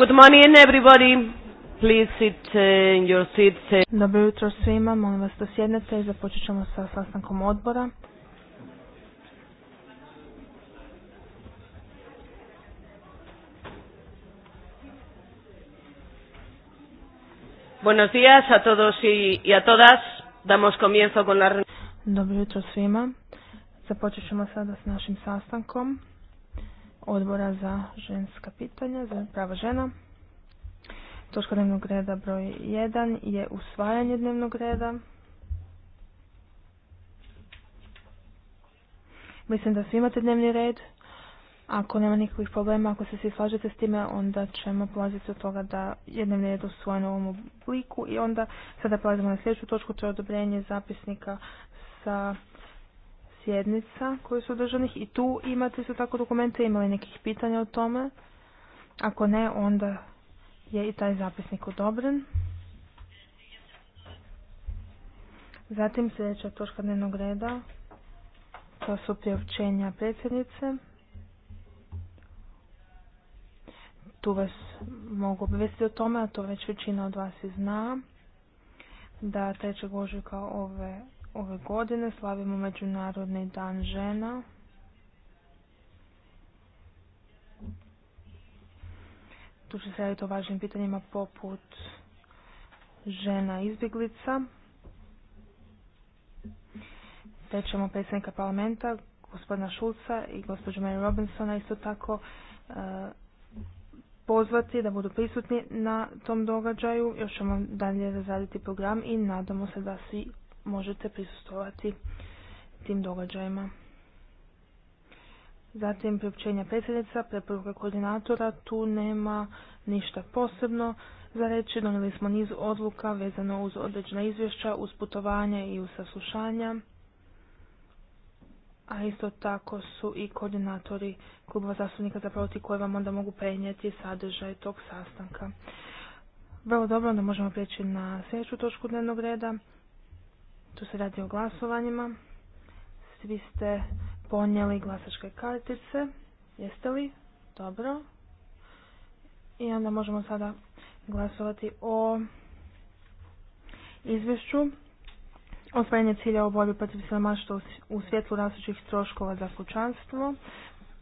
Good morning everybody. Please sit uh, in your seats. Uh. Dobro jutro svima, molim vas da sjednete i započet ćemo sa sastankom odbora. Buenos días a todos y, y a todas. Damos comienzo con la Dobro jutro svima. Započet ćemo sada s našim sastankom odbora za ženska pitanja, za prava žena. Točka dnevnog reda broj 1 je usvajanje dnevnog reda. Mislim da svi imate dnevni red. Ako nema nikakvih problema, ako se svi slažete s time, onda ćemo polaziti od toga da je dnevni red usvojen u ovom obliku i onda sada prelazimo na sljedeću točku, to je odobrenje zapisnika sa sjednica koje su održanih i tu imate su tako dokumente, imali nekih pitanja o tome. Ako ne, onda je i taj zapisnik odobren. Zatim sljedeća točka dnevnog reda, to su priopćenja predsjednice. Tu vas mogu obvesti o tome, a to već većina od vas i zna, da 3. ožujka ove Ove godine slavimo Međunarodni dan žena. Tu će se raditi o važnim pitanjima poput žena izbjeglica. Te ćemo predsjednika parlamenta, gospodina Šulca i gospođu Mary Robinsona isto tako e, pozvati da budu prisutni na tom događaju. Još ćemo dalje razraditi program i nadamo se da svi možete prisustovati tim događajima. Zatim priopćenja predsjednica, preporuka koordinatora, tu nema ništa posebno. Za reći donijeli smo niz odluka vezano uz određena izvješća, uz putovanja i uz saslušanja. A isto tako su i koordinatori klubova zastupnika zapravo ti koji vam onda mogu prenijeti sadržaj tog sastanka. Vrlo dobro, onda možemo prijeći na sljedeću točku dnevnog reda. Tu se radi o glasovanjima. Svi ste ponijeli glasačke kartice. Jeste li? Dobro. I onda možemo sada glasovati o izvješću Osvajanje cilja o borbi protiv siromaštva u svjetlu rastućih troškova za kućanstvo.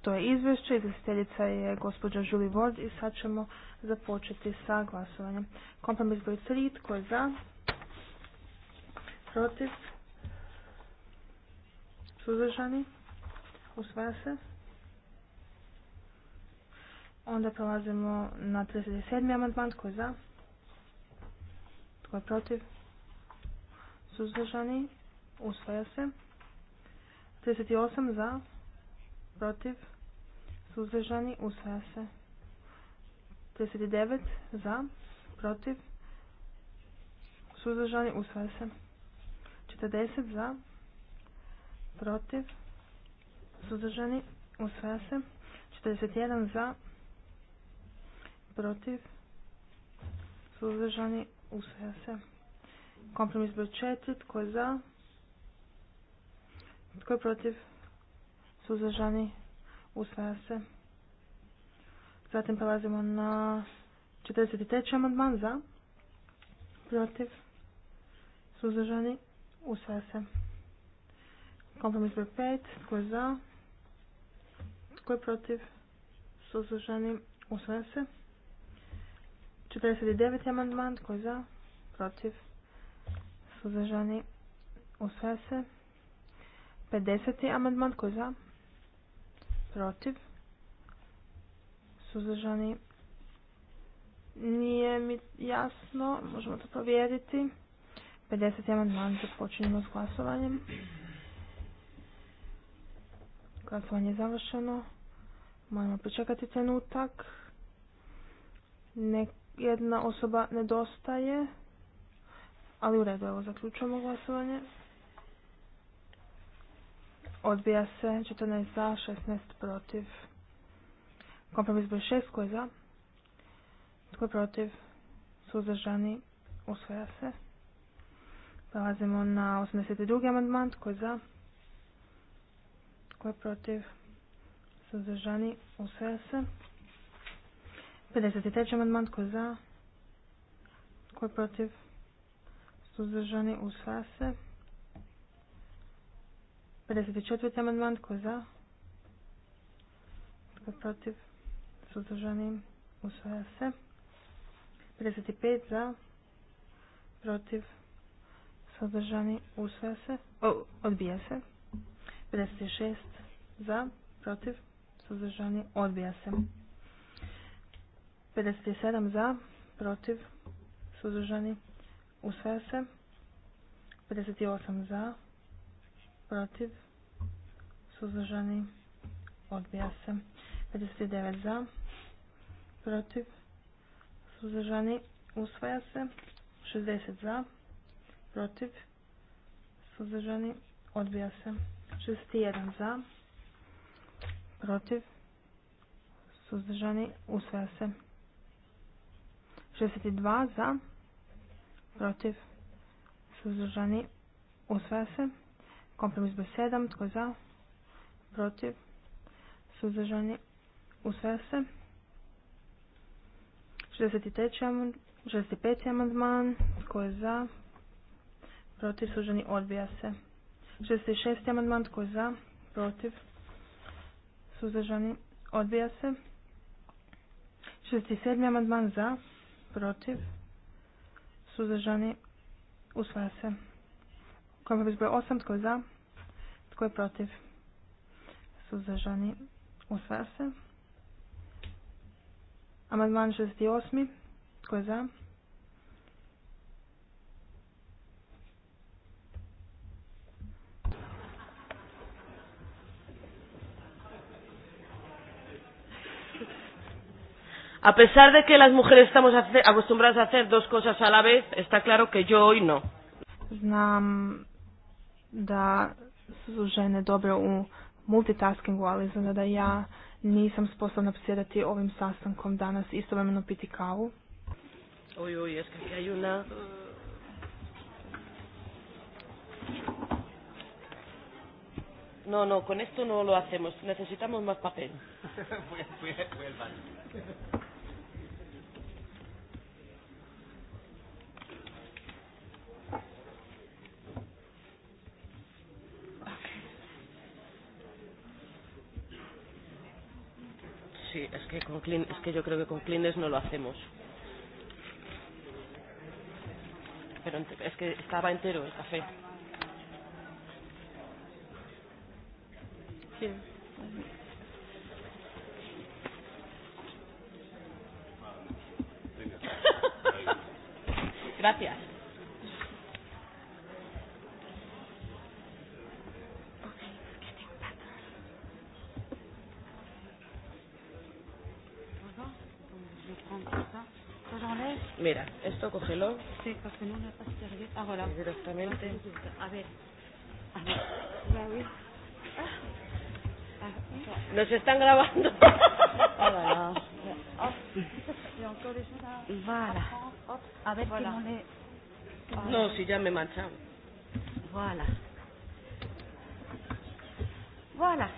To je izvješće, izvjestiteljica je gospođa Julie Ward i sad ćemo započeti sa glasovanjem. Kompromis broj 3, tko je za? protiv, suzdržani, usvaja se. Onda prelazimo na 37. amandman, tko je za, tko je protiv, suzdržani, usvaja se. 38 za, protiv, suzdržani, usvaja se. 39 za, protiv, suzdržani, usvaja se. 50 za, protiv, suzdržani, usvaja se. 41 za, protiv, suzdržani, usvaja se. Kompromis broj četiri. tko je za, tko je protiv, suzdržani, usvaja se. Zatim prelazimo na 43. amandman za, protiv, suzdržani, Usvaja se. Kompromis broj 5. Tko je za? Tko je protiv? Suzdržani. Usvaja se. 49. amandman. Tko je za? Protiv. Suzdržani. Usvaja se. 50. amandman. Tko je za? Protiv. Suzdržani. Nije mi jasno. Možemo to provjeriti. 50. amandman započinjemo s glasovanjem. Glasovanje je završeno. Moramo počekati trenutak. nek jedna osoba nedostaje. Ali u redu, evo zaključujemo glasovanje. Odbija se 14 za, 16 protiv. Kompromis broj 6, tko je za? Tko je protiv? Suzdržani, Osvaja se. Prelazimo na 82. amandman. Tko je za? Tko je protiv? Suzdržani? Usvaja se. 53. amandman. Tko je za? Tko je protiv? Suzdržani? Usvaja se. 54. amandman. Tko je za? Tko je protiv? Suzdržani? Usvaja se. 55. za? Protiv? Sadržani usvaja se, o, odbija se. 56 za, protiv, suzdržani, odbija se. 57 za, protiv, suzdržani, usvaja se. 58 za, protiv, suzdržani, odbija se. 59 za, protiv, suzdržani, usvaja se. 60 za, protiv, suzdržani, odbija se. 61 za, protiv, suzdržani, usvaja se. 62 za, protiv, suzdržani, usvaja se. Kompromis broj 7, tko je za, protiv, suzdržani, usvaja se. 63. 65. amandman, tko je za, protiv, suženi, odbija se. 66. amandman, tko je za, protiv, suzdržani, odbija se. 67. amandman za, protiv, suzdržani, usvaja se. Kompromis zbroj? 8, tko je za, tko je protiv, suzdržani, usvaja se. Amandman 68. Tko je za? A pesar de que las mujeres estamos acostumbradas a hacer dos cosas a la vez, está claro que yo hoy no. Znam da su žene dobre u multitaskingu, ali znam da ja nisam sposobna posjedati ovim sastankom danas istovremeno piti kavu. Oj, oj, es que hay una... No, no, con esto no lo hacemos. Necesitamos más papel. voy, voy, voy al baño. sí, es que, con Clean, es que yo creo que con Clines no lo hacemos. Pero es que estaba entero el café. Sí. Gracias. Mira, esto cógelo. Sí, cógelo una Ah, Ahora. Directamente. A ver. A ver. Nos están grabando. Voilà. Voilà. A ver voilà. si no le... No, si ya me manchado. Voilà. Voilà.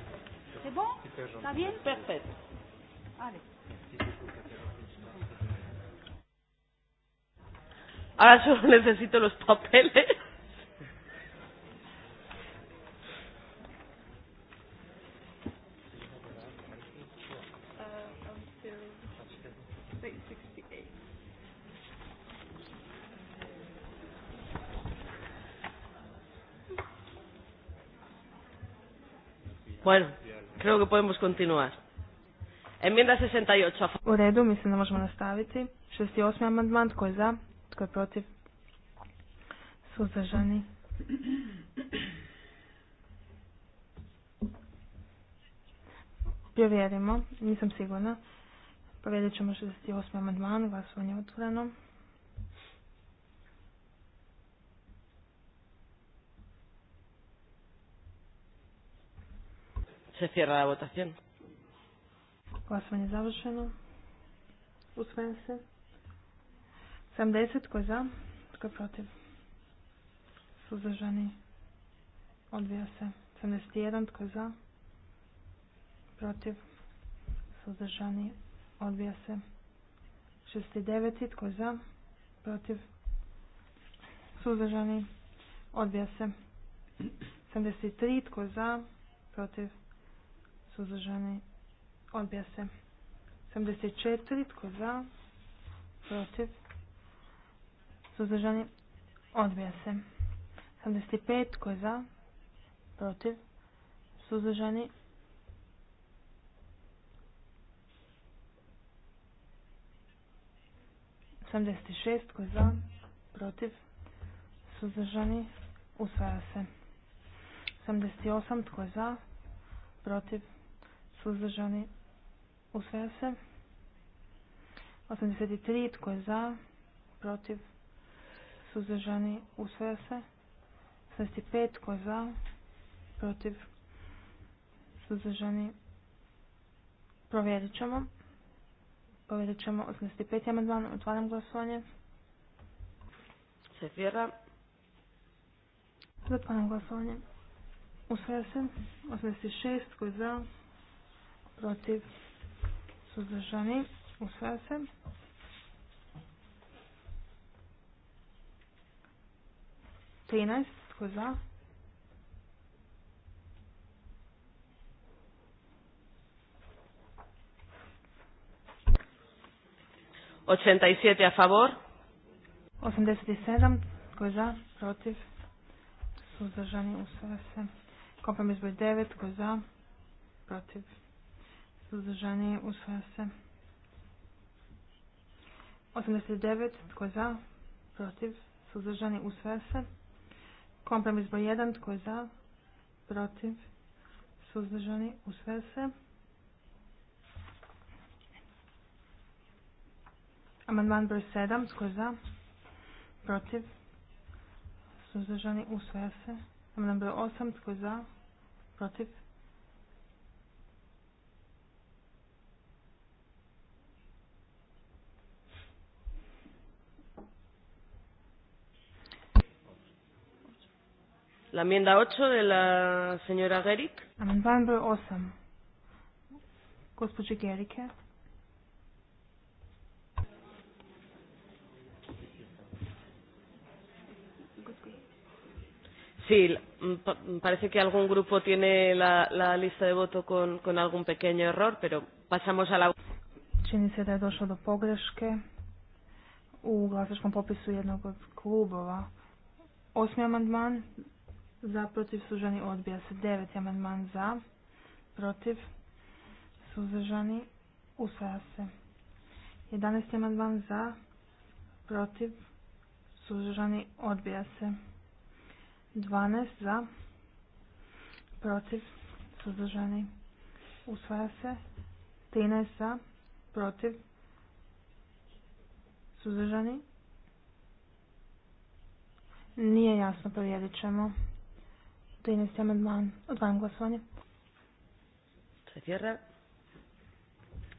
C'est bon Está bien Perfecto. Allez. Ahora solo necesito los papeles. Bueno, creo que podemos continuar. Enmienda 68. U redu, mislim da možemo nastaviti. 68. amandman, tko je za? Tko je protiv? Suzdržani. Provjerimo, nisam sigurna. Provjerit ćemo 68. amandman, glasovanje je otvoreno. Se cierra la votación. Glasovanje je završeno. Usvojen se. 70 tko je za, tko je protiv. Suzdržani. Odbija se. 71 tko je za, protiv. Suzdržani. Odbija se. 69 tko je za, protiv. Suzdržani. Odbija se. 73 tko je za, protiv. Suzdržani. Odbija se. 74 tko je za, protiv suzdržani, odbija se. 75 tko je za, protiv, suzdržani, 76 šest koji je za, protiv, suzdržani, usvaja se. 88 tko je za, protiv, suzdržani, usvaja se. 83 tko je za, protiv, suzdržani, usvaja se. 85 ko je za, protiv, suzdržani, provjerit ćemo. Provjerit ćemo 85. amandman, otvaram glasovanje. Se vjera. Zatvaram glasovanje. Usvaja se. 86 ko je za, protiv, suzdržani, usvaja se. 13. Tko za? Očenta i a favor. 87. Tko je za? Protiv? Suzdržani usvaja se. Kompromis broj 9. Tko je za? Protiv? Suzdržani usvaja se. 89. Tko je za? Protiv? Suzdržani usvaja se. Kompromis broj 1, tko je za? Protiv? Suzdržani? Usve se. Amandman broj 7, tko je za? Protiv? Suzdržani? Usve se. Amandman broj 8, tko je za? Protiv? La enmienda 8 de la señora Gerik. Amandman 8. Gospođe Gerike. Sí, pa, parece que algún grupo tiene la, la lista de voto con, con algún pequeño error, pero pasamos a la... Čini se da je došlo do pogreške u glasačkom popisu jednog od klubova. Osmi amandman, za protiv sužani odbija se 9. amandman za protiv suzdržani usvaja se 11. amandman za protiv suzdržani odbija se 12 za protiv suzdržani usvaja se 13 za protiv suzdržani nije jasno provjerit ćemo 13. amandman. Odvajam glasovanje. Se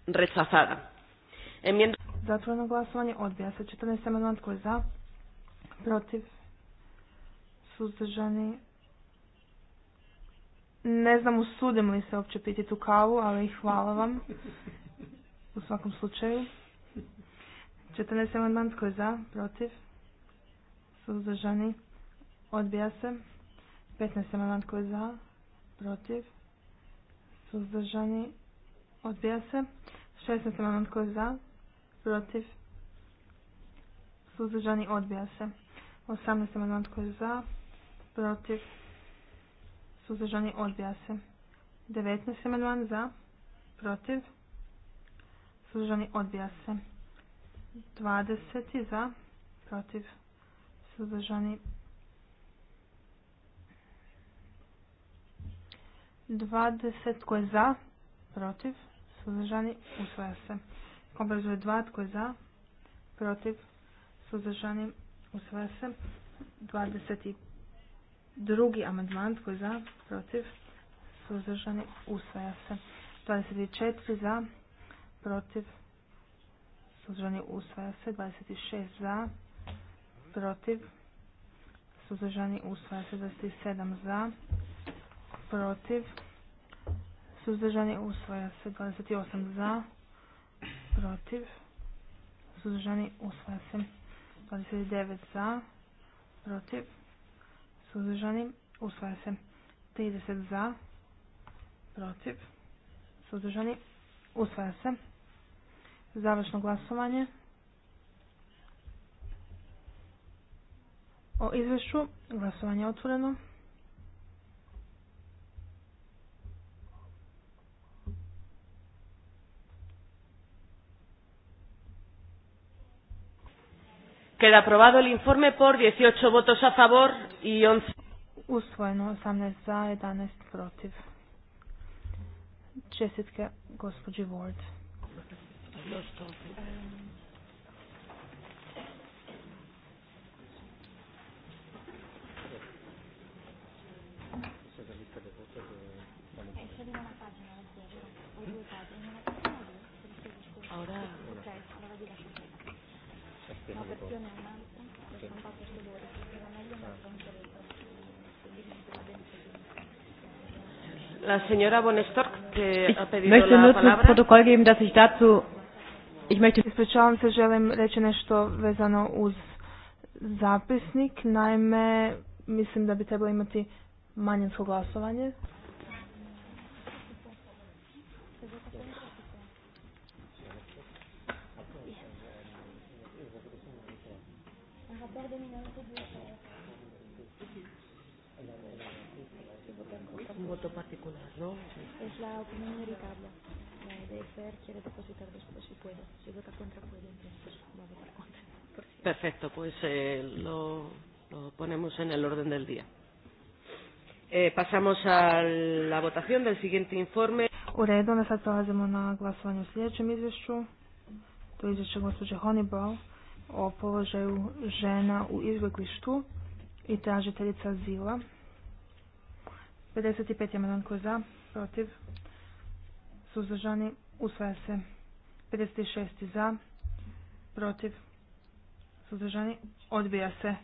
Rechazada. Zatvoreno glasovanje. Odbija se 14. amandman. Tko je za? Protiv? Suzdržani? Ne znam usudim li se uopće piti tu kavu, ali hvala vam. U svakom slučaju. 14. amandman. Tko je za? Protiv? Suzdržani? Odbija se. 15 amandman koji je za, protiv, suzdržani, odbija se. 16 amandman koji je za, protiv, suzdržani, odbija se. 18 amandman koji je za, protiv, suzdržani, odbija se. 19 amandman za, protiv, suzdržani, odbija se. 20 za, protiv, suzdržani, odbija se. 20 tko za, protiv, suzdržani, usvaja se. Obrazuje 2 tko za, protiv, suzdržani, usvaja se. 22. amandman tko je za, protiv, suzdržani, usvaja se. 24 za, protiv, suzdržani, usvaja se. 26 za, protiv, suzdržani, usvaja se. 27 za, protiv, suzdržani usvaja se. 28 za, protiv, suzdržani usvaja se. 29 za, protiv, suzdržani usvaja se. 30 za, protiv, suzdržani usvaja se. Završno glasovanje. O izvješću glasovanje je otvoreno. Queda aprobado el informe por 18 votos a favor y 11... Usvojeno 18 za, 11 protiv. Čestitke gospođi Ward. La versione è un'altra, lo sono fatto solo ora, era meglio una La señora Bonestork te ha pedido la palabra. Möchte geben, dass ich dazu ich möchte Ispričavam se, želim reći nešto vezano uz zapisnik. Naime, mislim da bi trebalo imati manjinsko glasovanje. Un voto particular, ¿no? Es la opinión minoritaria, la de Fer quiere depositar después si puede. Si vota contra puede, entonces va a votar contra. Perfecto, pues eh, lo, lo ponemos en el orden del día. Eh, pasamos a la votación del siguiente informe. U redu, onda sad prelazimo na glasovanje u sljedećem izvješću. To je izvješće gospođe Honeyball o položaju žena u izbjeglištvu i tražiteljica zila. 55. amandman koji za, protiv, suzdržani, usvaja se. 56. za, protiv, suzdržani, odbija se.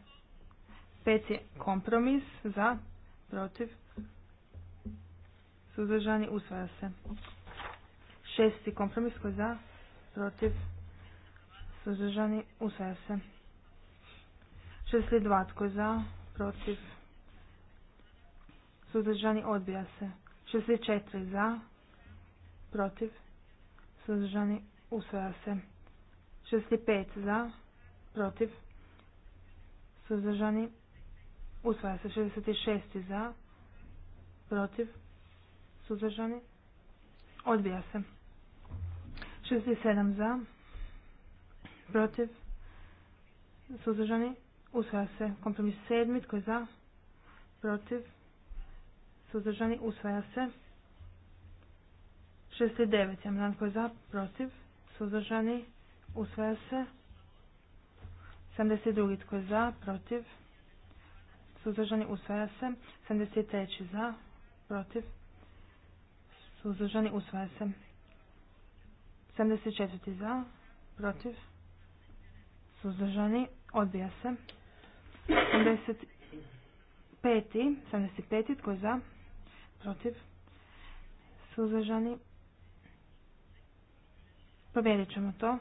5. kompromis, za, protiv, suzdržani, usvaja se. 6. kompromis koji za, protiv, suzdržani, usvaja se. dva tko je za, protiv, suzdržani, odbija se. četiri za, protiv, suzdržani, usvaja se. pet za, protiv, suzdržani, usvaja se. šesti za, protiv, suzdržani, odbija se. 67 za, protiv, suzdržani, usvaja se. Kompromis sedmi, tko je za, protiv, suzdržani, usvaja se. 69, jedan tko je za, protiv, suzdržani, usvaja se. 72, tko je za, protiv, suzdržani, usvaja se. 73, za, protiv, suzdržani, usvaja se. 74 za, protiv, suzdržani, odbija se. 75. 75. Tko je za? Protiv. Suzdržani. Pobjedit ćemo to.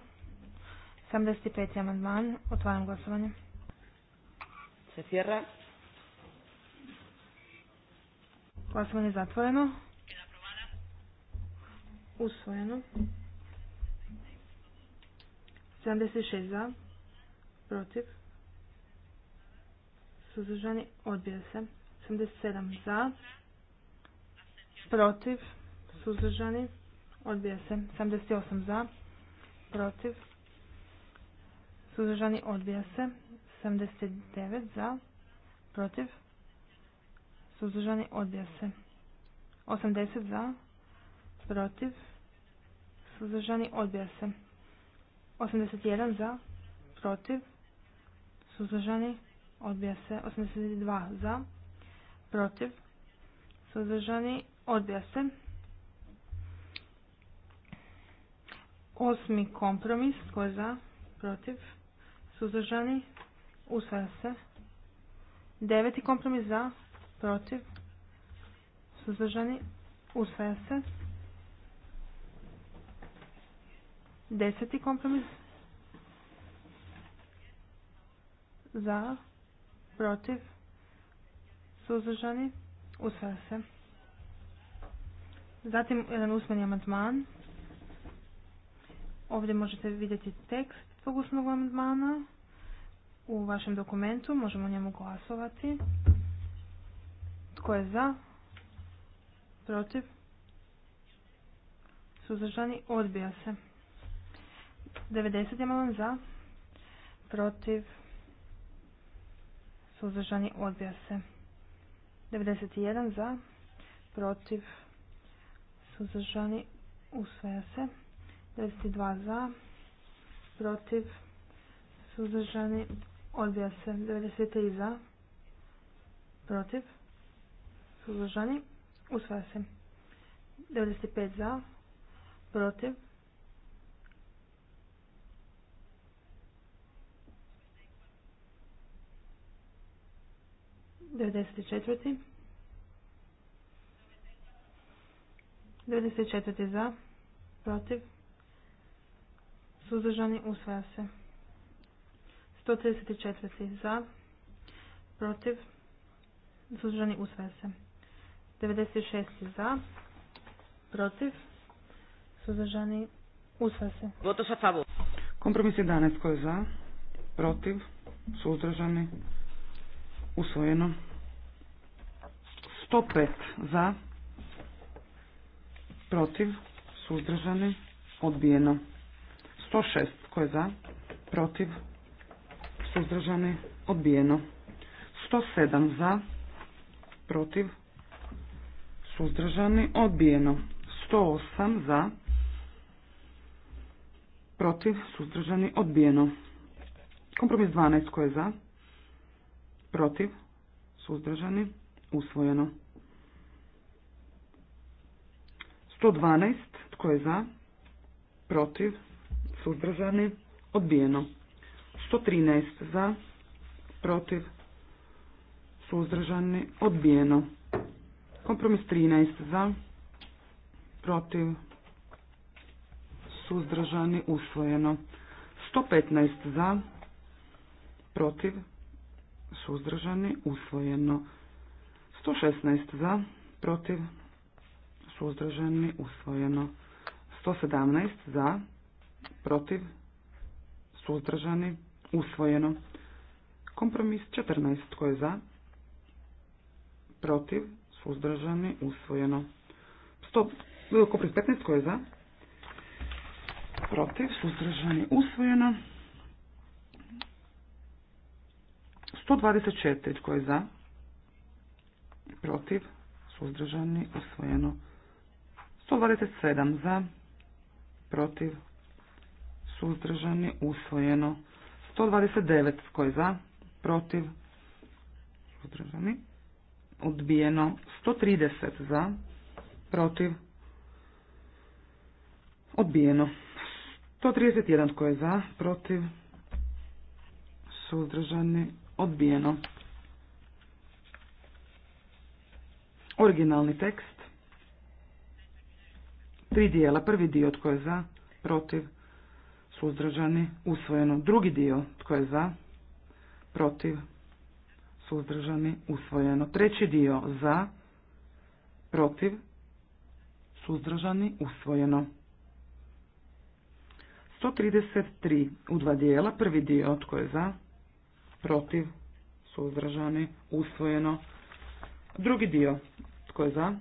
75. amandman. Otvaram glasovanje. Se fjera. Glasovanje je zatvoreno. Usvojeno. 76 za protiv, suzdržani, odbija se. 87 za, protiv, suzdržani, odbija se. 78 za, protiv, suzdržani, odbija se. 79 za, protiv, suzdržani, odbija se. 80 za, protiv, suzdržani, odbija se. 81 za, protiv, suzdržani, odbija se. 82 za, protiv, suzdržani, odbija se. Osmi kompromis, tko je za, protiv, suzdržani, usvaja se. Deveti kompromis za, protiv, suzdržani, usvaja se. Deseti kompromis za, protiv, suzdržani, usvaja se. Zatim jedan usmeni amandman. Ovdje možete vidjeti tekst tog usmenog amandmana u vašem dokumentu. Možemo njemu glasovati. Tko je za? Protiv? Suzdržani? Odbija se. 90 amandman za? Protiv? suzdržani, odbija se. 91 za, protiv, suzdržani, usvaja se. 92 za, protiv, suzdržani, odbija se. 93 za, protiv, suzdržani, usvaja se. 95 za, protiv, 94. 94. za, protiv, suzdržani, usvaja se. 134. za, protiv, suzdržani, usvaja se. 96. za, protiv, suzdržani, usvaja se. Voto sa Kompromis 11. Ko je za, protiv, suzdržani, usvojeno. 105 za, protiv, suzdržani, odbijeno. 106 koje za, protiv, suzdržani, odbijeno. 107 za, protiv, suzdržani, odbijeno. 108 za, protiv, suzdržani, odbijeno. Kompromis 12 tko je za, protiv, suzdržani, usvojeno. 112, tko je za, protiv, suzdržani, odbijeno. 113 za, protiv, suzdržani, odbijeno. Kompromis 13 za, protiv, suzdržani, usvojeno. 115 za, protiv, suzdržani, usvojeno. 116 za, protiv, suzdržani, usvojeno. 117 za, protiv, suzdržani, usvojeno. Kompromis 14 tko je za, protiv, suzdržani, usvojeno. kompromis 15 tko je za, protiv, suzdržani, usvojeno. 124. Tko je za? Protiv? Suzdržani? Usvojeno. 127. Za? Protiv? Suzdržani? Usvojeno. 129. Tko je za? Protiv? Suzdržani? Odbijeno. 130. Za? Protiv? Odbijeno. 131. Tko je za? Protiv? Suzdržani? Odbijeno. Originalni tekst. Tri dijela. Prvi dio tko je za, protiv, suzdržani, usvojeno. Drugi dio tko je za, protiv, suzdržani, usvojeno. Treći dio za, protiv, suzdržani, usvojeno. 133 u dva dijela. Prvi dio tko je za, protiv, suzdržani, usvojeno. Drugi dio, tko je za,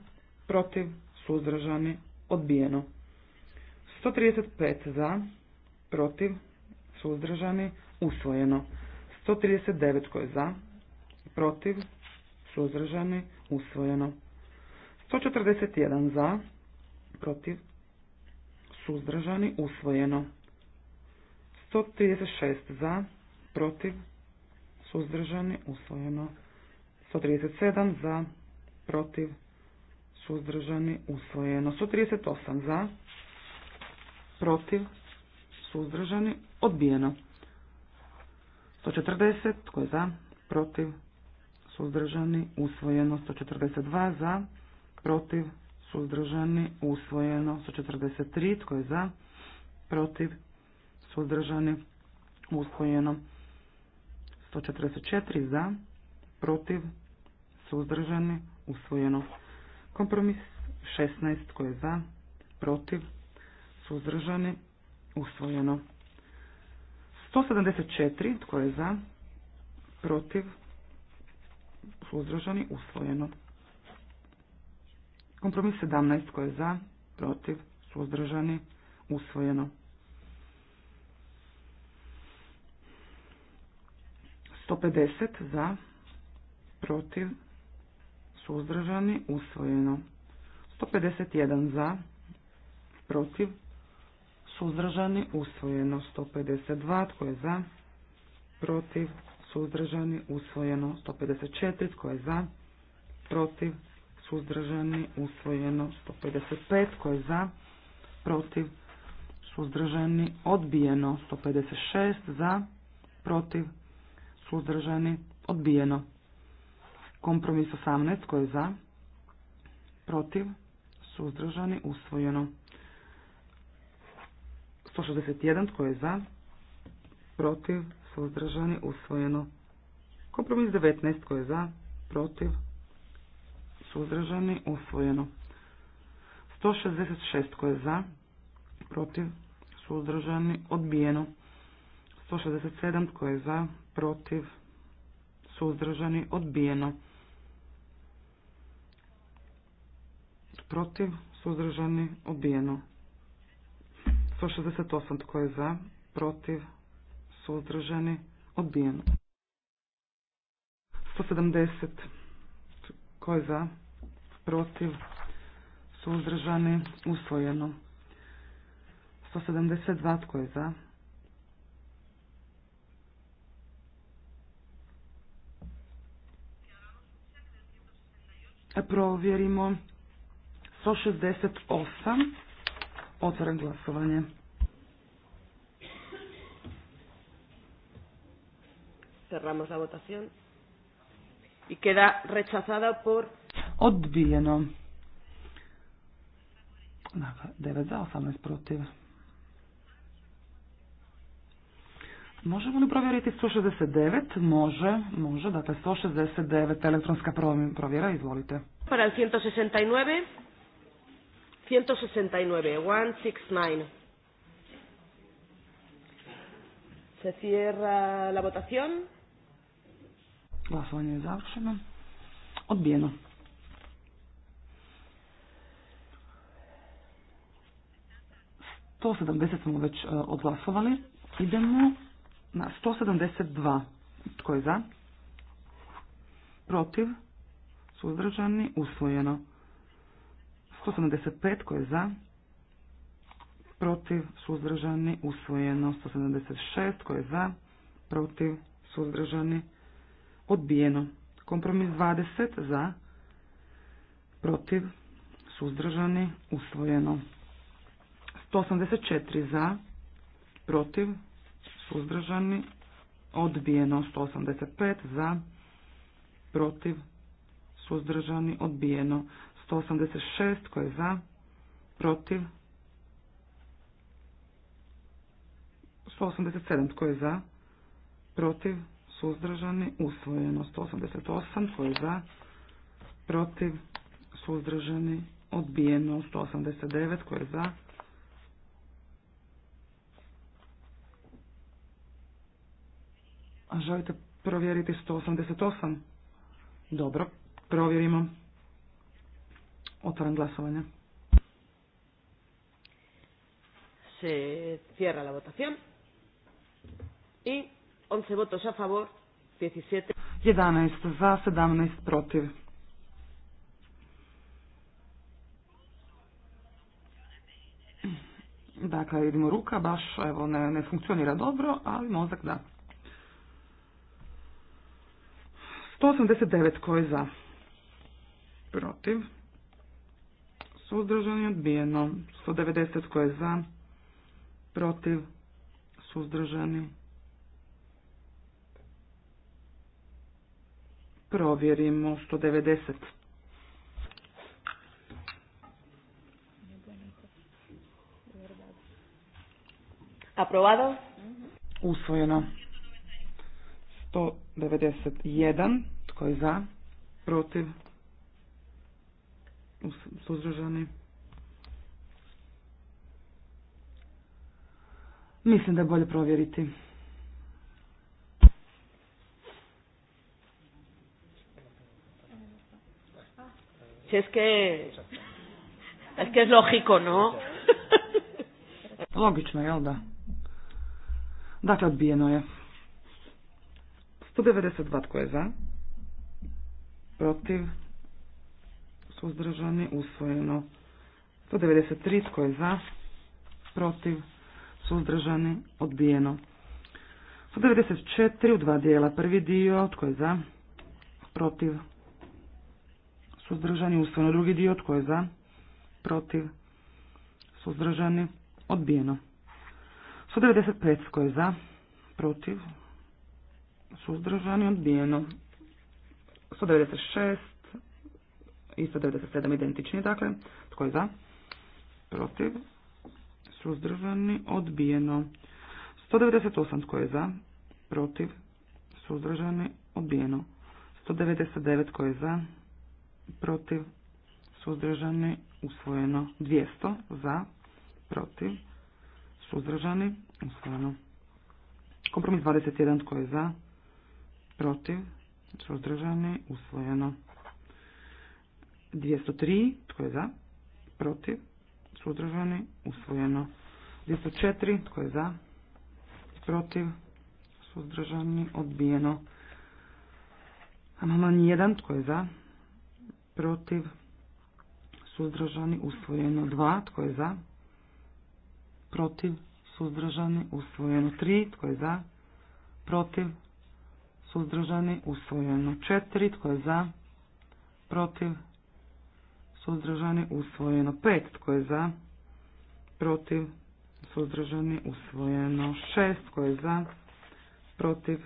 protiv, suzdržani, odbijeno. 135 za, protiv, suzdržani, usvojeno. 139 tko je za, protiv, suzdržani, usvojeno. 141 za, protiv, suzdržani, usvojeno. 136 za, protiv, suzdržani, usvojeno. 137 za, protiv, suzdržani, usvojeno. 138 za, protiv, suzdržani, odbijeno. 140, tko je za, protiv, suzdržani, usvojeno. 142 za, protiv, suzdržani, usvojeno. 143, tko je za, protiv, suzdržani, usvojeno. 144 za, protiv, suzdržani, usvojeno. Kompromis 16 koje je za, protiv, suzdržani, usvojeno. 174 tko je za, protiv, suzdržani, usvojeno. Kompromis 17 tko je za, protiv, suzdržani, usvojeno. 150 za, protiv, suzdržani, usvojeno. 151 za, protiv, suzdržani, usvojeno. 152 tko je za, protiv, suzdržani, usvojeno. 154 tko je za, protiv, suzdržani, usvojeno. 155 tko je za, protiv, suzdržani, odbijeno. 156 za, protiv, suzdržani, odbijeno. Kompromis 18, tko je za, protiv, suzdržani, usvojeno. 161, tko je za, protiv, suzdržani, usvojeno. Kompromis 19, tko je za, protiv, suzdržani, usvojeno. 166, tko je za, protiv, suzdržani, odbijeno. 167, tko je za, protiv, suzdržani, odbijeno. Protiv, suzdržani, odbijeno. 168 tko je za, protiv, suzdržani, odbijeno. 170 tko je za, protiv, suzdržani, usvojeno. 172 tko je za, provjerimo 168. otvoren glasovanje. Cerramos la votación. Y queda rechazada por... Odbijeno. 9 dakle, za, 18 protiv. Možemo li provjeriti 169? Može, može, dakle 169 elektronska provjera, izvolite. Para el 169, 169, 169. Se cierra la votación. Glasovanje je završeno. Odbijeno. To smo već e, odglasovali. Idemo na 172. Tko je za? Protiv? Suzdržani? Usvojeno. 175. Tko je za? Protiv? Suzdržani? Usvojeno. 176. Tko je za? Protiv? Suzdržani? Odbijeno. Kompromis 20. Za? Protiv? Suzdržani? Usvojeno. 184. Za? Protiv? suzdržani, odbijeno 185 za, protiv, suzdržani, odbijeno 186 koje je za, protiv, 187 koje je za, protiv, suzdržani, usvojeno 188 koje je za, protiv, suzdržani, odbijeno 189 koje je za, A Želite provjeriti 188? Dobro, provjerimo. Otvorim glasovanje. Se cierra la votación. I 11 votos a favor, 17. 11 za, 17 protiv. Dakle, vidimo ruka, baš evo, ne, ne funkcionira dobro, ali mozak da. 189 Ko je za? Protiv. Suzdržan je odbijeno. 190 Ko je za? Protiv. Suzdržani. Provjerimo 190. Aprobado. Usvojeno. 100 91. Tko je za? Protiv? Suzdržani? Mislim da je bolje provjeriti. es que ¿no? Logično, jel da? Dakle, odbijeno je. 192 tko je za? Protiv? Suzdržani? Usvojeno. 193 tko je za? Protiv? Suzdržani? Odbijeno. 194 u dva dijela. Prvi dio tko je za? Protiv? Suzdržani? Usvojeno. Drugi dio tko je za? Protiv? Suzdržani? Odbijeno. 195 tko je za? Protiv? suzdržani, odbijeno. 196 i 197 identični, dakle, tko je za? Protiv, suzdržani, odbijeno. 198 tko je za? Protiv, suzdržani, odbijeno. 199 tko je za? Protiv, suzdržani, usvojeno. 200 za, protiv, suzdržani, usvojeno. Kompromis 21 tko je za? protiv, suzdržani, usvojeno. 203, tko je za, protiv, suzdržani, usvojeno. 204, tko je za, protiv, suzdržani, odbijeno. Amandman 1, tko je za, protiv, suzdržani, usvojeno. 2, tko je za, protiv, suzdržani, usvojeno. 3, tko je za, protiv, suzdržani, usvojeno. Četiri tko je za, protiv, suzdržani, usvojeno. pet tko je za, protiv, suzdržani, usvojeno. šest tko je za, protiv,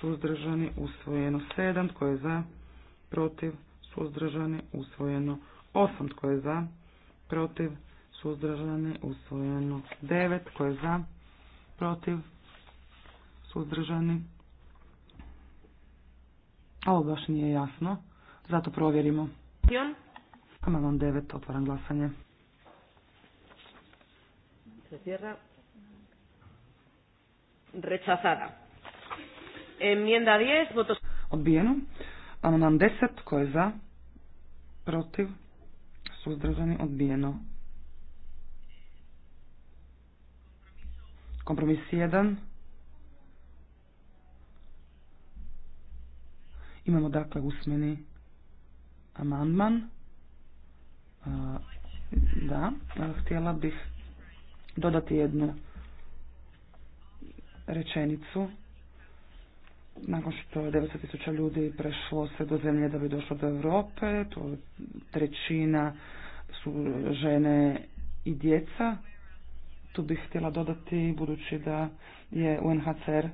suzdržani, usvojeno. sedam tko je za, protiv, suzdržani, usvojeno. osam tko je za, protiv, suzdržani, usvojeno. Devet tko je za, protiv, suzdržani, usvojeno ovo baš nije jasno, zato provjerimo. Amandman 9, otvaram glasanje. Se cierra. Rechazada. Enmienda 10, votos... Odbijeno. Amandman 10, ko je za? Protiv? Suzdržani? Odbijeno. Kompromis 1, Imamo dakle usmeni amandman. Da, htjela bih dodati jednu rečenicu. Nakon što je 90.000 ljudi prešlo se do zemlje da bi došlo do Europe, to trećina su žene i djeca. Tu bih htjela dodati, budući da je UNHCR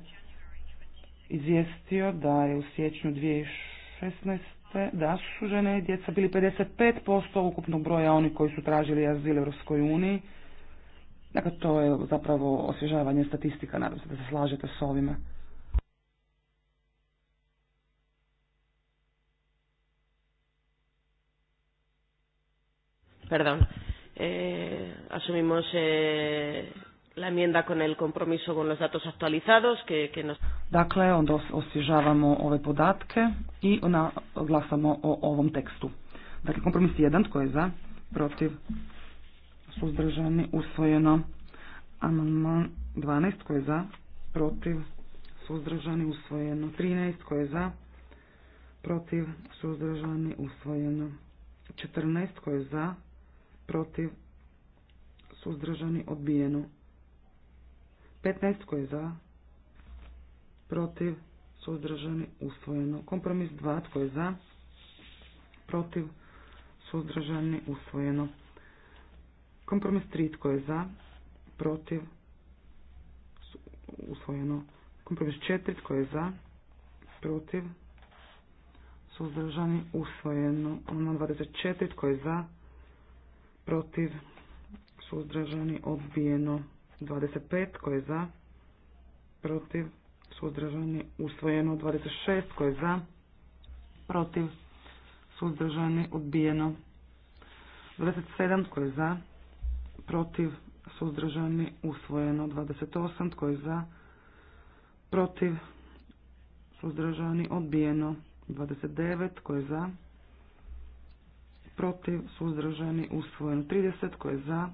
izvijestio da je u siječnju 2016. da su žene i djeca bili 55% ukupnog broja onih koji su tražili azil u Europskoj uniji. Dakle, to je zapravo osvježavanje statistika, nadam se da se slažete s ovime. Perdón, eh, asumimos eh, la enmienda con el compromiso con los datos actualizados que, que nos... Dakle, onda osvježavamo ove podatke i ona, glasamo o ovom tekstu. Dakle, kompromis 1, tko je za, protiv, suzdržani, usvojeno. Amandman 12, tko je za, protiv, suzdržani, usvojeno. 13, tko je za, protiv, suzdržani, usvojeno. 14, tko je za, protiv, suzdržani, odbijeno. 15 koji je za? Protiv? Suzdržani? Usvojeno. Kompromis 2 tko je za? Protiv? Suzdržani? Usvojeno. Kompromis 3 tko je za? Protiv? Usvojeno. Kompromis 4 tko je za? Protiv? Suzdržani? Usvojeno. Ono 24 tko je za? Protiv? Suzdržani? Odbijeno. 25 koji je za, protiv, suzdržani, usvojeno. 26 koji je za, protiv, suzdržani, odbijeno. 27 koji je za, protiv, suzdržani, usvojeno. 28 koji je za, protiv, suzdržani, odbijeno. 29 koji je za, protiv, suzdržani, usvojeno. 30 koji je za,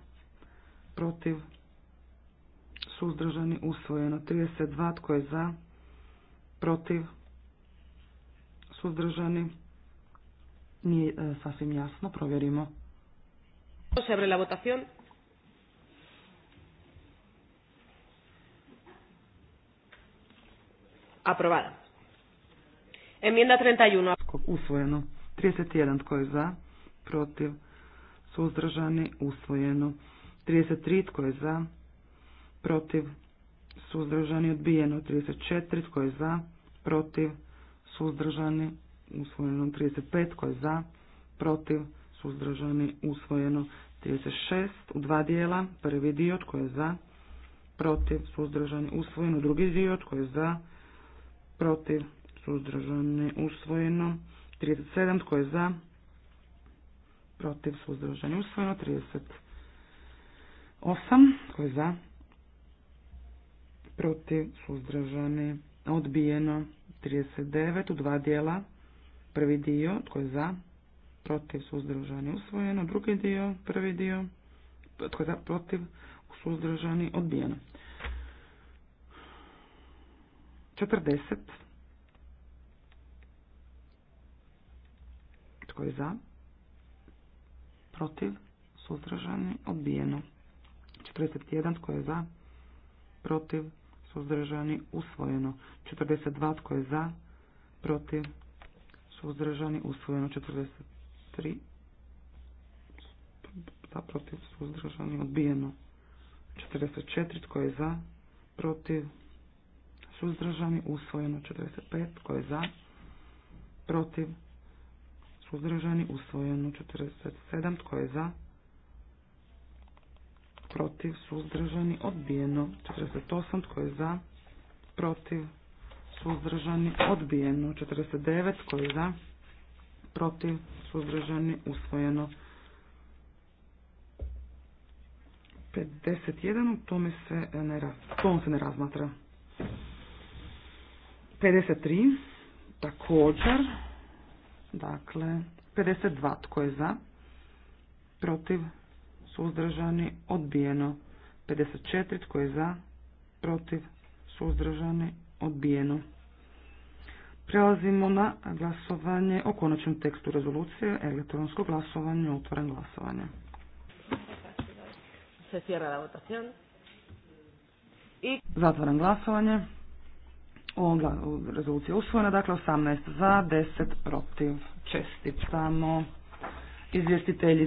protiv, suzdržani, usvojeno. 32 tko je za, protiv, suzdržani, nije e, sasvim jasno, provjerimo. Se abre la votación. Aprobada. Enmienda 31. Usvojeno. 31 tko je za, protiv, suzdržani, usvojeno. 33 tko je za, protiv, suzdržani, odbijeno 34, tko je za, protiv, suzdržani, usvojeno 35, tko je za, protiv, suzdržani, usvojeno 36, u dva dijela, prvi dio, tko je za, protiv, suzdržani, usvojeno, drugi dio, tko je za, protiv, suzdržani, usvojeno, 37, tko je za, protiv, suzdržani, usvojeno, 38, tko je za, protiv, suzdržani, odbijeno, 39 u dva dijela, prvi dio, tko je za, protiv, suzdržani, usvojeno, drugi dio, prvi dio, tko je za, protiv, suzdržani, odbijeno. 40. Tko je za? Protiv? Suzdržani? Odbijeno. 41. Tko je za? Protiv? suzdržani, usvojeno. 42 tko je za, protiv, suzdržani, usvojeno. 43 za, protiv, suzdržani, odbijeno. 44 tko je za, protiv, suzdržani, usvojeno. 45 tko je za, protiv, suzdržani, usvojeno. 47 tko je za, protiv, suzdržani, odbijeno. 48 tko je za, protiv, suzdržani, odbijeno. 49 tko je za, protiv, suzdržani, usvojeno. 51, u tome se ne, tom se ne razmatra. 53, također, dakle, 52, tko je za, protiv, suzdržani, odbijeno. 54 tko je za, protiv, suzdržani, odbijeno. Prelazimo na glasovanje o konačnom tekstu rezolucije, elektronsko glasovanje, otvoren glasovanje. Se I... Zatvoren glasovanje. rezolucija usvojena, dakle 18 za, 10 protiv. samo izvjestitelji.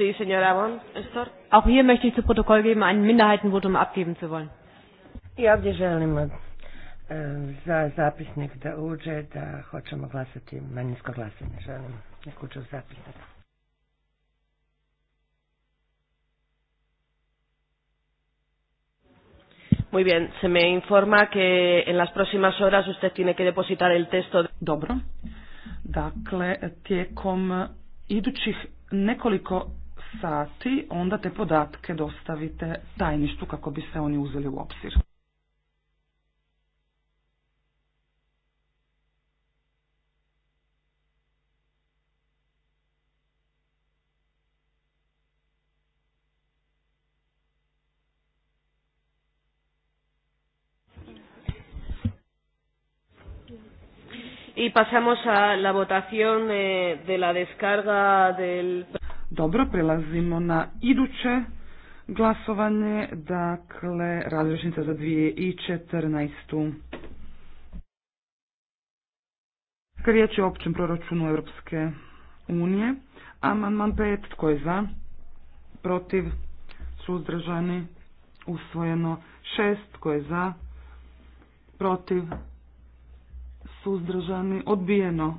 Sí, señora Bon. Auch hier möchte ich zu Protokoll geben, ein Minderheitenvotum abgeben zu wollen. I ovdje želimo eh, za zapisnik da uđe, da hoćemo glasati, manjinsko glasanje želimo, nek uđe u zapisnik. Muy bien, se me informa que en las próximas horas usted tiene que depositar el texto. De... Dobro. Dakle, tijekom idućih nekoliko sati, onda te podatke dostavite tajništu kako bi se oni uzeli u obzir. Y pasamos a la votación de, de la descarga del. Dobro, prelazimo na iduće glasovanje, dakle razrešnica za 2014. Kad riječ je o općem proračunu Europske unije, amandman 5, tko je za, protiv, suzdržani, usvojeno 6, tko je za, protiv, suzdržani, odbijeno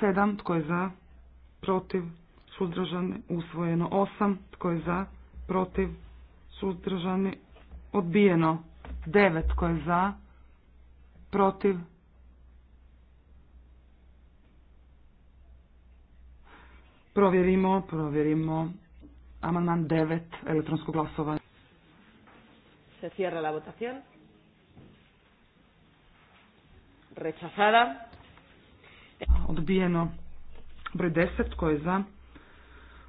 Sedam Tko je za? Protiv? Suzdržani? Usvojeno. Osam Tko je za? Protiv? Suzdržani? Odbijeno. Devet Tko je za? Protiv? Provjerimo, provjerimo. Amandman devet, Elektronsko glasovanje. Se cierra la votación. Rechazada. Odbijeno. Broj 10. Tko je za?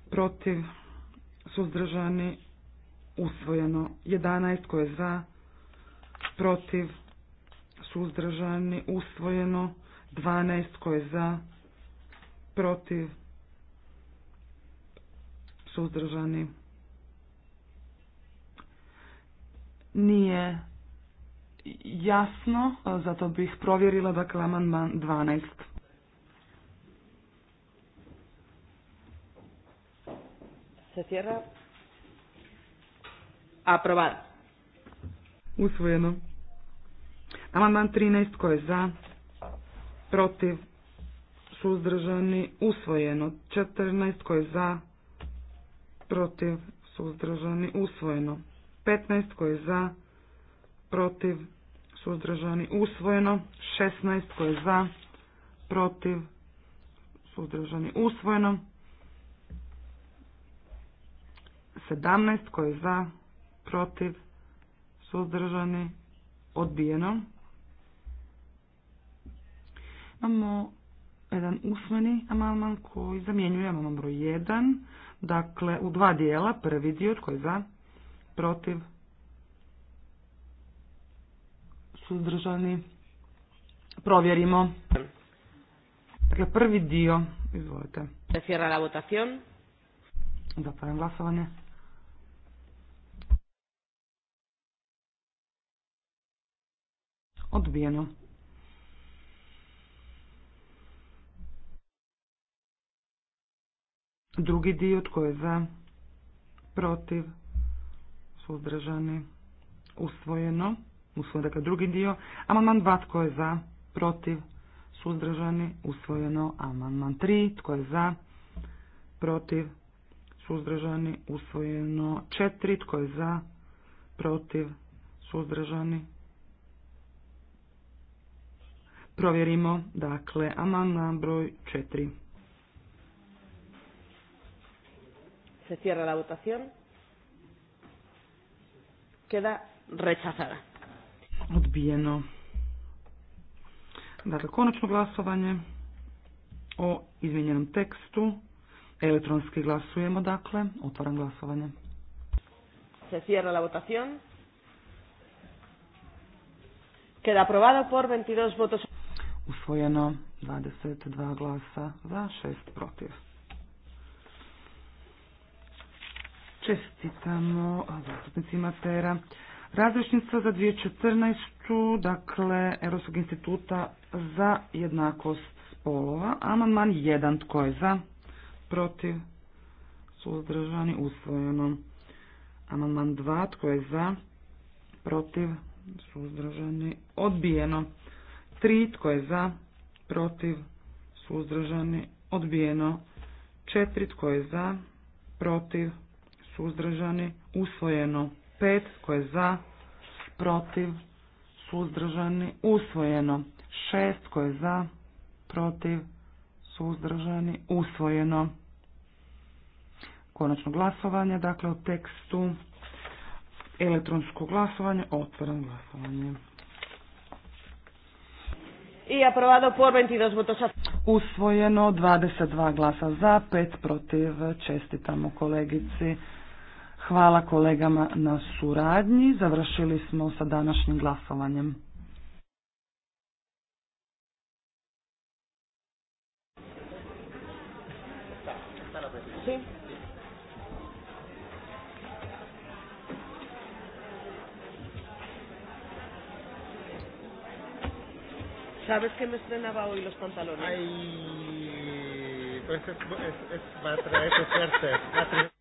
Protiv. Suzdržani. Usvojeno. 11. Tko je za? Protiv. Suzdržani. Usvojeno. 12. Tko je za? Protiv. Suzdržani. Nije jasno, zato bih provjerila dakle amandman 12. Se cierra. Aprobada. Usvojeno. Amandman 13. Ko je za? Protiv? Suzdržani? Usvojeno. 14. tko je za? Protiv? Suzdržani? Usvojeno. 15. Ko je za? Protiv? Suzdržani? Usvojeno. 16. tko je za? Protiv? Suzdržani? Usvojeno. 17 koji je za, protiv, suzdržani, odbijeno. Imamo jedan usmeni amandman koji zamjenjujemo amalman broj 1. Dakle, u dva dijela, prvi dio tko je za, protiv, suzdržani, provjerimo. Dakle, prvi dio, izvolite. Se glasovanje. Odbijeno. Drugi dio tko je za, protiv, suzdržani, usvojeno. Usvojeno, dakle drugi dio. Amandman 2 tko je za, protiv, suzdržani, usvojeno. Amandman 3 tko je za, protiv, suzdržani, usvojeno. 4 tko je za, protiv, suzdržani, Provjerimo, dakle, amandman broj 4. Se cierra la votación. Queda rechazada. Odbijeno. Dakle, konačno glasovanje o izmijenjenom tekstu. Elektronski glasujemo, dakle, otvaram glasovanje. Se cierra la votación. Queda aprobado por 22 votos usvojeno 22 glasa za 6 protiv. Čestitamo zastupnicima Tera. Razrešnica za 2014. dakle Europskog instituta za jednakost spolova. Amandman 1. Tko je za? Protiv? Suzdržani? Usvojeno. Amandman 2. Tko je za? Protiv? Suzdržani? Odbijeno. Tri Tko je za? Protiv? Suzdržani? Odbijeno. 4. Tko je za? Protiv? Suzdržani? Usvojeno. pet Tko je za? Protiv? Suzdržani? Usvojeno. Šest Tko je za? Protiv? Suzdržani? Usvojeno. Konačno glasovanje, dakle u tekstu elektronsko glasovanje, otvoren glasovanje i aprobado por 22 votos Usvojeno 22 glasa za, 5 protiv. Čestitamo kolegici. Hvala kolegama na suradnji. Završili smo sa današnjim glasovanjem. Sí. ¿Sabes que me estrenaba hoy los pantalones? Ay, pues es, es, es va a traer suerte. Va traer...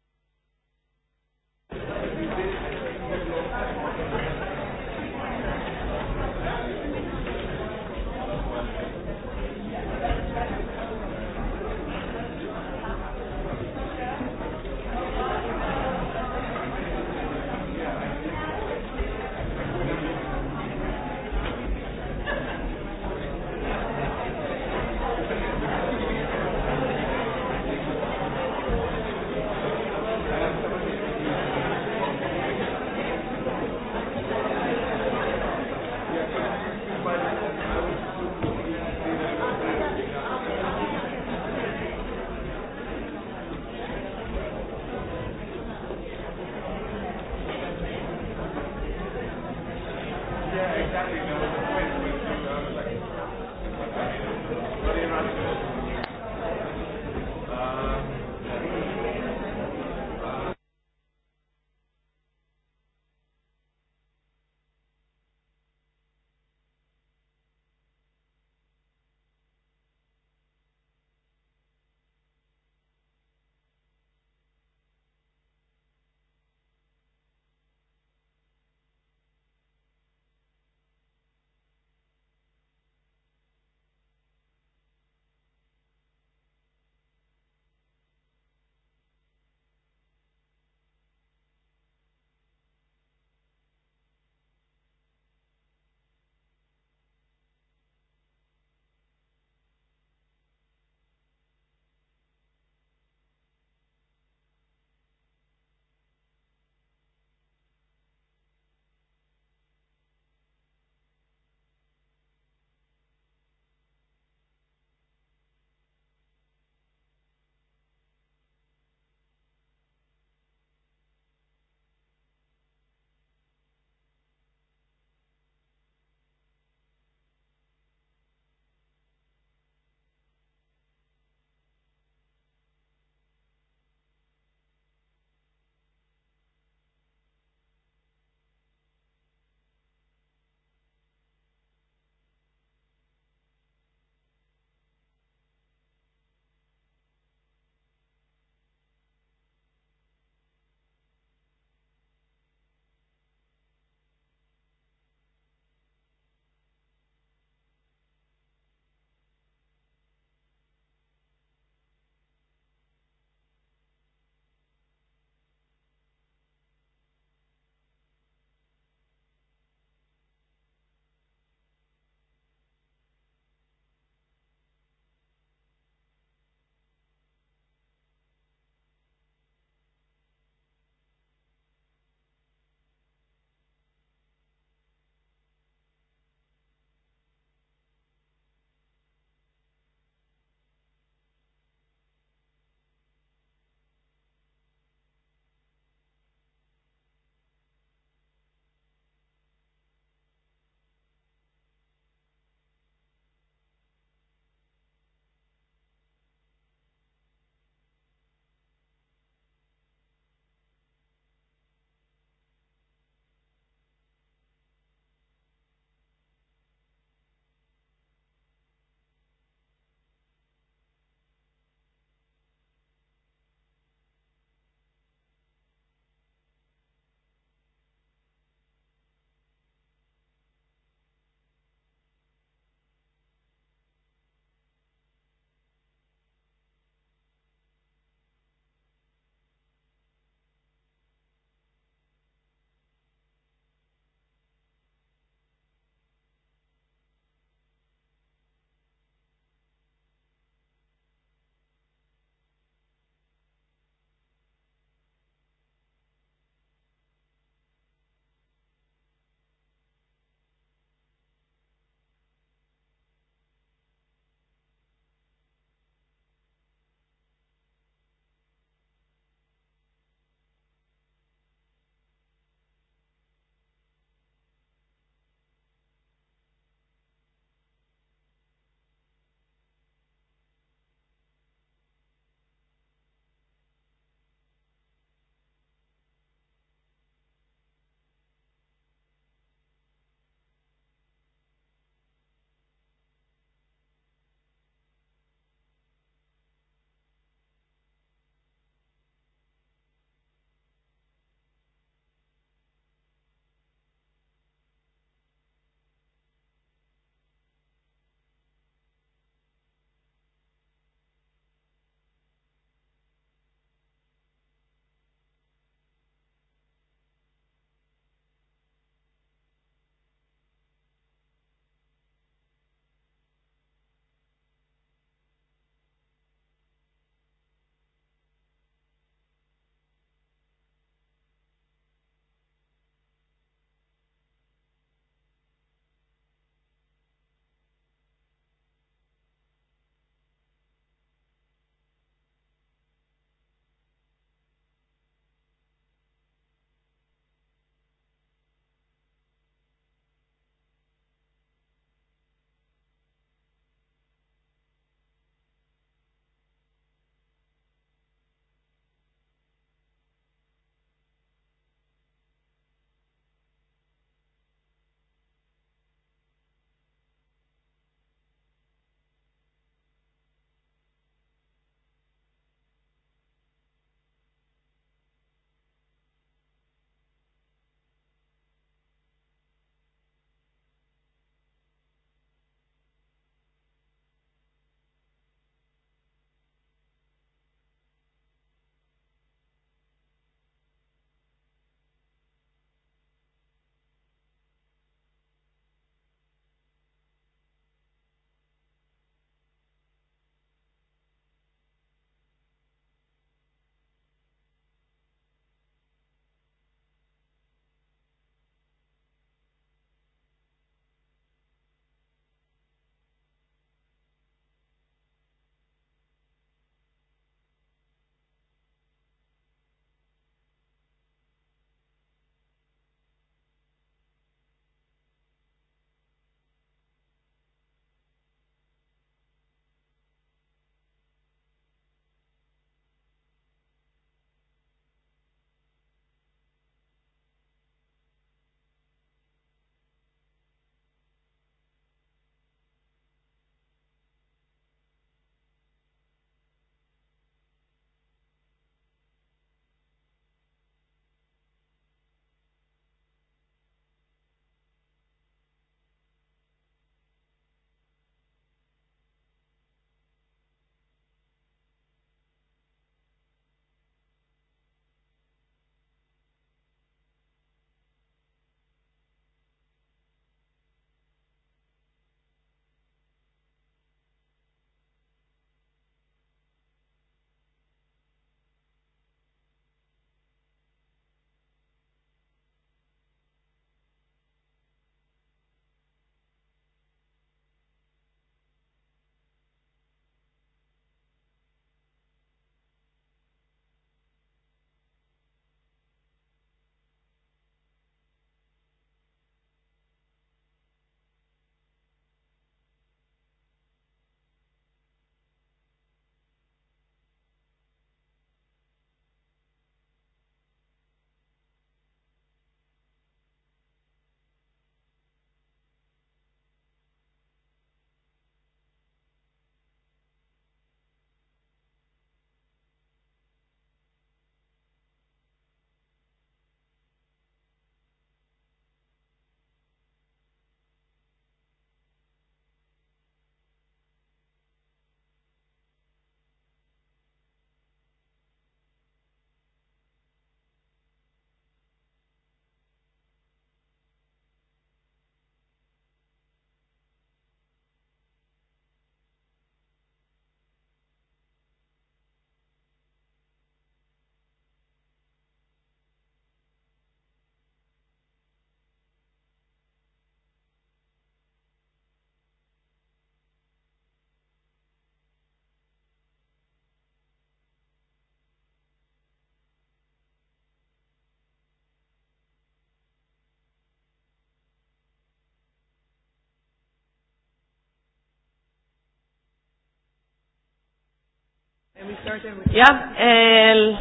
Ja, el,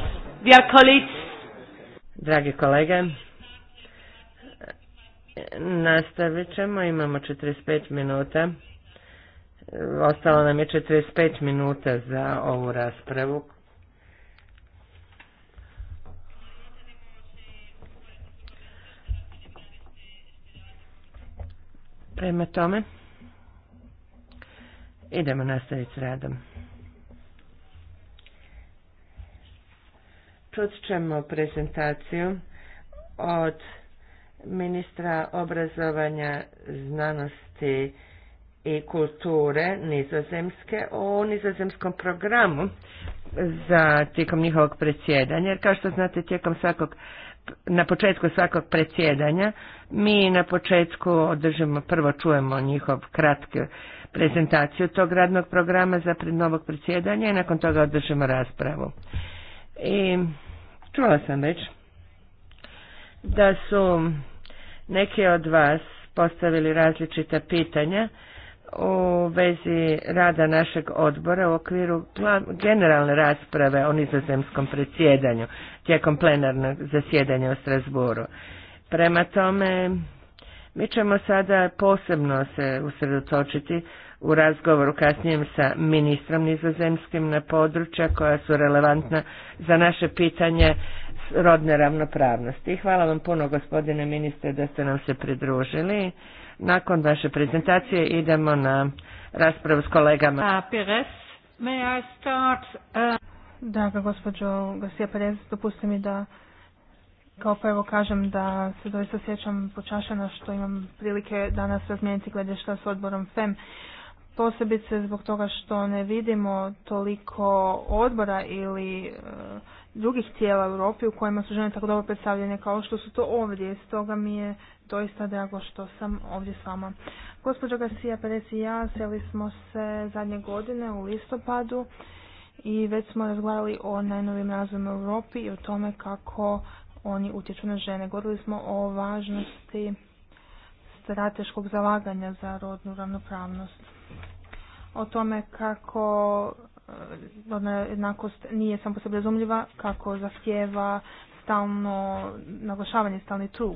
Dragi kolege, nastavit ćemo, imamo 45 minuta. Ostalo nam je 45 minuta za ovu raspravu. Prema tome, idemo nastaviti s radom. Čut ćemo prezentaciju od ministra obrazovanja, znanosti i kulture nizozemske o nizozemskom programu za tijekom njihovog predsjedanja. Jer kao što znate tijekom svakog na početku svakog predsjedanja mi na početku održimo, prvo čujemo njihov kratki prezentaciju tog radnog programa za novog predsjedanja i nakon toga održimo raspravu. I Čula sam već da su neki od vas postavili različita pitanja u vezi rada našeg odbora u okviru generalne rasprave o nizozemskom predsjedanju tijekom plenarnog zasjedanja u Strasburu. Prema tome, mi ćemo sada posebno se usredotočiti u razgovoru kasnijem sa ministrom nizozemskim na područja koja su relevantna za naše pitanje rodne ravnopravnosti. hvala vam puno gospodine ministre da ste nam se pridružili. Nakon vaše prezentacije idemo na raspravu s kolegama. Uh, uh, gospođo Garcia Perez, dopustite mi da kao prvo pa kažem da se doista sjećam počašeno što imam prilike danas razmijeniti što s odborom FEM posebice zbog toga što ne vidimo toliko odbora ili e, drugih tijela u Europi u kojima su žene tako dobro predstavljene kao što su to ovdje. Stoga mi je doista drago što sam ovdje s vama. Gospođa Garcia Perez i ja seli smo se zadnje godine u listopadu i već smo razgovarali o najnovim razvojima u Europi i o tome kako oni utječu na žene. Govorili smo o važnosti strateškog zalaganja za rodnu ravnopravnost o tome kako rodna e, jednakost nije sam po razumljiva, kako zahtjeva stalno naglašavanje, stalni trug.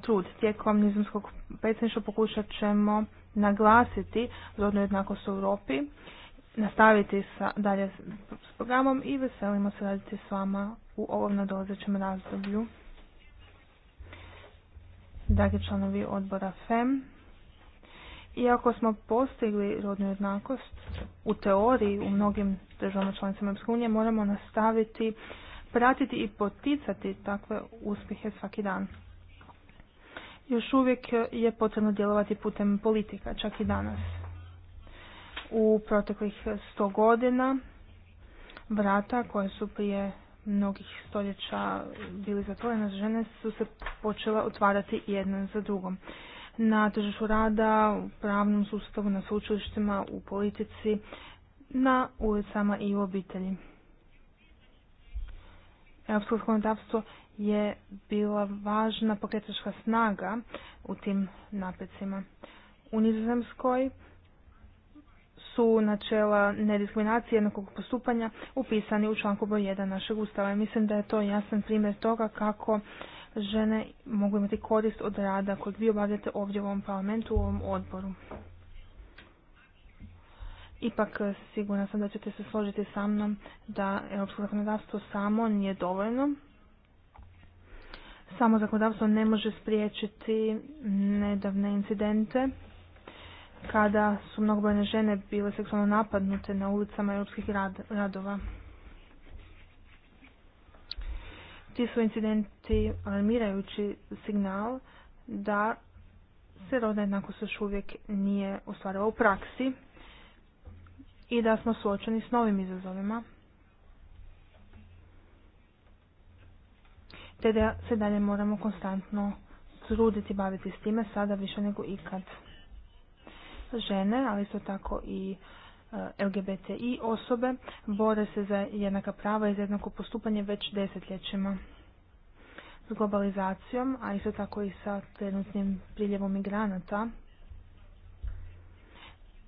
Trud tijekom nizumskog predsjedništva pokušat ćemo naglasiti rodnu jednakost u Europi, nastaviti sa, dalje s programom i veselimo se raditi s vama u ovom nadolazećem razdoblju. Dragi članovi odbora FEM, iako smo postigli rodnu jednakost u teoriji u mnogim državama članicama Europske moramo nastaviti pratiti i poticati takve uspjehe svaki dan. Još uvijek je potrebno djelovati putem politika, čak i danas. U proteklih sto godina vrata koje su prije mnogih stoljeća bili zatvorena žene su se počela otvarati jedna za drugom na tržištu rada, u pravnom sustavu, na sveučilištima, u politici, na ulicama i u obitelji. Europsko zakonodavstvo je bila važna pokretačka snaga u tim napecima. U Nizozemskoj su načela nediskriminacije jednakog postupanja upisani u članku broj 1 našeg ustava. Mislim da je to jasan primjer toga kako žene mogu imati korist od rada kod vi obavljate ovdje u ovom parlamentu, u ovom odboru. Ipak eh, sigurna sam da ćete se složiti sa mnom da europsko zakonodavstvo samo nije dovoljno. Samo zakonodavstvo ne može spriječiti nedavne incidente kada su mnogobrojne žene bile seksualno napadnute na ulicama europskih radova. Ti su incidenti alarmirajući signal da se rodna jednakost još uvijek nije ostvarila u praksi i da smo suočeni s novim izazovima. Te da se dalje moramo konstantno truditi baviti s time sada više nego ikad. Žene, ali isto tako i LGBTI osobe bore se za jednaka prava i za jednako postupanje već desetljećima. S globalizacijom, a isto tako i sa trenutnim priljevom migranata,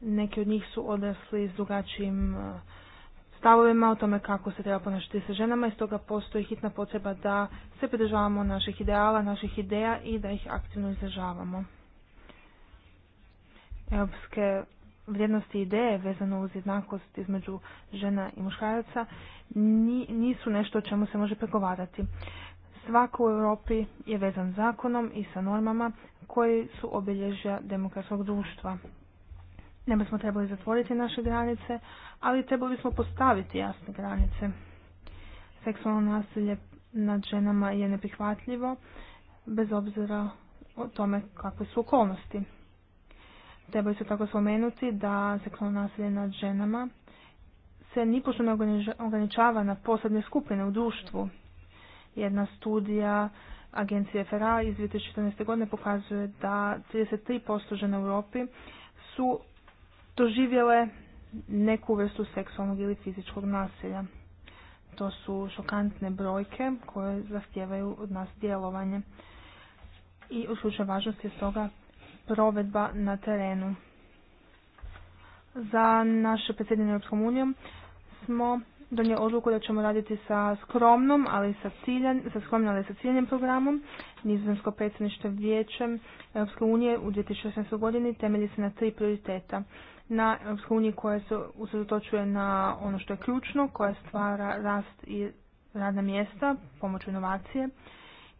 neki od njih su odrasli s drugačijim e, stavovima o tome kako se treba ponašati sa ženama i stoga postoji hitna potreba da se pridržavamo naših ideala, naših ideja i da ih aktivno izražavamo. Europske vrijednosti ideje vezano uz jednakost između žena i muškaraca nisu nešto o čemu se može pregovarati. Svako u Europi je vezan zakonom i sa normama koji su obilježja demokratskog društva. Ne smo trebali zatvoriti naše granice, ali trebali bismo postaviti jasne granice. Seksualno nasilje nad ženama je neprihvatljivo, bez obzira o tome kakve su okolnosti. Treba se tako spomenuti da seksualno nasilje nad ženama se nipošto ne ograničava na posebne skupine u društvu. Jedna studija agencije FRA iz 2014. godine pokazuje da 33% žena u Europi su doživjele neku vrstu seksualnog ili fizičkog nasilja. To su šokantne brojke koje zahtijevaju od nas djelovanje. I u slučaju važnosti je stoga provedba na terenu. Za naše predsjedanje Europskom unijom smo donijeli odluku da ćemo raditi sa skromnom, ali sa sa skromnim, ali sa ciljanim programom. Nizozemsko predsjedništvo vijećem Europske unije u 2016. godini temelji se na tri prioriteta. Na Europskoj uniji koja se usredotočuje na ono što je ključno, koja stvara rast i radna mjesta, pomoću inovacije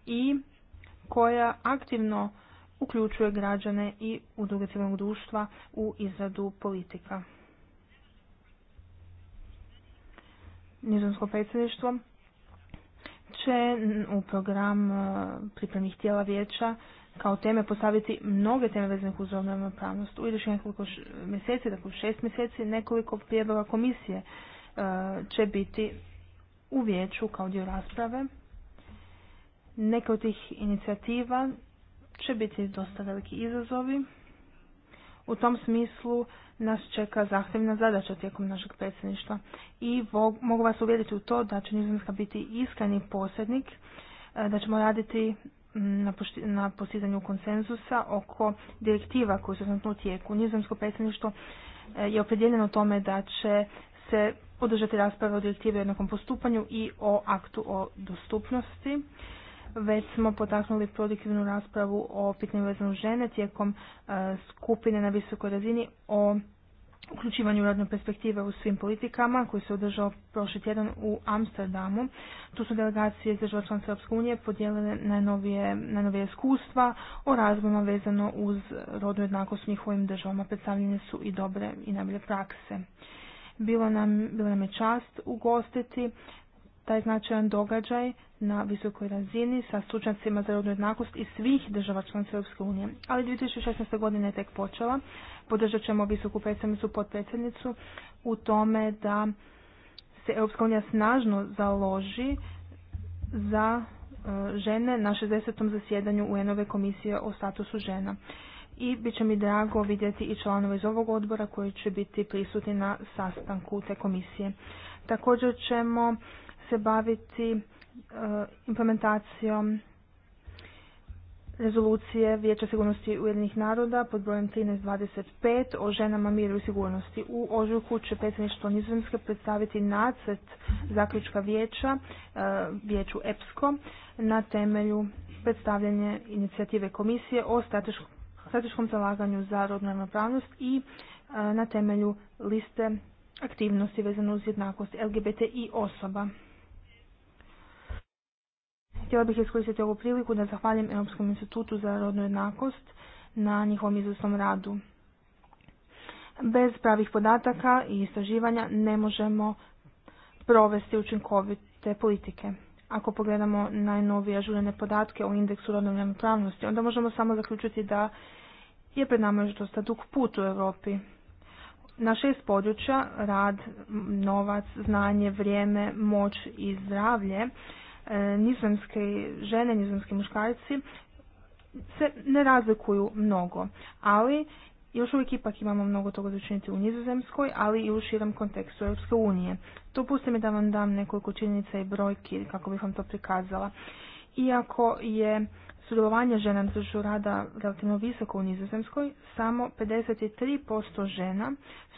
i koja aktivno uključuje građane i udruge civilnog društva u izradu politika. Nizonsko predsjedništvo će u program e, pripremnih tijela vijeća kao teme postaviti mnoge teme vezane uz rodnu ravnopravnost. U idućih nekoliko mjeseci, dakle šest mjeseci, nekoliko prijedloga komisije e, će biti u vijeću kao dio rasprave. Neke od tih inicijativa će biti dosta veliki izazovi. U tom smislu nas čeka zahtjevna zadaća tijekom našeg predsjedništva i mogu vas uvjeriti u to da će Nizozemska biti iskreni posrednik, e, da ćemo raditi na postizanju konsenzusa oko direktiva koje su znatno u tijeku. Nizozemsko predsjedništvo e, je opredjeljeno tome da će se održati rasprave o direktivi o jednakom postupanju i o aktu o dostupnosti. Već smo potaknuli produktivnu raspravu o pitanju vezanu žene tijekom e, skupine na visokoj razini o uključivanju radne perspektive u svim politikama koji se održao prošli tjedan u Amsterdamu. Tu su delegacije iz država Europske unije podijelile na nove iskustva o razvojima vezano uz rodnu jednakost u njihovim državama. Predstavljene su i dobre i najbolje prakse. Bilo bilo nam je čast ugostiti taj značajan događaj na visokoj razini sa stručnjacima za rodnu jednakost iz svih država članica Europske unije. Ali 2016. godine je tek počela. Podržat ćemo visoku predstavnicu, potpredsjednicu u tome da se Europska unija snažno založi za e, žene na 60. zasjedanju UN-ove komisije o statusu žena. I bit će mi drago vidjeti i članove iz ovog odbora koji će biti prisutni na sastanku te komisije. Također ćemo se baviti Eh, implementacijom rezolucije Vijeća sigurnosti Ujedinih naroda pod brojem 1325 o ženama miru i sigurnosti. U ožujku će predsjedništvo Nizozemske predstaviti nacrt zaključka vijeća, eh, vijeću EPSCO, na temelju predstavljanje inicijative komisije o strateškom, zalaganju za rodnu ravnopravnost i eh, na temelju liste aktivnosti vezano uz jednakost i osoba. Htjela bih iskoristiti ovu priliku da zahvaljem Europskom institutu za rodnu jednakost na njihovom izvrsnom radu. Bez pravih podataka i istraživanja ne možemo provesti učinkovite politike. Ako pogledamo najnovije ažurene podatke o indeksu rodne ravnopravnosti, onda možemo samo zaključiti da je pred nama još dosta dug put u Europi. Na šest područja, rad, novac, znanje, vrijeme, moć i zdravlje, E, nizozemske žene, nizozemski muškarci se ne razlikuju mnogo, ali još uvijek ipak imamo mnogo toga da učiniti u nizozemskoj, ali i u širem kontekstu Europske unije. Dopustite mi da vam dam nekoliko činjenica i brojki kako bih vam to prikazala. Iako je sudjelovanje žena na tržištu rada relativno visoko u nizozemskoj, samo 53% žena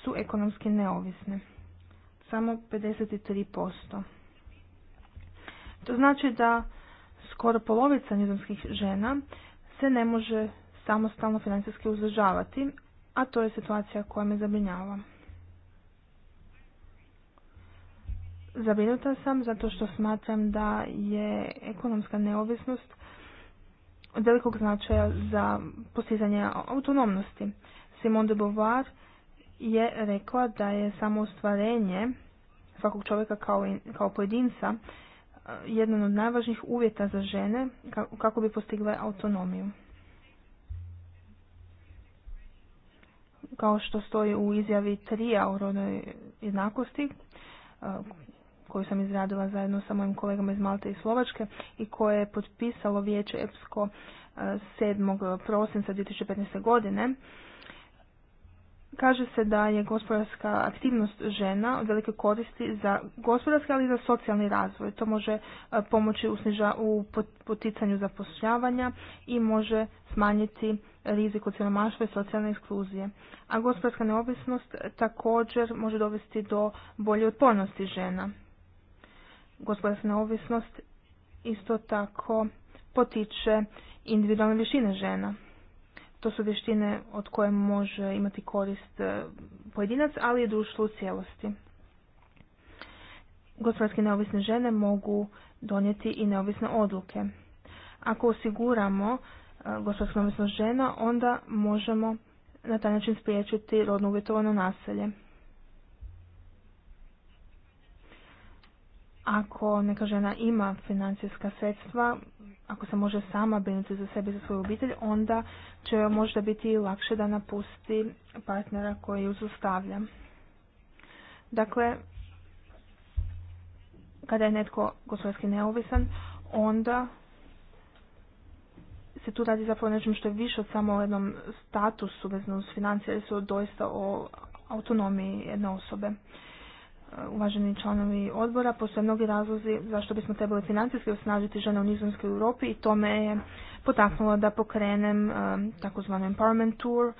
su ekonomski neovisne. Samo 53%. To znači da skoro polovica nizomskih žena se ne može samostalno financijski uzdržavati, a to je situacija koja me zabrinjava. Zabrinuta sam zato što smatram da je ekonomska neovisnost od velikog značaja za postizanje autonomnosti. Simone de Beauvoir je rekla da je samo ostvarenje svakog čovjeka kao, kao pojedinca jedan od najvažnijih uvjeta za žene kako bi postigle autonomiju. Kao što stoji u izjavi trija o rodnoj jednakosti, koju sam izradila zajedno sa mojim kolegama iz Malte i Slovačke i koje je potpisalo vijeće EPSKO 7. prosinca 2015. godine, Kaže se da je gospodarska aktivnost žena od velike koristi za gospodarski, ali i za socijalni razvoj. To može e, pomoći u, u poticanju zapošljavanja i može smanjiti rizik od siromaštva i socijalne ekskluzije. A gospodarska neovisnost također može dovesti do bolje otpornosti žena. Gospodarska neovisnost isto tako potiče individualne višine žena. To su vještine od koje može imati korist e, pojedinac, ali i društvo u cijelosti. Gospodarski neovisne žene mogu donijeti i neovisne odluke. Ako osiguramo e, gospodarski neovisnost žena, onda možemo na taj način spriječiti rodno uvjetovano naselje. Ako neka žena ima financijska sredstva, ako se može sama brinuti za sebe i za svoju obitelj, onda će možda biti lakše da napusti partnera koji ju zostavlja. Dakle, kada je netko gospodarski neovisan, onda se tu radi zapravo nečem što je više od samo jednom statusu vezano uz financije, jer su doista o autonomiji jedne osobe. E, uvaženi članovi odbora, postoje mnogi razlozi zašto bismo trebali financijski osnažiti žene u nizozemskoj Europi i to me je potaknulo da pokrenem e, takozvani empowerment tour,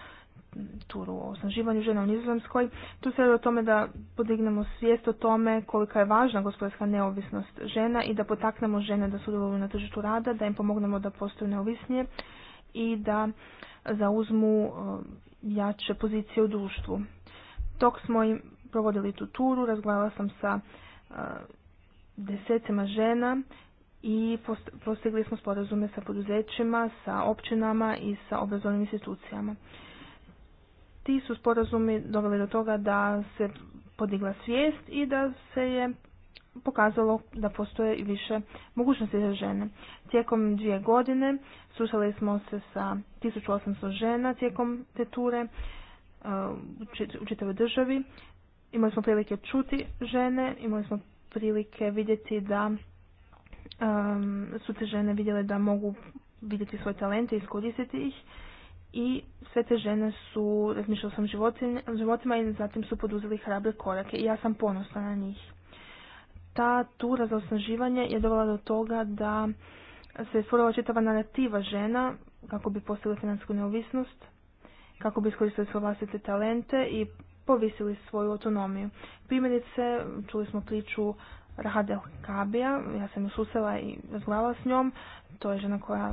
turu o osnaživanju žena u nizozemskoj. Tu se radi o tome da podignemo svijest o tome kolika je važna gospodarska neovisnost žena i da potaknemo žene da sudjeluju na tržištu rada, da im pomognemo da postaju neovisnije i da zauzmu e, jače pozicije u društvu. Dok smo im provodili tu turu, razgovarala sam sa e, desetima žena i postigli smo sporazume sa poduzećima, sa općinama i sa obrazovnim institucijama. Ti su sporazumi doveli do toga da se podigla svijest i da se je pokazalo da postoje i više mogućnosti za žene. Tijekom dvije godine susreli smo se sa 1800 žena tijekom te ture e, u čitavoj državi imali smo prilike čuti žene, imali smo prilike vidjeti da um, su te žene vidjele da mogu vidjeti svoje talente, i iskoristiti ih i sve te žene su, razmišljala sam životima i zatim su poduzeli hrabre korake i ja sam ponosna na njih. Ta tura za osnaživanje je dovela do toga da se je stvorila čitava narativa žena kako bi postigla financijsku neovisnost, kako bi iskoristili svoje vlastite talente i povisili svoju autonomiju. Primjerice, čuli smo priču Rahade Kabija, ja sam ju susela i razgovarala s njom, to je žena koja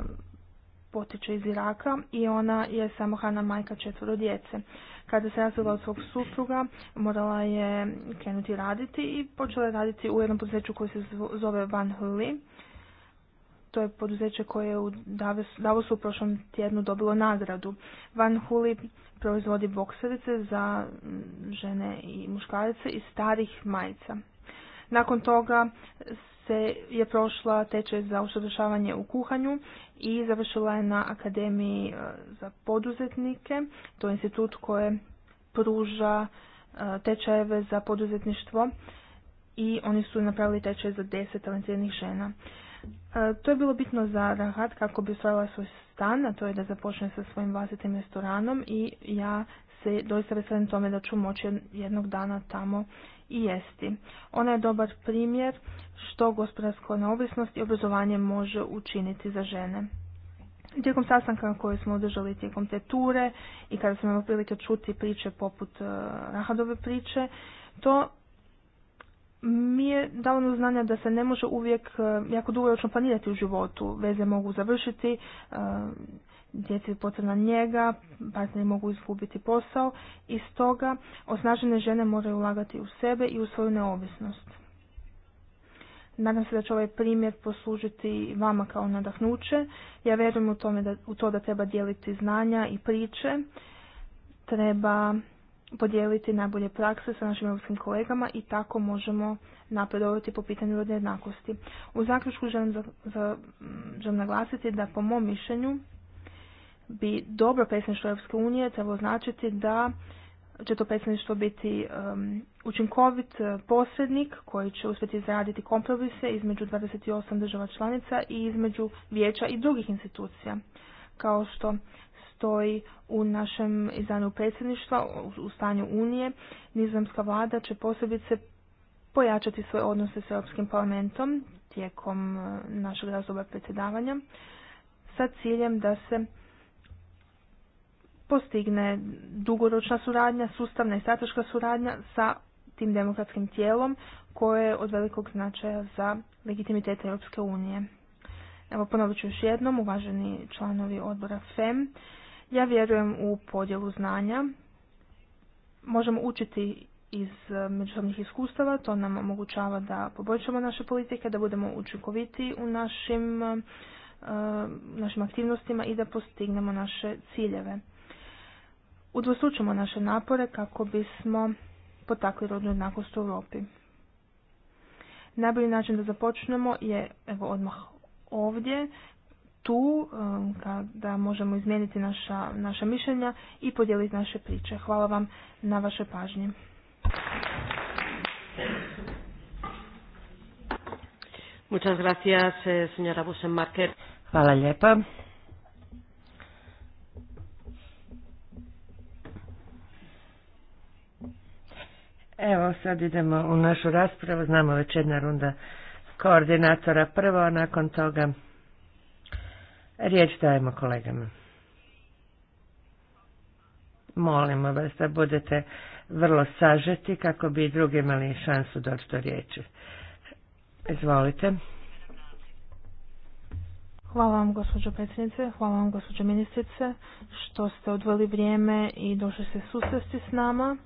potiče iz Iraka i ona je samohana majka četvoro djece. Kada se razvila od svog supruga, morala je krenuti raditi i počela je raditi u jednom poduzeću koje se zove Van Huli. To je poduzeće koje je u Davosu u prošlom tjednu dobilo nagradu. Van Huli proizvodi bokserice za mm, žene i muškarice iz starih majica. Nakon toga se je prošla tečaj za usavršavanje u kuhanju i završila je na Akademiji e, za poduzetnike. To je institut koje pruža e, tečajeve za poduzetništvo i oni su napravili tečaj za deset talentiranih žena. E, to je bilo bitno za Rahat kako bi ostvarila svoj stan, a to je da započne sa svojim vlastitim restoranom i ja se doista veselim tome da ću moći jednog dana tamo i jesti. Ona je dobar primjer što gospodarsko neovisnost i obrazovanje može učiniti za žene. Tijekom sastanka koje smo održali tijekom te ture i kada smo imali prilike čuti priče poput eh, Rahadove priče, to mi je dao ono znanja da se ne može uvijek e, jako dugoročno planirati u životu. Veze mogu završiti, e, djeci je potrebna njega, partneri mogu izgubiti posao i stoga osnažene žene moraju ulagati u sebe i u svoju neovisnost. Nadam se da će ovaj primjer poslužiti vama kao nadahnuće. Ja vjerujem u, tome da, u to da treba dijeliti znanja i priče. Treba podijeliti najbolje prakse sa našim europskim kolegama i tako možemo napredovati po pitanju rodne jednakosti. U zaključku želim, za, za, želim naglasiti da po mom mišljenju bi dobro predsjedništvo Europske unije trebalo značiti da će to predsjedništvo biti um, učinkovit uh, posrednik koji će uspjeti izraditi kompromise između 28 država članica i između vijeća i drugih institucija. Kao što stoji u našem izdanju predsjedništva u stanju Unije, nizamska vlada će posebice pojačati svoje odnose s Europskim parlamentom tijekom e, našeg razdoblja predsjedavanja sa ciljem da se postigne dugoročna suradnja, sustavna i strateška suradnja sa tim demokratskim tijelom koje je od velikog značaja za legitimitet Europske unije. Evo ponovit ću još jednom, uvaženi članovi odbora FEM, ja vjerujem u podjelu znanja. Možemo učiti iz e, međusobnih iskustava, to nam omogućava da poboljšamo naše politike, da budemo učinkoviti u našim, e, našim aktivnostima i da postignemo naše ciljeve. Udvostručimo naše napore kako bismo potakli rodnu jednakost u Europi. Najbolji način da započnemo je evo odmah ovdje tu um, da možemo izmijeniti naša, naša mišljenja i podijeliti naše priče. Hvala vam na vaše pažnje. Muchas gracias, eh, señora Busenmarker. Hvala lijepa. Evo, sad idemo u našu raspravu. Znamo već jedna runda koordinatora prvo, nakon toga Riječ dajemo kolegama. Molimo vas da budete vrlo sažeti kako bi i drugi imali šansu doći do riječi. Izvolite. Hvala vam gospođo predsjednice, hvala vam gospođo ministrice što ste odveli vrijeme i došli se susresti s nama,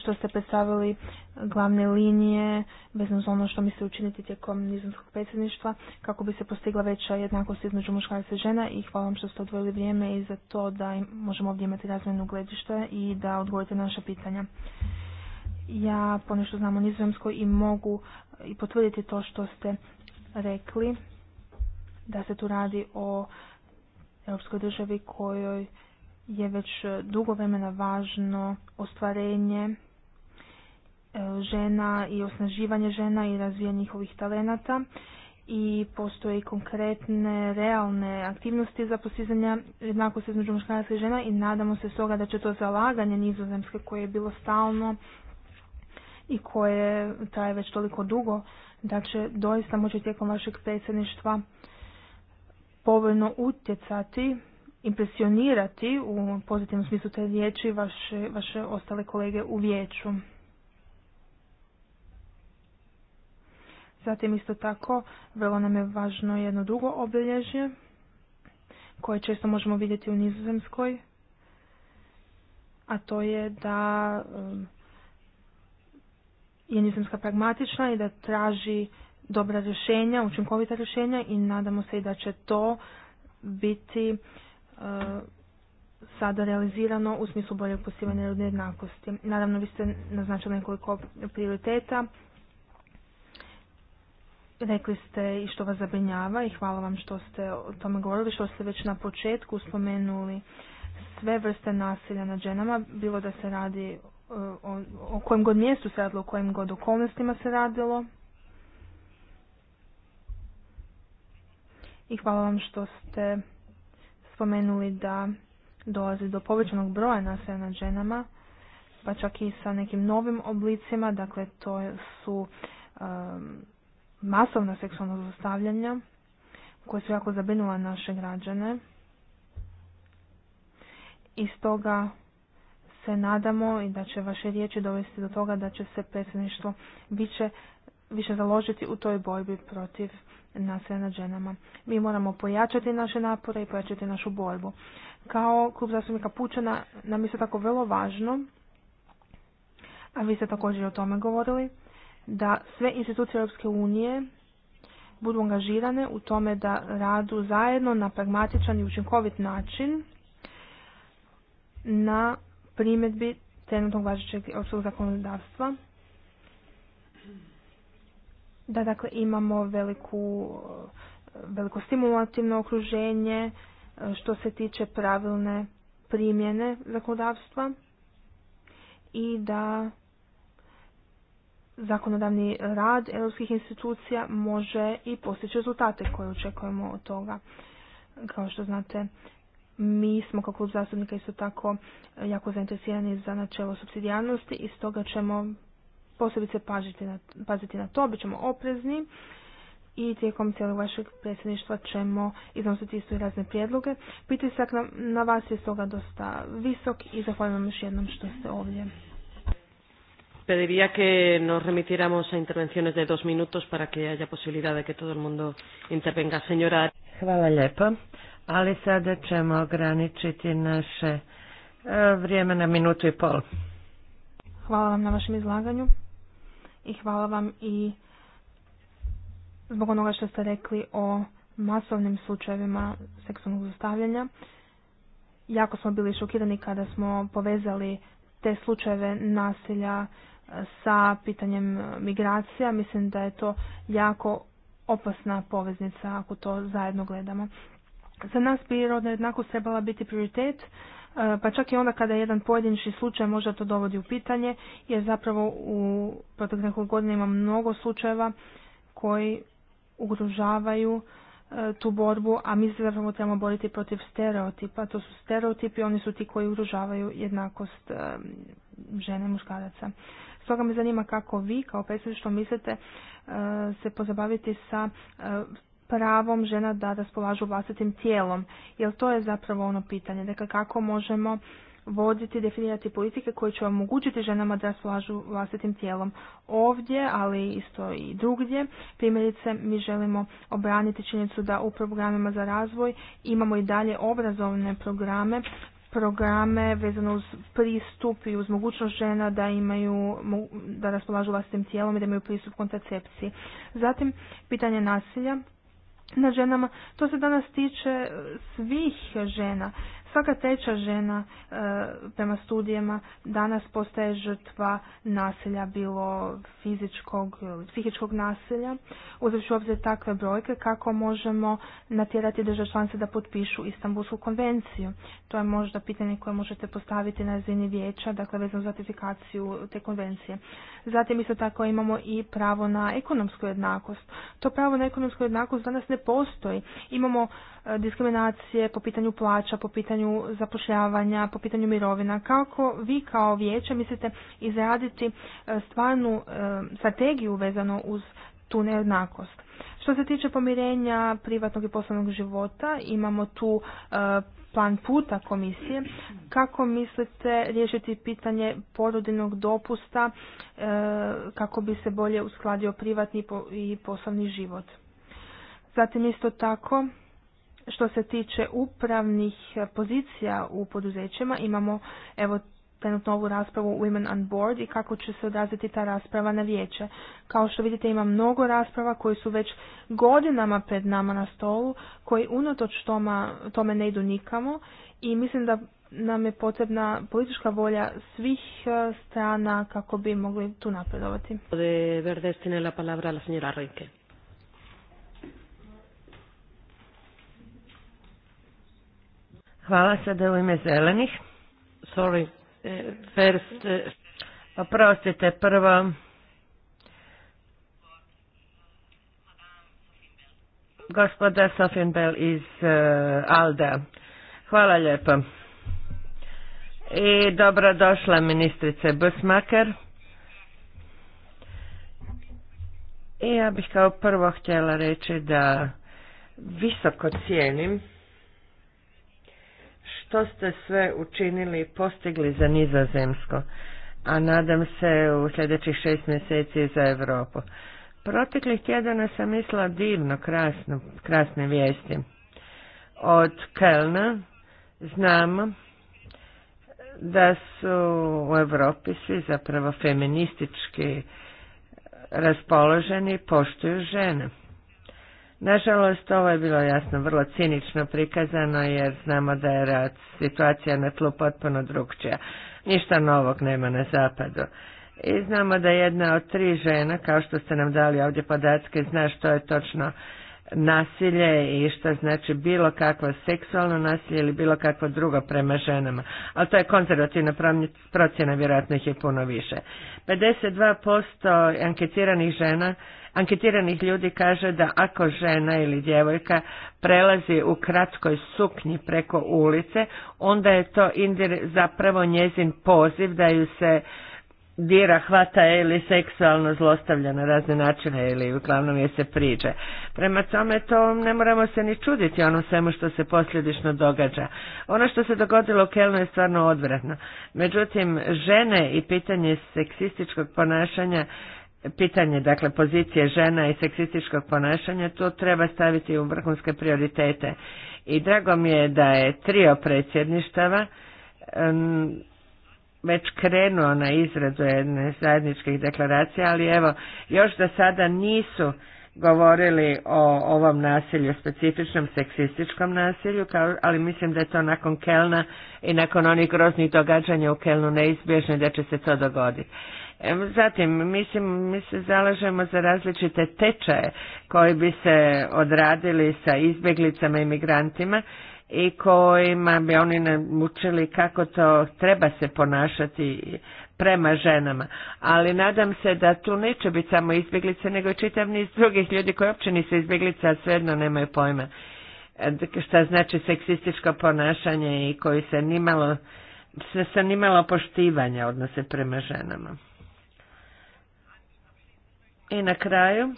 što ste predstavili glavne linije vezano za ono što se učiniti tijekom nizemskog predsjedništva kako bi se postigla veća jednakost između muškaraca i žena i hvala vam što ste odvojili vrijeme i za to da možemo ovdje imati razmjenu gledišta i da odgovorite na naša pitanja. Ja ponešto znam o nizozemskoj i mogu i potvrditi to što ste rekli da se tu radi o europskoj državi kojoj je već dugo vremena važno ostvarenje E, žena i osnaživanje žena i razvijanje njihovih talenata i postoje i konkretne, realne aktivnosti za postizanje jednakosti između muškaraca i žena i nadamo se stoga da će to zalaganje nizozemske koje je bilo stalno i koje traje već toliko dugo, da će doista moći tijekom vašeg predsjedništva povoljno utjecati, impresionirati u pozitivnom smislu te riječi vaše, vaše ostale kolege u vijeću. Zatim isto tako, vrlo nam je važno jedno drugo obilježje koje često možemo vidjeti u Nizozemskoj, a to je da um, je Nizozemska pragmatična i da traži dobra rješenja, učinkovita rješenja i nadamo se i da će to biti uh, sada realizirano u smislu boljeg postivanja rodne jednakosti. Naravno, vi ste naznačili nekoliko prioriteta Rekli ste i što vas zabrinjava i hvala vam što ste o tome govorili, što ste već na početku spomenuli sve vrste nasilja nad ženama, bilo da se radi e, o, kojem god mjestu se radilo, o kojem god okolnostima se radilo. I hvala vam što ste spomenuli da dolazi do povećanog broja nasilja nad ženama, pa čak i sa nekim novim oblicima, dakle to su e, masovna seksualna zlostavljanja koja su jako zabrinula naše građane. I stoga se nadamo i da će vaše riječi dovesti do toga da će se predsjedništvo više, više založiti u toj borbi protiv nasilja nad ženama. Mi moramo pojačati naše napore i pojačati našu borbu. Kao klub zastupnika Pučana nam je se tako vrlo važno, a vi ste također o tome govorili, da sve institucije Europske unije budu angažirane u tome da radu zajedno na pragmatičan i učinkovit način na primjedbi trenutnog važećeg europskog zakonodavstva. Da dakle imamo veliku, veliko stimulativno okruženje što se tiče pravilne primjene zakonodavstva i da zakonodavni rad europskih institucija može i postići rezultate koje očekujemo od toga. Kao što znate, mi smo kao klub zastupnika isto tako jako zainteresirani za načelo subsidijarnosti i stoga ćemo posebice paziti na, paziti na to, bit ćemo oprezni i tijekom cijelog vašeg predsjedništva ćemo iznositi isto i razne prijedloge. Pritisak na, na vas je stoga dosta visok i zahvaljujem još jednom što ste ovdje. Pediría que nos remitiéramos a intervenciones de dos minutos para que haya posibilidad de que todo el mundo intervenga. Señora. Hvala lijepo, ali sada ćemo ograničiti naše e, vrijeme na minutu i pol. Hvala vam na vašem izlaganju i hvala vam i zbog onoga što ste rekli o masovnim slučajevima seksualnog zastavljanja. Jako smo bili šokirani kada smo povezali te slučajeve nasilja sa pitanjem migracija. Mislim da je to jako opasna poveznica ako to zajedno gledamo. Za nas prirodna jednakost trebala biti prioritet, e, pa čak i onda kada jedan pojedinični slučaj možda to dovodi u pitanje, jer zapravo u proteklih nekoliko godina ima mnogo slučajeva koji ugrožavaju e, tu borbu, a mi se zapravo trebamo boriti protiv stereotipa. To su stereotipi, oni su ti koji ugrožavaju jednakost e, žene i muškaraca. Stoga me zanima kako vi kao što mislite e, se pozabaviti sa e, pravom žena da raspolažu vlastitim tijelom. Jer to je zapravo ono pitanje. Dakle, kako možemo voditi, definirati politike koje će omogućiti ženama da raspolažu vlastitim tijelom. Ovdje, ali isto i drugdje, primjerice mi želimo obraniti činjenicu da u programima za razvoj imamo i dalje obrazovne programe programe vezano uz pristup i uz mogućnost žena da imaju, da raspolažu vlastitim tijelom i da imaju pristup kontracepciji. Zatim, pitanje nasilja na ženama. To se danas tiče svih žena. Svaka treća žena e, prema studijama danas postaje žrtva nasilja, bilo fizičkog ili psihičkog nasilja. Uzevši obzir takve brojke kako možemo natjerati države članice da potpišu Istanbulsku konvenciju. To je možda pitanje koje možete postaviti na razini vijeća, dakle vezano za ratifikaciju te konvencije. Zatim isto tako imamo i pravo na ekonomsku jednakost. To pravo na ekonomsku jednakost danas ne postoji. Imamo diskriminacije po pitanju plaća, po pitanju zapošljavanja, po pitanju mirovina. Kako vi kao vijeće mislite izraditi e, stvarnu e, strategiju vezano uz tu nejednakost? Što se tiče pomirenja privatnog i poslovnog života, imamo tu e, plan puta komisije. Kako mislite riješiti pitanje porodinog dopusta kako bi se bolje uskladio privatni i poslovni život? Zatim isto tako, što se tiče upravnih eh, pozicija u poduzećima, imamo evo trenutno ovu raspravu Women on Board i kako će se odraziti ta rasprava na vijeće. Kao što vidite ima mnogo rasprava koje su već godinama pred nama na stolu, koji unatoč toma, tome ne idu nikamo i mislim da nam je potrebna politička volja svih eh, strana kako bi mogli tu napredovati. De la Hvala sada u ime zelenih. Sorry, eh, first... Eh, Oprostite, prvo... Gospoda Sofinbel iz eh, Alda. Hvala lijepo. I dobro došla ministrice Busmaker. I ja bih kao prvo htjela reći da visoko cijenim što ste sve učinili i postigli za nizozemsko, a nadam se u sljedećih šest mjeseci za Europu. Proteklih tjedana sam mislila divno, krasno, krasne vijesti. Od Kelna znamo da su u Europi svi zapravo feministički raspoloženi i poštuju žene. Nažalost, ovo je bilo jasno vrlo cinično prikazano jer znamo da je rad, situacija na tlu potpuno drugčija. Ništa novog nema na zapadu. I znamo da jedna od tri žena, kao što ste nam dali ovdje podatke, zna što je točno nasilje i šta znači bilo kakvo seksualno nasilje ili bilo kakvo drugo prema ženama. Ali to je konzervativna procjena, vjerojatno ih je puno više. 52% anketiranih žena, anketiranih ljudi kaže da ako žena ili djevojka prelazi u kratkoj suknji preko ulice, onda je to zapravo njezin poziv da ju se dira, hvata ili seksualno zlostavlja na razne načine ili uglavnom je se priđe. Prema tome to ne moramo se ni čuditi onom svemu što se posljedično događa. Ono što se dogodilo u Kelnu je stvarno odvratno. Međutim, žene i pitanje seksističkog ponašanja pitanje dakle pozicije žena i seksističkog ponašanja to treba staviti u vrhunske prioritete i drago mi je da je trio predsjedništava već krenuo na izradu jedne zajedničkih deklaracija, ali evo, još do sada nisu govorili o ovom nasilju, specifičnom seksističkom nasilju, ali mislim da je to nakon Kelna i nakon onih groznih događanja u Kelnu neizbježno da će se to dogoditi. Zatim, mislim, mi se zalažemo za različite tečaje koji bi se odradili sa izbjeglicama i migrantima i kojima bi oni namučili kako to treba se ponašati prema ženama. Ali nadam se da tu neće biti samo izbjeglice, nego čitav niz drugih ljudi koji uopće nisu izbjeglice, a svejedno nemaju pojma e, šta znači seksističko ponašanje i koji se nimalo, se sa nimalo poštivanja odnose prema ženama. I na kraju,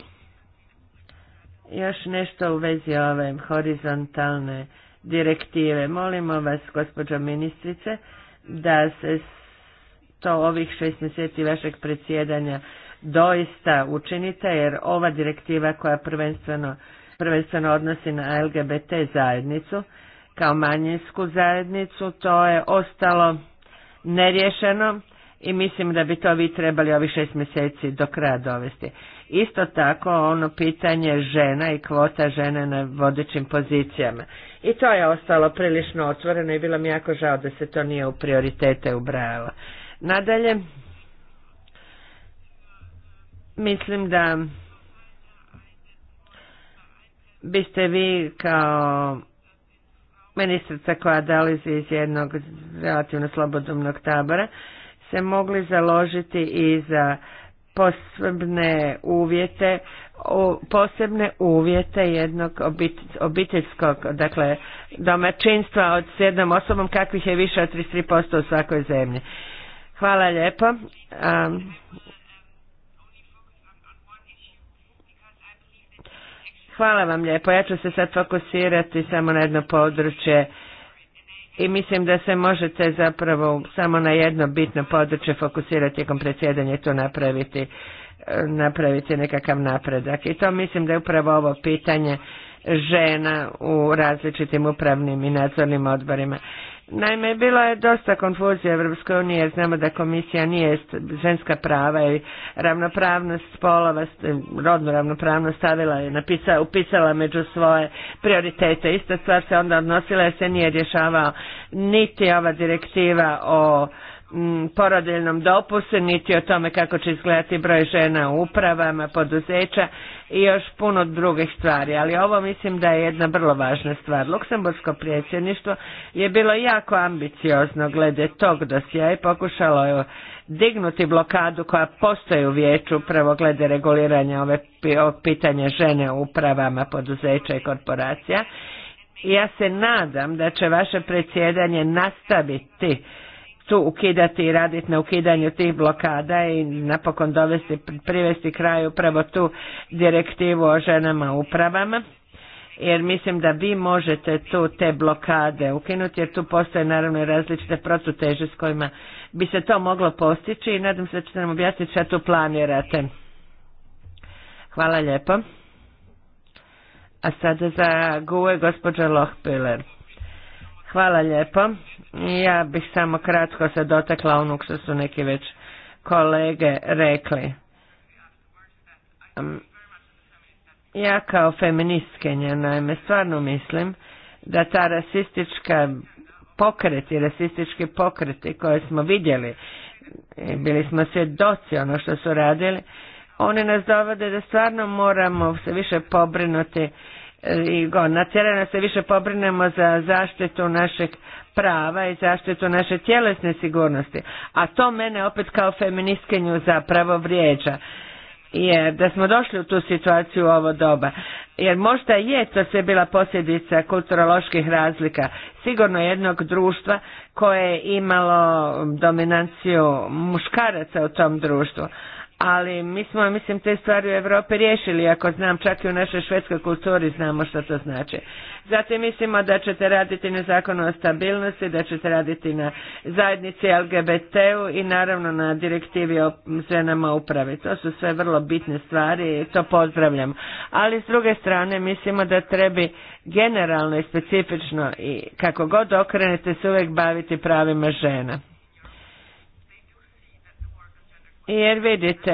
još nešto u vezi ove horizontalne direktive. Molimo vas, gospođo ministrice, da se to ovih šest mjeseci vašeg predsjedanja doista učinite, jer ova direktiva koja prvenstveno, prvenstveno odnosi na LGBT zajednicu, kao manjinsku zajednicu, to je ostalo neriješeno i mislim da bi to vi trebali ovih šest mjeseci do kraja dovesti. Isto tako ono pitanje žena i kvota žena na vodećim pozicijama. I to je ostalo prilično otvoreno i bilo mi jako žao da se to nije u prioritete ubrajalo. Nadalje, mislim da biste vi kao ministrica koja dalizi iz jednog relativno slobodumnog tabora se mogli založiti i za posebne uvjete, posebne uvjete jednog obiteljskog, dakle domaćinstva od s jednom osobom kakvih je više od 33% u svakoj zemlji. Hvala lijepo. hvala vam lijepo. Ja ću se sad fokusirati samo na jedno područje i mislim da se možete zapravo samo na jedno bitno područje fokusirati tijekom predsjedanja i tu napraviti, napraviti nekakav napredak. I to mislim da je upravo ovo pitanje žena u različitim upravnim i nadzornim odborima. Naime, bilo je dosta konfuzije Evropske unije, znamo da komisija nije ženska prava i ravnopravnost spolova, rodnu ravnopravnost stavila je, napisala, upisala među svoje prioritete. Ista stvar se onda odnosila jer se nije rješavao niti ova direktiva o Mm, porodiljnom dopustu, niti o tome kako će izgledati broj žena u upravama, poduzeća i još puno drugih stvari. Ali ovo mislim da je jedna vrlo važna stvar. Luksembursko predsjedništvo je bilo jako ambiciozno glede tog dosija i pokušalo je dignuti blokadu koja postoji u vijeću upravo glede reguliranja ove pitanja žene u upravama, poduzeća i korporacija. ja se nadam da će vaše predsjedanje nastaviti to ukidati i raditi na ukidanju tih blokada i napokon dovesti, privesti kraju upravo tu direktivu o ženama upravama jer mislim da vi možete tu te blokade ukinuti, jer tu postoje naravno različite protuteže s kojima bi se to moglo postići i nadam se da ćete nam objasniti šta tu planirate. Hvala lijepo. A sada za guve gospođa Lohpiler. Hvala lijepo. Ja bih samo kratko se dotakla onog što su neki već kolege rekli. Ja kao feministkinja naime stvarno mislim da ta rasistička pokreti, rasistički pokreti koje smo vidjeli, bili smo svjedoci ono što su radili, oni nas dovode da stvarno moramo se više pobrinuti i na nas se više pobrinemo za zaštitu našeg prava i zaštitu naše tjelesne sigurnosti. A to mene opet kao feministkinju zapravo vrijeđa. Jer da smo došli u tu situaciju u ovo doba. Jer možda je to sve bila posljedica kulturoloških razlika. Sigurno jednog društva koje je imalo dominanciju muškaraca u tom društvu ali mi smo, mislim, te stvari u Europi riješili, ako znam, čak i u našoj švedskoj kulturi znamo što to znači. Zatim mislimo da ćete raditi na zakonu o stabilnosti, da ćete raditi na zajednici LGBT-u i naravno na direktivi o ženama upravi. To su sve vrlo bitne stvari i to pozdravljam. Ali s druge strane mislimo da trebi generalno i specifično i kako god okrenete se uvijek baviti pravima žena. Jer vidite,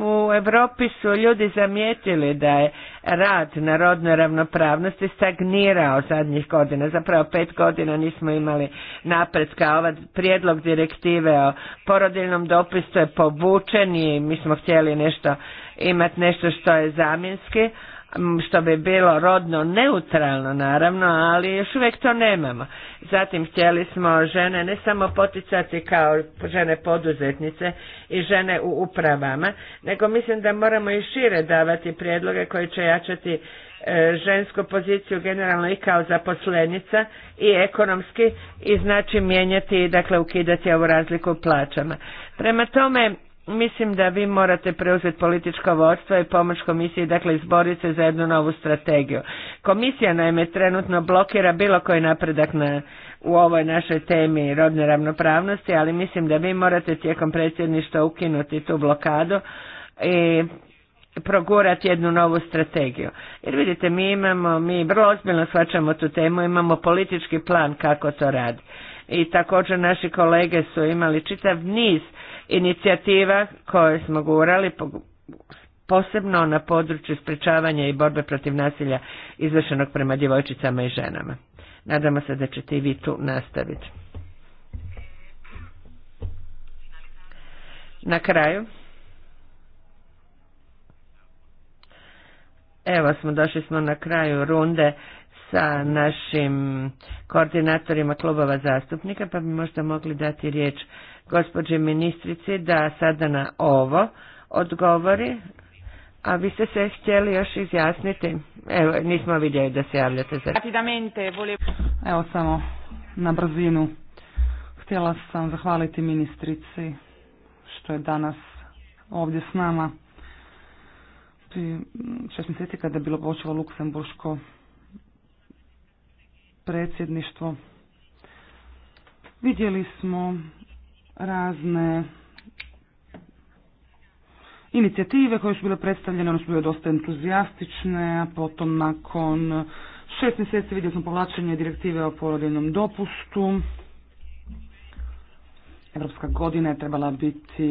u Europi su ljudi zamijetili da je rad na rodnoj ravnopravnosti stagnirao zadnjih godina. Zapravo pet godina nismo imali napretka. Ovaj prijedlog direktive o porodiljnom dopistu je povučen i mi smo htjeli nešto imati nešto što je zamjenski, što bi bilo rodno neutralno naravno, ali još uvijek to nemamo. Zatim htjeli smo žene ne samo poticati kao žene poduzetnice i žene u upravama, nego mislim da moramo i šire davati prijedloge koji će jačati e, žensku poziciju generalno i kao zaposlenica i ekonomski i znači mijenjati dakle ukidati ovu razliku u plaćama. Prema tome Mislim da vi morate preuzeti političko vodstvo i pomoć komisiji, dakle izboriti se za jednu novu strategiju. Komisija naime trenutno blokira bilo koji napredak na, u ovoj našoj temi rodne ravnopravnosti, ali mislim da vi morate tijekom predsjedništva ukinuti tu blokadu i progurati jednu novu strategiju. Jer vidite, mi imamo, mi vrlo ozbiljno shvaćamo tu temu, imamo politički plan kako to radi i također naši kolege su imali čitav niz inicijativa koje smo gurali, posebno na području sprečavanja i borbe protiv nasilja izvršenog prema djevojčicama i ženama. Nadamo se da ćete i vi tu nastaviti. Na kraju, evo smo došli smo na kraju runde sa našim koordinatorima klubova zastupnika, pa bi možda mogli dati riječ gospođi ministrici da sada na ovo odgovori. A vi ste se htjeli još izjasniti? Evo, nismo vidjeli da se javljate za... Evo samo na brzinu. Htjela sam zahvaliti ministrici što je danas ovdje s nama. Prije šest mjeseci kada je bilo počelo luksemburško predsjedništvo. Vidjeli smo razne inicijative koje su bile predstavljene, one su bile dosta entuzijastične, a potom nakon šest mjeseci vidjeli smo povlačenje direktive o porodiljnom dopustu. Evropska godina je trebala biti